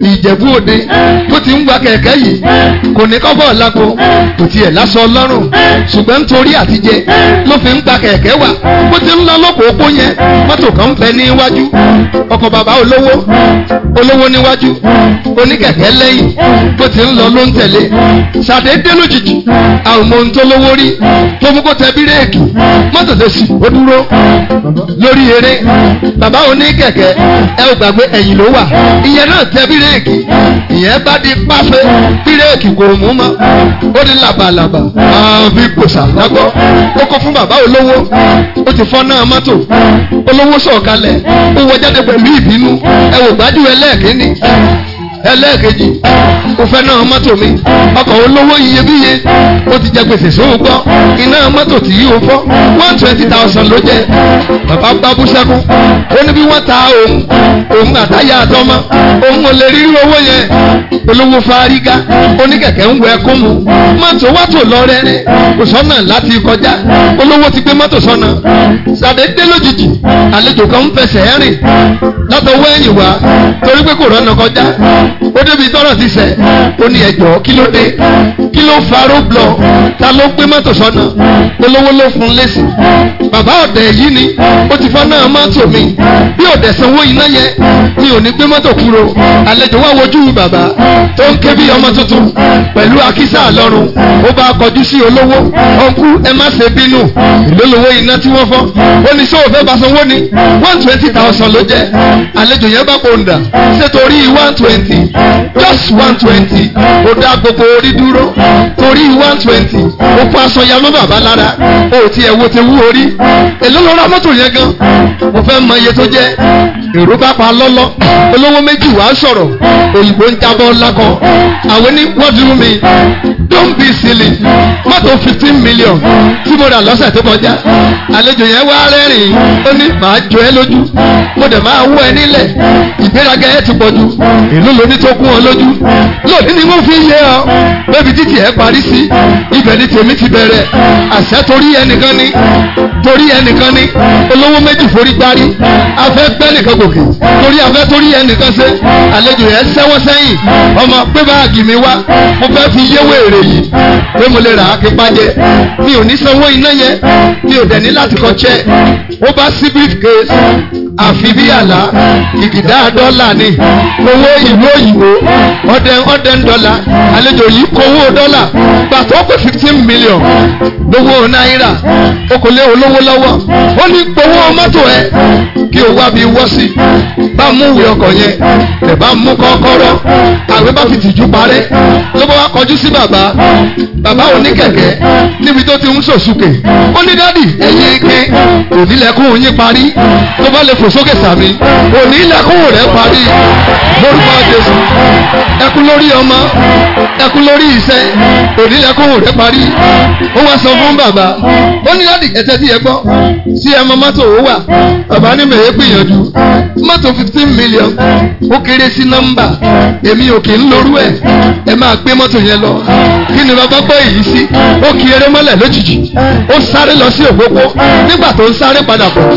Speaker 1: ìjẹ̀bú òde tó ti ń gba kẹ̀kẹ́ yìí kò ní kọ́bọ̀ lágbo kò tiẹ̀ lásọ ọlọ́run ṣùgbọ́n nítorí àtijẹ ló fi ń gba kẹ̀kẹ́ wà bó ti ń lọ lókòókò yẹn mọ́tò kan ń bẹ níwájú ọkọ̀ bàbá olówó olówó níwájú oníkẹ̀kẹ́ lẹ́yìn bó ti ń lọ ló ń tẹ̀lé ṣàdédé lójijì àwọn ohun tó lówó rí tó mú kó tẹ bírèèkì mọ́tò lè sì ó dúró lórí eré bàbá oníkẹ̀kẹ́ ẹ bíríkì ìyẹn bá di páfẹ́ bíríkì kò mú mọ́ ó di làbàlàbà máa fi lágbọ́ ó kọ́ fún bàbá olówó ó ti fọ́ náà mọ́tò olówó sọ̀kalẹ̀ ó wọ jáde pẹ̀lú ìbínú ẹ gbájú ẹlẹ́ẹ̀kínní ẹlẹ́ẹ̀kejì ó fẹ́ náà mọ́tò mi ọkọ̀ olówó iyebíye ó ti jẹ gbèsè sóhun gbọ́ iná mọ́tò tí yóò fọ́ one twenty thousand ló jẹ bàbá bá bú sẹ́kún ó ní bí wọ́n ta òun òun àtàyà àtọ́mọ́ òun ò lè rí owó yẹn olówó fárígá oníkẹ̀kẹ́ ń wẹ kó mu mọ́tò wàtò lọ rẹ́rẹ́ kò sọ́nà láti kọjá olówó ti gbé mọ́tò sọ́nà sàdédé lójijì àlejò kan ń fẹsẹ̀ rìn látọwọ́ ẹ̀yìn wá torí pé kò rọ́nà kọjá ó débi tọ́rọ̀ ti sẹ̀ ó ní ẹ̀jọ̀ kí ló dé kí ló fa róblọ̀ ta ló gbé mọ́tò sọ́nà olówó ló fún lẹ́sì bàbá ọ̀dẹ̀ yìí ni ó ti fọ́ náà mọ́tò mi bí ọ̀dẹ̀ sanwó iná yẹn mi ò ní gbé mọ́tò kúrò àlejò wá wojú bàbá tó ń ké bí ọmọ tuntun pẹ̀lú akísà lọ́rùn ó bá kọjú sí olówó ọkú ẹ má ṣe bínú ìlólówó iná tí wọ́n fọ́ ó ní sọ òfẹ́ bá sanwó ni one twenty thousand ló jẹ́ àlejò yẹn bá pòǹdà ṣètò orí one twenty twenty just one twenty ó dá gbogbo orí dúró torí one twenty ó fọ aṣọ ya mọ́ bàbá lára ó ti ẹ̀ ti wú orí èló ló ra mọ́tò yẹn gan mo fẹ́ mọ iye tó jẹ́ èrò bá pa lọ́lọ́ olówó méjì wàá sọ̀rọ̀ òyìnbó ń jábọ́ lákọ̀ àwọn ní wọ́n dúró mi don't be silly mọ́tò fifteen million tí mo rà lọ́sẹ̀ tó kọjá àlejò yẹn wá rẹ́rìn ó ní màá jọ ẹ́ lójú mo dẹ̀ máa wọ ẹ nílẹ̀ ìgbéraga ẹ ti pọ̀ jù ìlú lóní tó kún ọ lójú lónìí ni wọ́n fi yé ọ bébí títì ẹ parí sí ibẹ̀ ni tèmi ti bẹ̀rẹ̀ àṣẹ torí ẹnìkan ni torí ẹnìkan ni olówó méjì forí gbárí afẹ́ gbẹ́ nìkan gòkè torí afẹ́ torí ẹnìkan ṣe àlejò yẹn sẹ́wọ́n sẹ́yìn ọmọ pé báàgì mi wá mo fẹ́ fi yéwèé r lè yìí pé mo lè rà á kí pàjẹ́ mi ò ní sanwó iná yẹn mi ò dẹ̀ ní láti kọ check ó bá sí briefcase àfi bí àlá ìgìdá dọ́là ni owó ìlú òyìnbó ọ̀dẹ̀n ọ̀dẹ̀n dọ́là àlejò yìí kówó dọ́là gbàtọ́ pé fifteen million lówó náírà okòlé olówó lọ́wọ́ ó ní gbowó mọ́tò ẹ̀ kí o wá bí wọ́ sí bá mú ìwé ọkọ̀ yẹn ẹ̀ bá mú kọ́kọ́rọ́ àwẹ̀ bá fi tìjú parẹ́ ló bá wá kọjú sí bàbá bàbá ò ní kẹ̀kẹ́ níbi tó ti ń sòsùkè ó ní dádì ẹ̀yìn ike onílẹ̀kùn yín parí tó bá lè fò sókè sàmì onílẹ̀kùn rẹ̀ parí lórúkọ Jésù ẹkún lórí ọmọ ẹkún lórí iṣẹ́ onílẹ̀kùn rẹ̀ parí ó wá sọ fún bàbá ó ní dádì ẹ̀tẹ́ tí ẹ gbọ́ sí ẹ mọ mọ́tò ó wà bàbá ní mèé é gbìyànjú mọ́tò fifteen million ó kéré sí nọ́mbà èmi ò kì í lorú ẹ̀ ẹ máa gbé mọ́tò yẹn lọ kí ni bàbá bọ́ èyí sí ó kì í eré mọ́lẹ̀ lójijì ó sáré lọ sí òpópó nígbà tó ń sáré padà bọ̀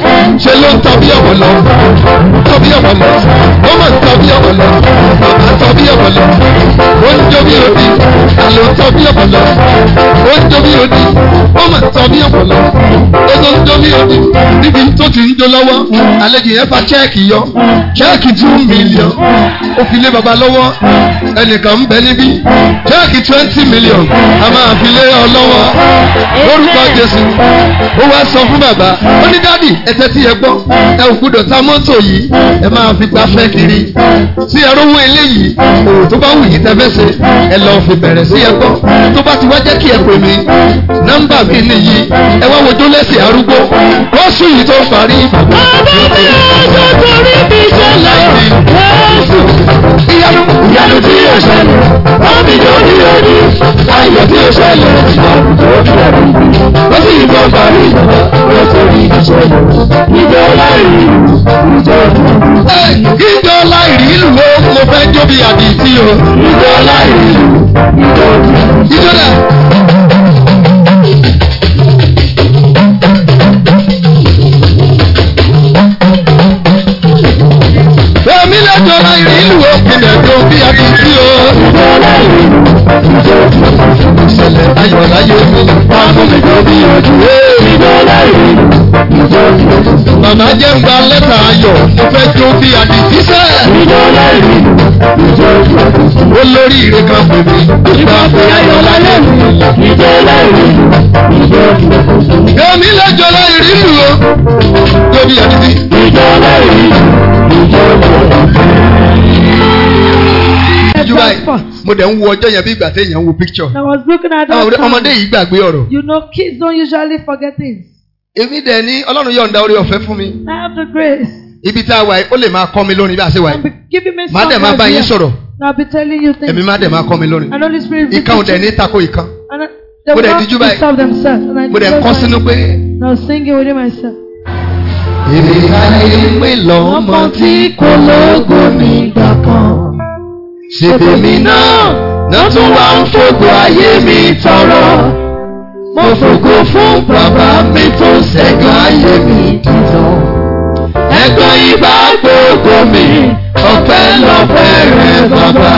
Speaker 1: ṣe ló ń tọ́ ọ̀wọ̀ lọ tọ́ ọ̀wọ̀ lọ ó mọ̀ ń ọ̀wọ̀ lọ bàbá tọ́ ọ̀wọ̀ lọ ó ń jó bí odi àlọ́ ń ọ̀wọ̀ lọ ó ń jó bí odi ó mọ̀ ń ọ̀wọ̀ lọ ó tó ń jó bí odi níbi tó ti ń jó lọ́wọ́ àlejò yẹn fa chẹ́ẹ̀kì yọ chẹ́ẹ̀kì two million ó fi lé baba lọ́wọ́ ẹnìkan ń bẹ níbí chẹ́ẹ̀kì twenty million a máa fi lé ọ lọ́wọ́ lórúkọ Jésù ó wá sọ fún bàbá ó ní dádì ẹ̀tẹ́ tí ẹ gbọ́ ẹ ò gbúdọ̀ ta mọ́tò yìí ẹ máa fi gbafẹ́ kiri tí ẹ rówó eléyìí òwò tó bá wù yìí tẹ́ fẹ́ ṣe ẹ lọ fi bẹ̀rẹ̀ sí ẹ gbọ́ tó bá ti wá jẹ́ kí ẹ pè mí nọ́mbà mi nìyí ẹ wá wo jólẹ́sì arúgbó kóṣù yìí tó parí mi ẹjọ́ torí mi ṣẹlẹ̀ Jésù. Ìyanu ìyanu tí yóò ṣẹlẹ̀, bámi yóò ní ẹni, ayọ̀ tí yóò ṣẹlẹ̀, ìyanu tó ní ẹni. Wọ́n sì yìnbọn parí ìjọba, wọ́n sì rí ìṣẹ̀lẹ̀. Ìjọ láìrí ìlú, ìjọ ìlú. Ìjọ láìrí ìlú ló mo fẹ́ jó bí àdìsí o. Ìjọ láìrí ìlú, ìjọ ìlú. ìjọba ìrìn ìlú òpinlẹ̀ tó bí a ti kí o. ìṣẹ̀lẹ̀ ayọ̀ láyé mi wá fún mi tó bí ojú ìjọba ìrìn. Màmá jẹ́ gba lẹ́tà ayọ̀, mo fẹ́ tó bí a ti jíṣẹ́. Ìjọba ìrìn. Olórí ìrìn kan pè mí. Ìgbà fi ayọ̀ lálẹ́ mi. Ìjọba ìrìn. Èmi lẹ́jọ́ láì rí lù ó. Tóbi àti ti. Ìjọba ìrìn. báyìí mo dẹ̀ ń wo ọjọ́ yẹn bí ìgbà tí èèyàn ń wo picture. I was looking at that ọmọdé yìí gbàgbé ọ̀rọ̀. You know kids don't usually forget things. èmi dẹ̀ ní Ọlọ́run yọ̀ǹda orí ọ̀fẹ́ fún mi. I have the grace. ibi tá a wà ó lè máa kọ́ mi lórin bí a ṣe wà yìí. màá dẹ̀ máa bá yín sọ̀rọ̀. èmi má dẹ̀ máa kọ́ mi lórin. ìkan ò dẹ̀ ní tako ìkan. mo dẹ̀ díjú báyìí mo dẹ̀ kọ́ sínú pé. I was singing within myself pé lọ́mọ tí kò lóògùn nígbà kan ṣètèmi náà náà tún wá ń fògo ayé mi tọrọ mo fògo fún bàbá mi tó ṣẹ́gun ayé mi dìtọ̀ ẹgbẹ́ ibà gbogbo mi ọpẹ́ lọ́pẹ́ rẹ bàbá.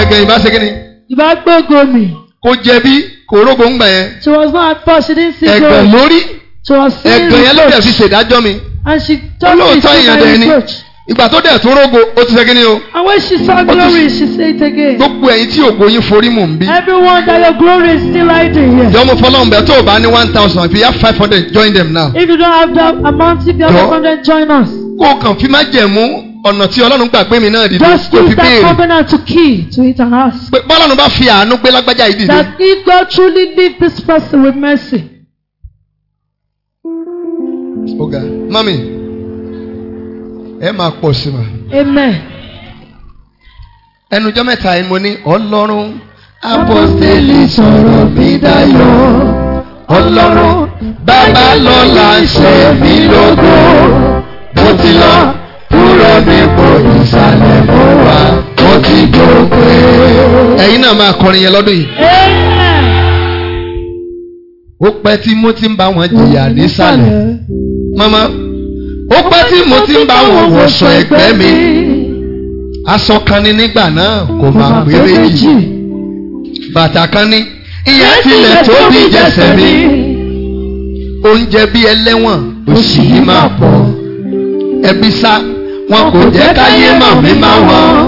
Speaker 1: ẹgbẹ́ ibà ṣe kí ni. ibà gbogbo mi. kò jẹ̀bi kò ń gbà yẹn. she was not at first she didn't see God. ẹgbẹ́ lórí ẹgbẹ́ yẹn lórí fi ṣèdájọ́ mi. and she told me she was my coach ìgbà tó dẹ̀ tó rógo ó ti ṣe kí o. and when she saw glory she said it again. gbogbo ẹ̀yin tí ògo yín forí mò ń bí. everyone that your glory is still hiding here. jọmọ fọlọ́n bẹ tó o bá ní one thousand if you have five hundred join them now. if you don't have that amount if you have five hundred join us. kó o kàn fi má jẹ̀mú ọ̀nà tí ọlọ́run gbà pé mi náà dìde just use that covenant to key to it and ask. pé bọ́lọ́run bá fi àánú gbé lágbájá yìí dìde. that if God truly leave this person with mercy. ọ̀gá mami ẹ máa pọ̀ sí ma. amen. ẹnujọ́ mẹ́ta yìí mo ní ọlọ́run. apọ́sítélì sọ̀rọ̀ mi dayọ̀ ọlọ́run bàbá lọ́la ṣe mí lógo bó ti lọ kúrò mi kò ìsàlẹ̀ mọ́ wa mo ti gbòògbé. ẹ̀yin náà máa kọrin yẹn lọ́dún yìí. ó pẹ́ tí mo ti ń bá wọn jìyà nísàlẹ̀ mọ́mọ́ ó pẹ́ tí mo ti ń bá wọn wọṣọ ẹgbẹ́ mi aṣọ kan ni nígbà náà kò máa pé méjì bàtà kan ni ìyẹn tilẹ̀ tó bí ìjẹsẹ̀ mi oúnjẹ bíi ẹlẹ́wọ̀n òṣì yìí máa pọ̀ ẹbí sá wọn kò jẹ́ káyé mọ̀ mí máa wọ́n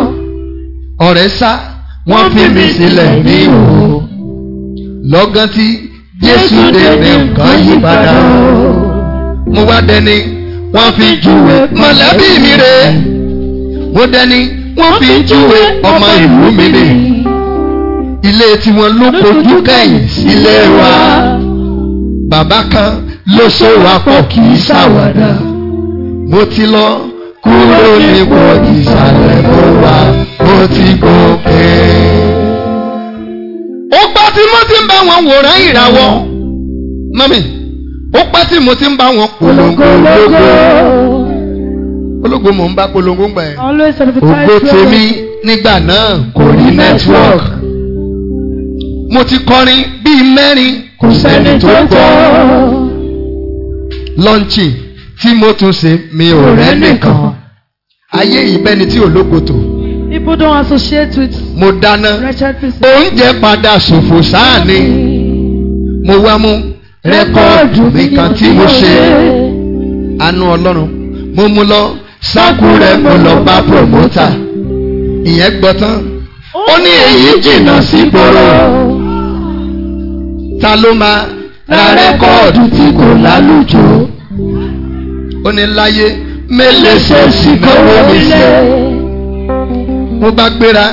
Speaker 1: ọ̀rẹ́ sá wọ́n fi mi sílẹ̀ ní ìhòòhò lọ́gán tí Jésù dé ní nǹkan yí padà mo wá dẹni wọ́n fi júwe mọ̀lẹ́bí mi re mo dẹni wọ́n fi júwe ọmọ ìlú mi re ilé tiwọn ló kojú kẹ́yìn sílé wa bàbá kan ló so wa pọ̀ kì í ṣàwàdà mo ti lọ kúrò nípò ìsàlẹ̀ mo wà mo ti gòkè. ó gbọ́ tí mo ti ń bá wọn wòran ìràwọ̀ mọ́mí ó pẹ́ tí mo ti ń bá wọn polongo ológo ológo mò ń bá polongo gbà yẹn ògo tèmi nígbà náà kò ní network mo ti kọrin bíi mẹ́rin kò sẹ́ni tó gbọ́ lọ́ńchì tí mo tún ṣe mi ò rẹ́ nìkan ayé ìbẹ́ni tí ológo tó. people don't associate with. mo dáná oúnjẹ padà ṣòfò sáà ni mo wá mú rẹ́kọ̀dù mi kan tí mo ṣe àánú ọlọ́run mo mú lọ sáàkù rẹ̀ mo lọ bá promoter ìyẹn gbọ́ tán ó ní èyí jìnnà sí gbòòrò ta ló máa ra rẹ́kọ̀dù tí kò lálùjọ ó ní láyé mélèé ṣe ṣìkọ́wé mi ṣe mo bá gbéra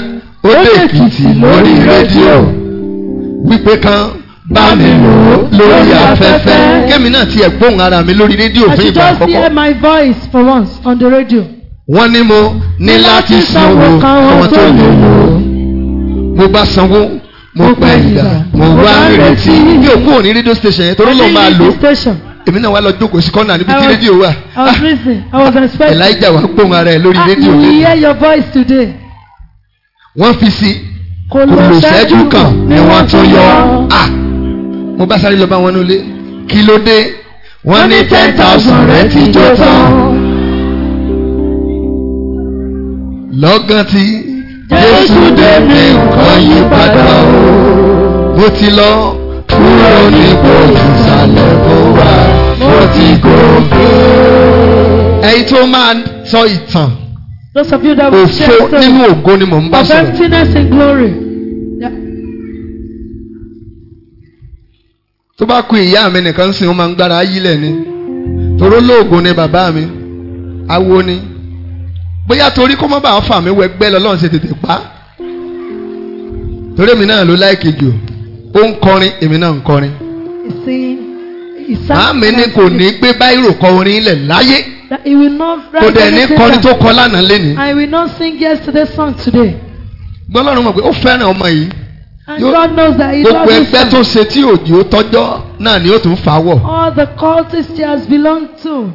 Speaker 1: ó lè kìtì lórí rédíò wípé kan bá mi lò lórí afẹ́fẹ́. kémi náà tiẹ̀ gbóhùn ara mi lórí rédíò fún ìgbà àkọ́kọ́. I should just hear my voice for once on the radio. wọ́n ní mo ní láti sanwó àwọn tó lè lò mo bá sanwó mo pẹ́ ìgbà mo wá retí. mi ò kúrò ní rédíò station yẹn torí lọ́ọ́ máa lò èmi náà wá lọ jókòó sí kọ́nà níbi tí rédíò wà. Ah, Elijah wá gbóhùn ara ẹ̀ lórí ah, rédíò. I hear your voice today. wọ́n fi sí kò lò ṣẹ́jú kan ni wọ́n tún yọ mo bá sáré lọ bá wọn nílé kí ló dé wọ́n ní ten thousand rẹ̀ ti jó tán. lọ́gán tí jésù dé mi nǹkan yí padà o mo ti lọ kúrò nípò ìsàlẹ̀ tó wà mo ti gòkè. ẹ̀yin tó máa sọ ìtàn. Those of you that will share so. Òfo nínú ògo ni mò ń bá sọ̀rọ̀. Of emptiness and glory. tó bá ku ìyá mi nìkan sìn ó máa ń gbára ayílẹ̀ ni toró lóògùn ni bàbá mi awo ni bóyá torí kó má bàa fà mí wẹgbẹ́ lọ́lọ́run ṣe tètè pa torí èmi náà ló láìkè jù ó ń kọrin èmi náà ń kọrin màámi ni kò ní gbé báírò kọ orin ilẹ̀ láyé kò dẹ̀ ní kọrin tó kọ lánàá lẹ́nu. I will not sing yesterday's song today. gbọ́lọ́run mọ̀ pé ó fẹ́ràn ọmọ yìí gbogbo ẹgbẹ́ tó ṣe tí òjò tọ́jọ́ náà ni ó tún fà wọ̀. All the cultists she has to.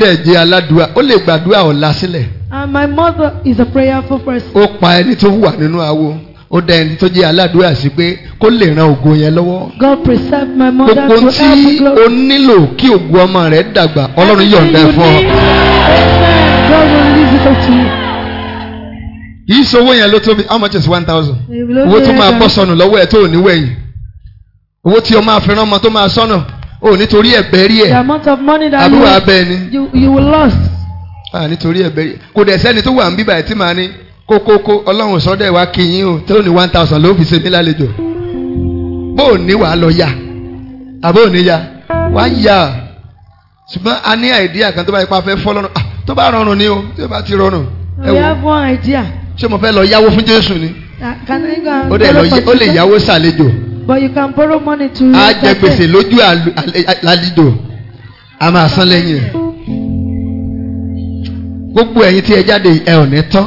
Speaker 1: dẹ̀ jẹ́ aládùúrà, ó lè gbàdúrà ọ̀la sílẹ̀. my mother is a prayerful person. Ó pa ẹni tó wà nínú awo ó dá ẹni tó jẹ́ aládùúrà sí pé kó lè ran ògo yẹn lọ́wọ́. God preserve my mother gbogbo tí o nílò kí ògo ọmọ rẹ dàgbà Ọlọ́run yọ̀ǹda fún ọ kì yẹn ló tóbi how much is one thousand owó tó máa bọ́ sọnù lọ́wọ́ ẹ̀ tó ò ní wẹ̀yìn owó tí o máa fi rán ọmọ tó máa sọnù o nítorí ẹ̀bẹ̀ rí ẹ̀ àbúrò abẹ́ ni ah nítorí ẹ̀bẹ̀ rí kò dẹ̀ sẹ́ni tó wà ń bíbà ẹ̀ tí màá ní kókókó ọlọ́run sọ́dẹ̀ wá kìyìn o tó ní one thousand ló fi ṣe mí lálejò bó o ní wàá lọ yá àbó o ní yá wàá yá ṣùgbọ́n a ní idea. kan tó bá yẹ pa fẹ́ fọ́ lọ́rùn ah tó bá rọrùn ni o tó bá ti rọrùn. we have one idea ṣé mo fẹ́ lọ yáwó fún Jésù ni. Ah, can I go and yáwó sàlejò. but you can borrow money to. a jẹ gbèsè lójú àlejò a máa san lẹ́yìn gbogbo ẹ̀yin tí ẹ jáde ẹ ò ní tán.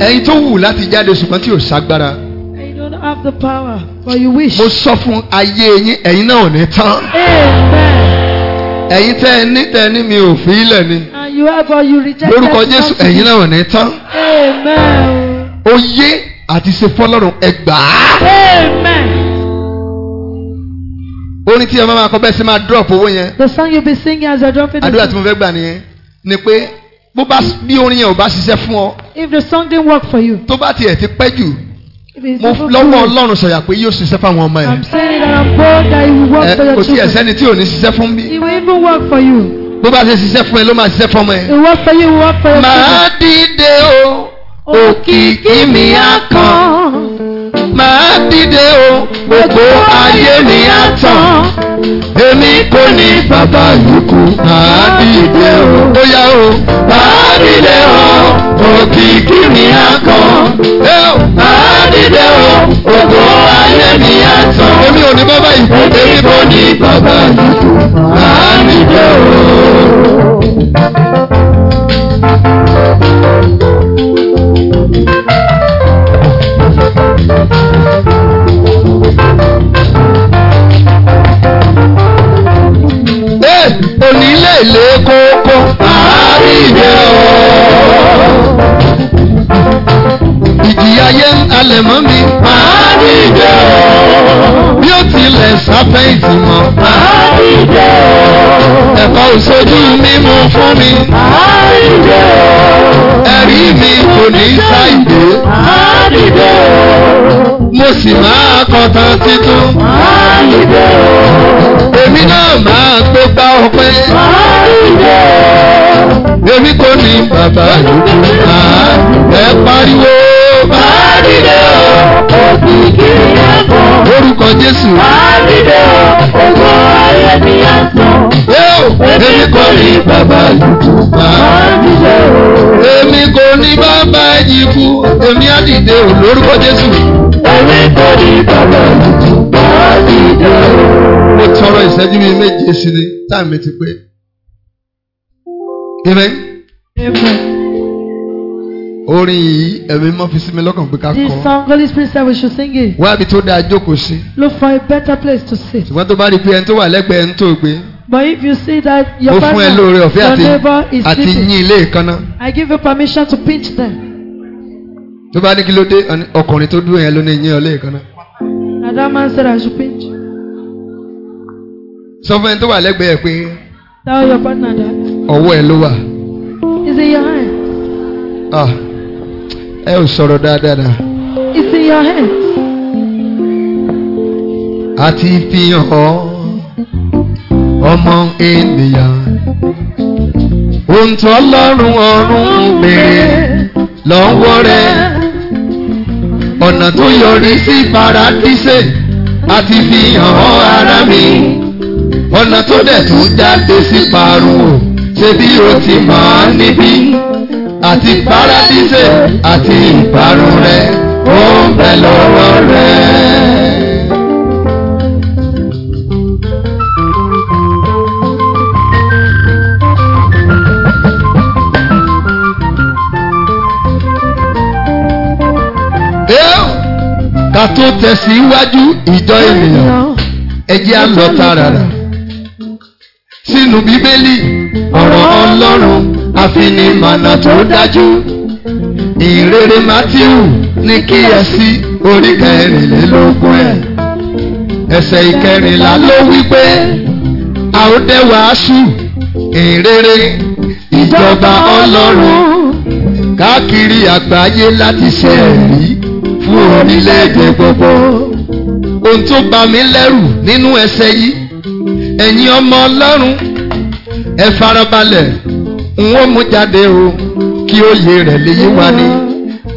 Speaker 1: ẹ̀yin tó wù láti jáde ṣùgbọ́n tí ò ságbára. mo sọ fún ayé yín ẹ̀yin náà ò ní tán. ẹ̀yin tẹ́ ẹ ní tẹ́ ẹ ní mi ò fi í lẹ̀ ni you have ever you reject. lórúkọ jésù ẹ̀yin náà ní tán. amen. oyé àti ṣe fọlọ́run ẹgbàá. amen orin tí ẹ máa kọ bẹ́ẹ̀ sí máa drop owó yẹn. the song you be singing as you drop it. àdúrà tí mo fẹ́ gbà nìyẹn ni pé bó bá bí orin yẹn ò bá ṣiṣẹ́ fún ọ. if the song didn't work for you. tó bá tiẹ̀ ti pẹ́ jù. mo lọ́wọ́ ọlọ́run sọ̀yà pé yóò ṣiṣẹ́ fáwọn ọmọ yẹn. i'm saying that i'm bold that he work for your children. kò sí ẹ̀sẹ́ni tí ò ní ṣiṣẹ́ fún bí. he will even work for you bó bá ṣe ṣiṣẹ́ fún ẹ ló máa ṣiṣẹ́ fọmọ ẹ. ìwọ fẹyẹ ìwọ fẹyẹ. màá dìde o òkìkí mi á kàn màá dìde o gbogbo ayé mi á tàn èmi kò ní bàbá yòókù màá dìde o ó yá o màá dìde o òkìkí mi á kàn màá dìde o gbogbo ayé mi á tàn èmi ò ní bàbá yìí èmi kò ní bàbá yòókù màá dìde o onílé kókó. àríyé o. ìjìyà yẹn alẹ̀ mọ́ mi. àríyé o bí ó tilẹ̀ sáfẹ́ǹtì mọ́. màá dìde o. ẹ̀kọ́ òṣojú mi mú fún mi. màá o. ẹ̀rí mi kò ní ṣàìdé. màá dìde o. mo sì máa kọtàn títún. màá o. èmi náà máa tó gbá ọpẹ́. màá o. èmi kò ní bàbá lójú. màá ẹ pariwo. màá o. ó sì kí ni. Lórúkọ Jésù. Àdìdè ògo ayé ni a sọ. Èmi kò ní bàbá ìtùpá. Àdìdè o. Èmi kò ní bàbá ìyíkú. Èmi àdìdè o lórúkọ Jésù. Èmi kò ní bàbá ìtùpá. Àdìdè o. Mo tọrọ ìṣẹ́jú mi méje sí ni táìmì ti pé. Amen. Amen orin yìí ẹ̀mí mọ́ fi sí mi lọ́kàn pé ká kọ́. this song holy spirit said we should sing it. wá ibi tó dáa jókòó sí. look for a better place to sit. ṣùgbọ́n tó bá rí i pé ẹni tó wà lẹ́gbẹ̀ẹ́ ń tó gbé. But if you see that your partner, your neighbor is sleeping, I give you permission to pinch them. Tó bá ní kí ló dé ọkùnrin tó dúró yẹn ló ní yín ọ lẹ́ẹ̀kan náà. That man said I should pinch. Sọ fún ẹni tó wà lẹ́gbẹ̀ẹ́ pé. Tell your partner that. Ọwọ́ ẹ ló wà. Is it your hand? Ah ẹ ò sọ̀rọ̀ dáadáa. it's in your hands. a ti fi hàn ọ́ ọmọ ènìyàn ohun tó lọ́rùn ọ̀run béèrè lọ́wọ́ rẹ̀ ọ̀nà tó yọrí sí paradíṣe a ti fi hàn ọ́ ara mi ọ̀nà tó dẹ̀ tún jáde sí parun ṣe bí o ti mọ̀ níbí àti paradíṣe àti ìparun rẹ̀ ó ń bẹ lọ́wọ́ rẹ̀. ká tó tẹ̀síwájú ìjọ ènìyàn ẹ jẹ́ á lọ tààràrà sínú bíbélì ọ̀rọ̀ ọlọ́run àfinimọ̀nà tó dájú ìrere Mátíù ní kíyèsí orí kẹrìnlélógún ẹ̀ ẹsẹ̀ ìkẹrìnlá ló wí pé a ó dẹ́ wàásù ìrere ìjọba Ọlọ́run káàkiri àgbáyé láti ṣe ẹ̀rí fún orílẹ̀-èdè gbogbo ohun tó bà mí lẹ́rù nínú ẹsẹ̀ yìí ẹ̀yin ọmọ Ọlọ́run ẹ farabalẹ̀ n ó mú jáde o kí òye rẹ̀ lè yé wa ni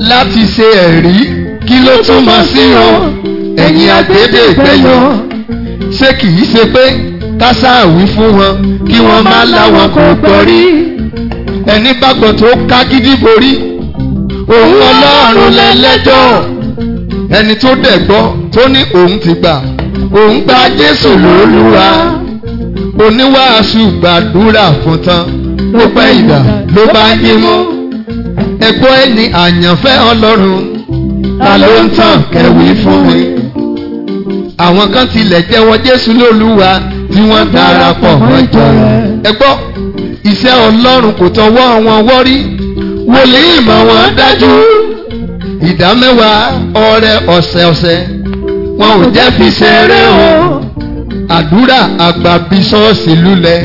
Speaker 1: láti ṣe ẹ̀rí kí ló túmọ̀ sí yan ẹ̀yin àgbébègbè yan ṣé kì í ṣe pé kásáàwí fún wọn kí wọ́n má láwọn kò gbọ́rí ẹni gbàgbọ́ tó ká gidi borí òun ọlọ́run lẹ́lẹ́jọ́ ẹni tó dẹ̀ gbọ́ tó ní òun ti gbà òun gba Jésù lólúwa oníwàásù gbàdúrà fún tán ló pẹ́ ìdá ló bá ní mú ẹ̀kọ́ ẹni àyànfẹ́ ọlọ́run ta ló ń tàn kẹwì fún mi. àwọn kan tilẹ̀ jẹ́wọ́ jésù lólúwa tí wọ́n darapọ̀ mọ́ ìjọ rẹ̀. ẹ gbọ́ iṣẹ́ ọlọ́run kò tọwọ́ wọn wọ́rí wòlíì mọ̀ wọ́n dájú ìdá mẹ́wàá ọrẹ ọ̀sẹ̀ ọ̀sẹ̀ wọn ò jẹ́ fi ṣeré o àdúrà àgbà bí ṣọ́ọ̀ṣì lulẹ̀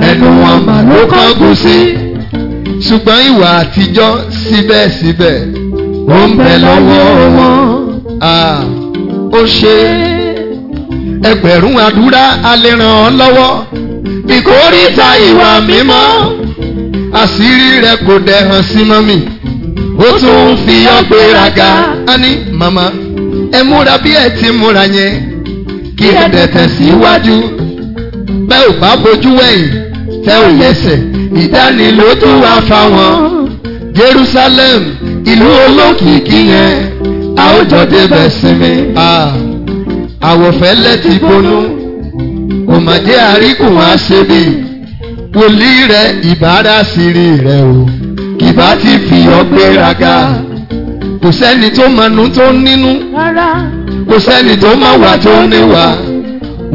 Speaker 1: ẹnu wọn mà ló kángun sí ṣùgbọ́n ìwà àtijọ́ síbẹ̀síbẹ̀ ó ń bẹ lọ́wọ́ wọn ó ṣe ẹgbẹ̀rún àdúrà alẹ́ ràn ọ́ lọ́wọ́ ìkórìíta ìwà mímọ́ àṣírí rẹ̀ kò dẹ̀ hàn sí mọ́mì ó tún ń fi ọgbéraga á ní màmá ẹ múra bí ẹ ti múra yẹn kí ẹ dẹ̀ tẹ̀síwájú bẹ́ẹ̀ ò bá bojú wẹ̀yìn tẹ́wìyẹsẹ̀ ìdániló tó wá fáwọn Jerusalem ìlú olókìkí yẹn àwùjọ débẹ̀ sinmi. àwọ̀fẹ́lẹ́ ti bonú òmàdé àríkùn àṣebí wòlíì rẹ ìbára sírí rẹ o kìbá ti fi ọgbẹ́ raga kò sẹ́ni tó mọ̀nú tó nínú kò sẹ́ni tó mọ̀wà tó níwà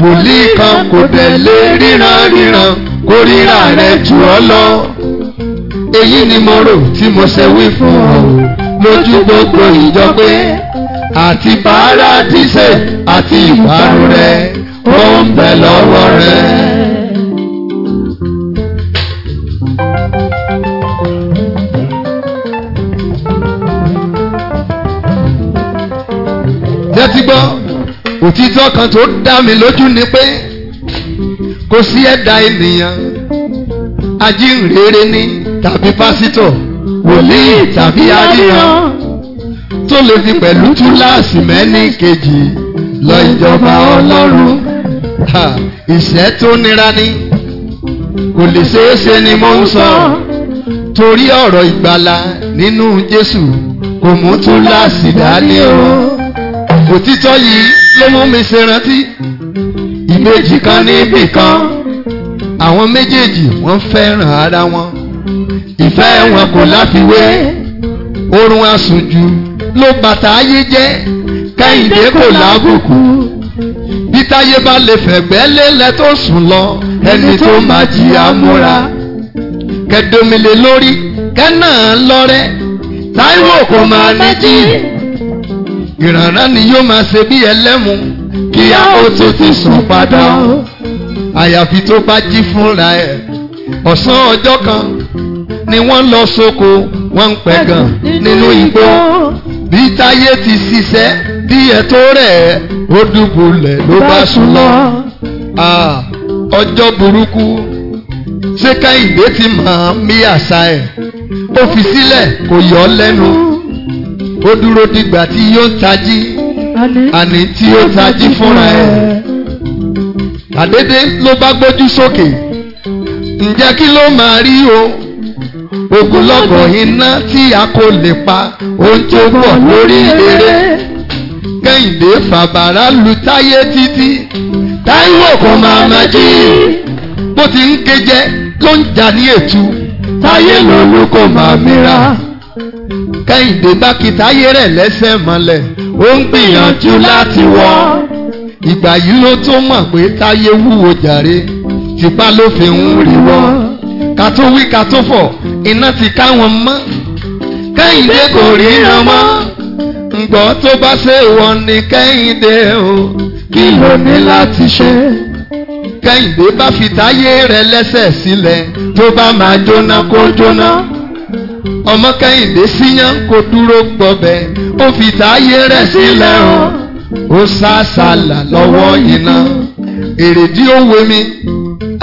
Speaker 1: wòlíì kan kò dẹ̀ lé ríran ríran mo ríra rẹ jù ọ́ lọ èyí ni mo rò tí mo ṣe wí fún ọ lójú gbogbo ìjọ pé àti paradíṣe àti ìparun rẹ ó ń bẹ lọ́wọ́ rẹ. jẹ́tí gbọ́ òtítọ́ kan tó dá mi lójú ni pé kò sí ẹ̀dá ènìyàn ajínrere ní tàbí pásítọ̀ wòlíì tàbí aríran tó lè fi pẹ̀lú túláàsì mẹ́ni kejì lọ ìjọba ọlọ́run ìṣẹ́ tó nira ni kò lè ṣeé ṣe ni mo ń sọ torí ọ̀rọ̀ ìgbàlà nínú Jésù kò mú túláàsì dání o òtítọ́ yìí ló mú mi ṣe rántí ìbejì kan níbì kan àwọn méjèèjì wọ́n fẹ́ràn ara wọn ìfẹ́ wọn kò láfiwé oorun àsùnjù ló bàtà ayé jẹ́ kẹ́hìndé kò lábùkù bí táyé bá lè fẹ̀gbẹ́ lélẹ̀ tó sùn lọ ẹni tó máa jìyà múra kẹdomile lórí kẹ́nà lọ́rẹ́ táíwò kò máa níjì ìrànràn ni yóò máa ṣe bí ẹlẹ́mu kí a ó tún ti sùn padà àyàfi tó bá jí fúnra ẹ̀ ọ̀sán ọjọ́ kan ni wọ́n lọ sóko wọ́n ń pẹ̀gàn nínú igbó bí táyé ti ṣiṣẹ́ díẹ̀ tó rẹ̀ ó dùbúlẹ̀ ló bá sùn lọ ọjọ́ burúkú ṣé kẹ́hìndé ti máa mí àṣà ẹ̀ ó fi sílẹ̀ kò yọ ọ́ lẹ́nu ó dúró dìgbà tí yóò tají àní tí yóò tají fúnra ẹ̀ àdédé ló bá gbójú sókè ǹjẹ́ kí ló máa rí o ogunlọ́gọ̀ iná tí a kò lè pa ohun tó pọ̀ lórí eré kẹ́hìndé fàbàrà lu táyé títí táíwò kò máa jí bó ti ń gejẹ ló ń jà ní ètú táyé lòlú kò máa mira kẹ́hìndé bá kí táyé rẹ̀ lẹ́sẹ̀ mọ́lẹ̀ ó ń gbìyànjú láti wọ́ ìgbà yìí ló tó mọ̀ pé táyé wúwo jàre tipa ló fi ń rí wọ́ ká tó wí ká tó fọ̀ iná ti ká wọn mọ́ kẹ́hìndé kò ríran mọ́ ǹgbọ́ tó bá ṣe wọ́n ní kẹ́hìndé o kí ló ní láti ṣe. kẹ́hìndé bá fi táyé rẹ̀ lẹ́sẹ̀ sílẹ̀ tó bá máa jóná kó jóná ọmọ kẹ́hìndé síyán kó dúró gbọ́bẹ̀ ó fi táyé rẹ̀ sílẹ̀ o ó sàṣàlà lọ́wọ́ iná èrèdí òwe mi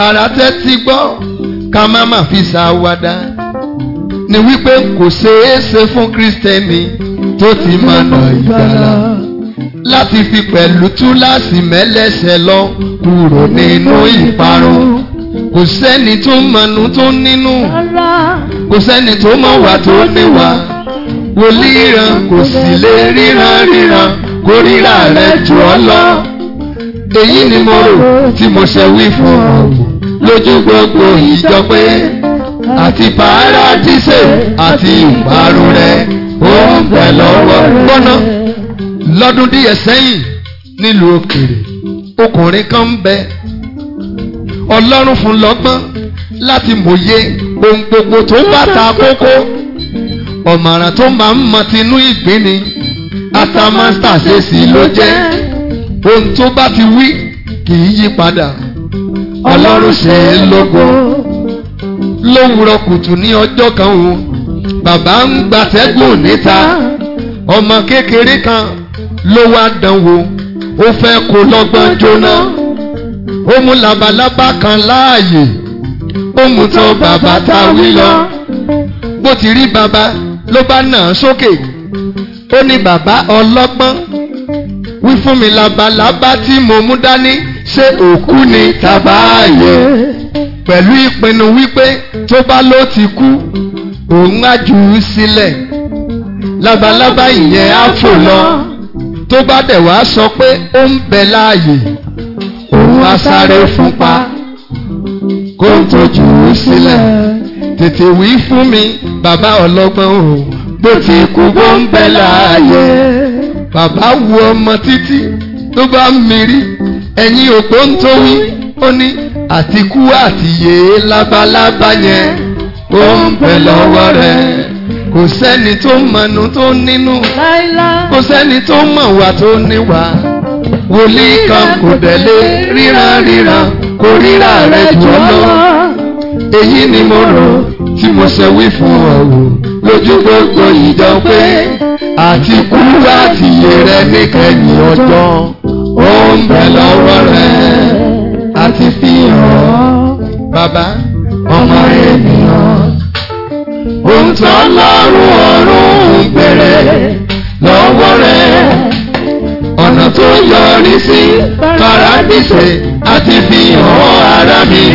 Speaker 1: ara tẹ́tí gbọ́ ká má má fi ṣàwàdà ni wípé kò ṣeé ṣe fún kírísítẹ́nì tó ti mọ̀nà ìgbàlà láti fi pẹ̀lú túláàsì mẹ́lẹ́sẹ̀ lọ kúrò nínú ìparun kò sẹ́ni tó mọ̀nú tó nínú kò sẹ́ni tó mọ̀wà tó níwà wòlíì kò sì lè ríran ríran kórìíra rẹ jù ọ lọ èyí ni mo rò tí mo ṣe wí fún ọ lójú gbogbo ìjọ pé àti pàrádísè àti ìparun rẹ ó ń bẹ lọ́wọ́ gbọ́nà lọ́dún díẹ̀ sẹ́yìn nílùú òkèèrè ọkùnrin kan ń bẹ ọlọ́run fún lọ́gbọ́n láti mòye ohun gbogbo tó bá ta kókó ọ̀mọ̀ràn tó máa ń mọ tinú ìgbín ni atamástà ṣèṣì ló jẹ́ ohun tó bá ti wí kì í yí padà ọlọ́run ṣe é lógo lówùrọ̀ kùtù ní ọjọ́ kan o bàbá ń gbatẹ́gùn níta ọmọ kékeré kan ló wá dánwò ó fẹ́ kó lọ́gbọ́n jóná ó mú labalábá kan láàyè ó mú tán bàbá tá a wí lọ bó ti rí bàbá ló bá nà án sókè ó ní bàbá ọlọ́gbọ́n wí fún mi labalábá tí mo mú dání ṣé òkú ni tàbáàyè pẹ̀lú ìpinnu wípé tó bá ló ti kú òun á jù ú sílẹ̀ labalábá ìyẹn á fò lọ tó bá dẹ̀ wá sọ pé ó ń bẹ láàyè òun á sáré fún pa kó tó jù ú sílẹ̀ tètè wí fún mi bàbá ọlọ́gbọ́n o bó ti kú bó ń bẹ láàyè. bàbá wo ọmọ títí tó bá ń mirí ẹ̀yìn òpó ń tó wí ó ní àtikú àtìyé lábalábá yẹn ó ń bẹ lọ́wọ́ rẹ̀ kò sẹ́ni tó mọ̀nù tó nínú kò sẹ́ni tó mọ̀wà tó níwà wòlíì kan kò délé ríran ríran kò ríra rẹ̀ jù lọ èyí ni mo rò tí mo ṣe wí fún ọ wò lójú gbogbo ìdánpé àti kú láti yè rẹ níkẹyìn ọjọ́ ó ń bẹ lọ́wọ́ rẹ àti fi hàn bàbá ọmọ ènìyàn ohun tó lọ́rùn ọ̀run ń bèrè lọ́wọ́ rẹ ọ̀nà tó yọrí sí paradíṣe àti
Speaker 2: fi hàn
Speaker 1: ara mi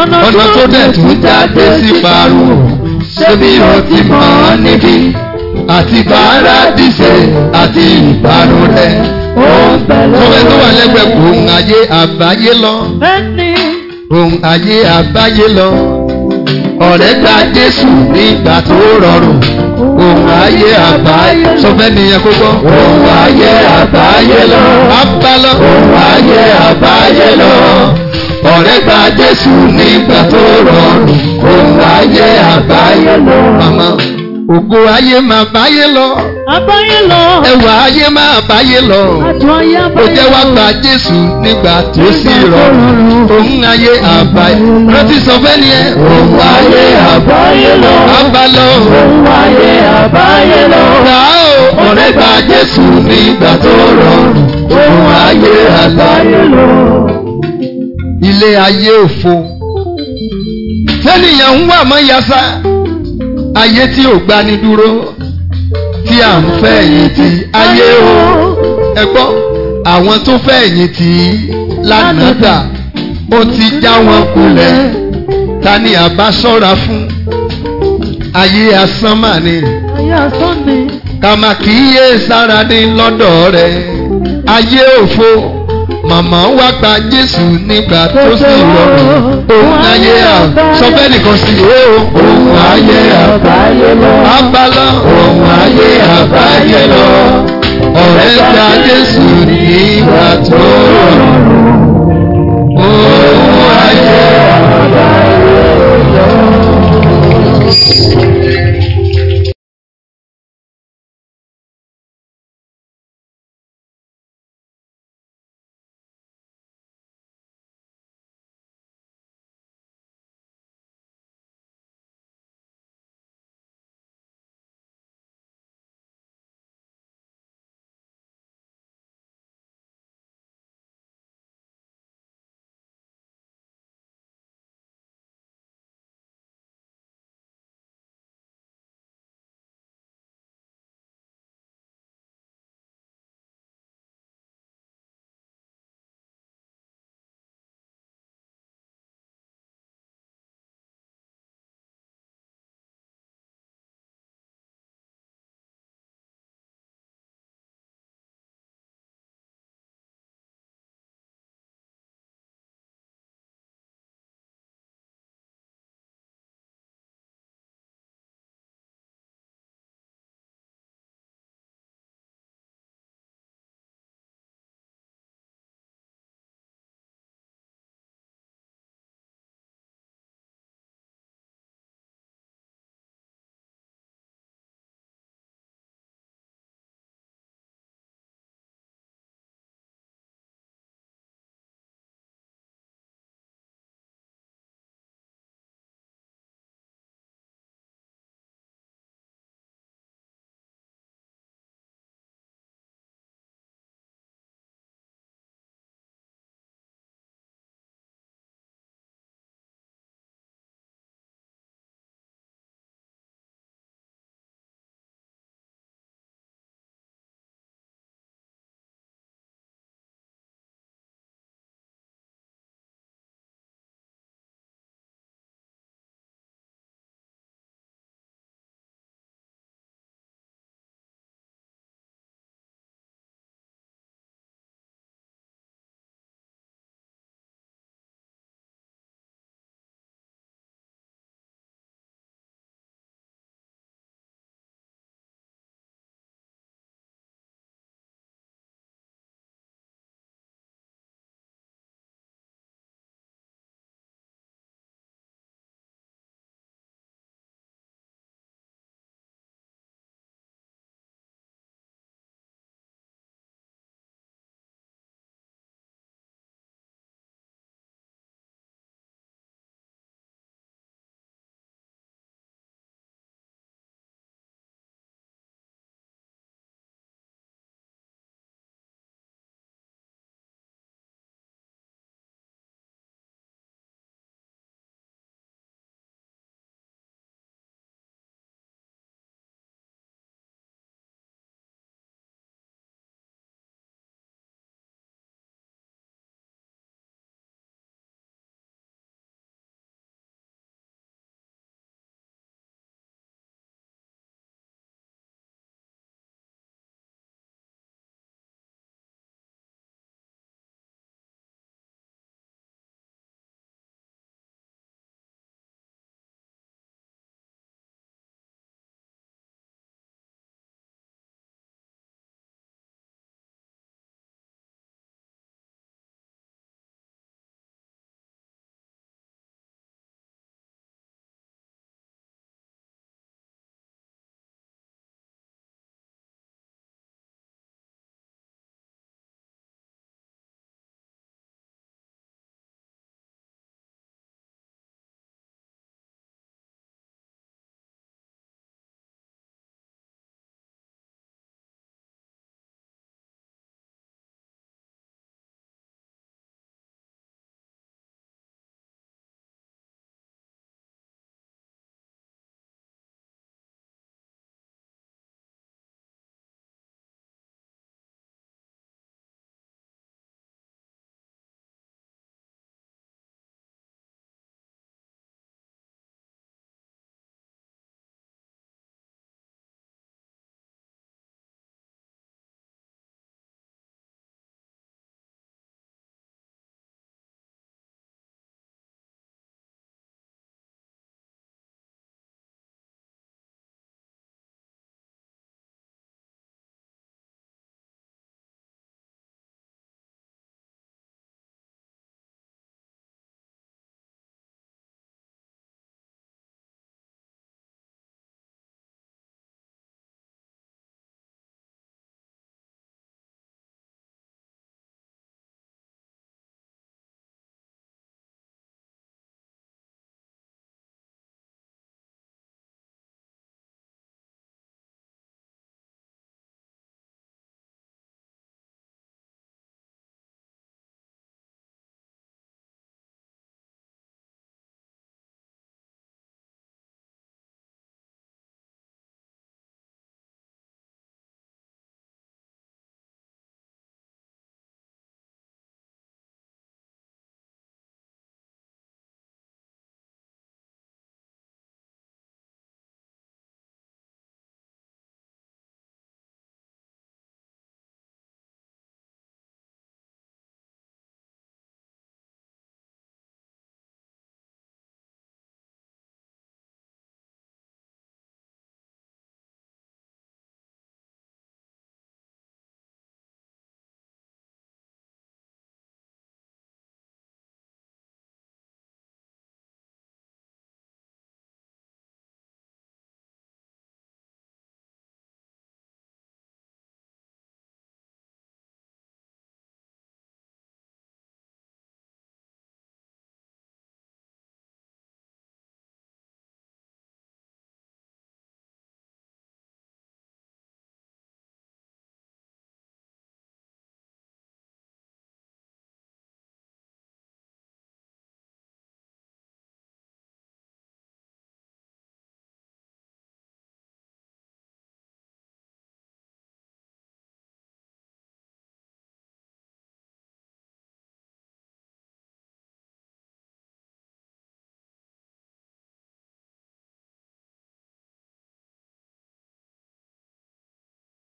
Speaker 1: ọ̀nà tó dẹ̀ tún jáde sí parun ṣebí o ti mọ̀ ọ́ níbí àti paradíṣe àti ìparun rẹ̀. ó ń bẹ lọ́wọ́. ọmọ ẹgbẹ́ wà lẹ́gbẹ̀ẹ́ kò ń ayé àbáyé lọ. bẹ́ẹ̀ni. kò ń ayé àbáyé lọ. ọ̀rẹ́ gba Jésù nígbà tó rọrùn. Òun ayé àbáyé lọ. Sọ fẹ́ nìyẹn kó gbọ́. Òun ayé àbáyé lọ. Abá lọ. Òun ayé àbáyé lọ ọ̀rẹ́ gba Jésù nígbà tó rọrùn ohun ayé àbáyé lọ. Màmá ògo ayé máa báyé lọ. Abáyé lọ. Ẹwà ayé máa báyé lọ. Àjọ ayé abáyé lọ. Ó jẹ́ wá gba Jésù nígbà tó sì rọrùn. Ohun ayé àbáyé. Rántí sọ fẹ́ ni ẹ. Ohun ayé àbáyé lọ. Bàbá lọ. Ohun ayé àbáyé lọ. Rà ó. Ọ̀rẹ́ gba Jésù nígbà tó rọrùn. Ohun ayé àbáyé lọ ilé ayé òfo tẹ́nìyàn ń wà mọ́ yasa ayé tí ò gbani dúró tí à ń fẹ̀yìntì ayé o ẹ gbọ́ àwọn tó fẹ̀yìntì lánàá dà ó ti já wọn kulẹ̀ ta ni a bá ṣọ́ra fún ayé asán mà ni kàmá kìí yé sára ní lọ́dọ̀ rẹ̀ ayé òfo màmá wá gba Jésù nígbà tó sì rọrùn òun ayé à sọ bẹ́ẹ̀ nìkan sí i òun ayé àbáyé lọ abala òun ayé àbáyé lọ ọ̀rẹ́ gba Jésù nígbà tó rọrùn.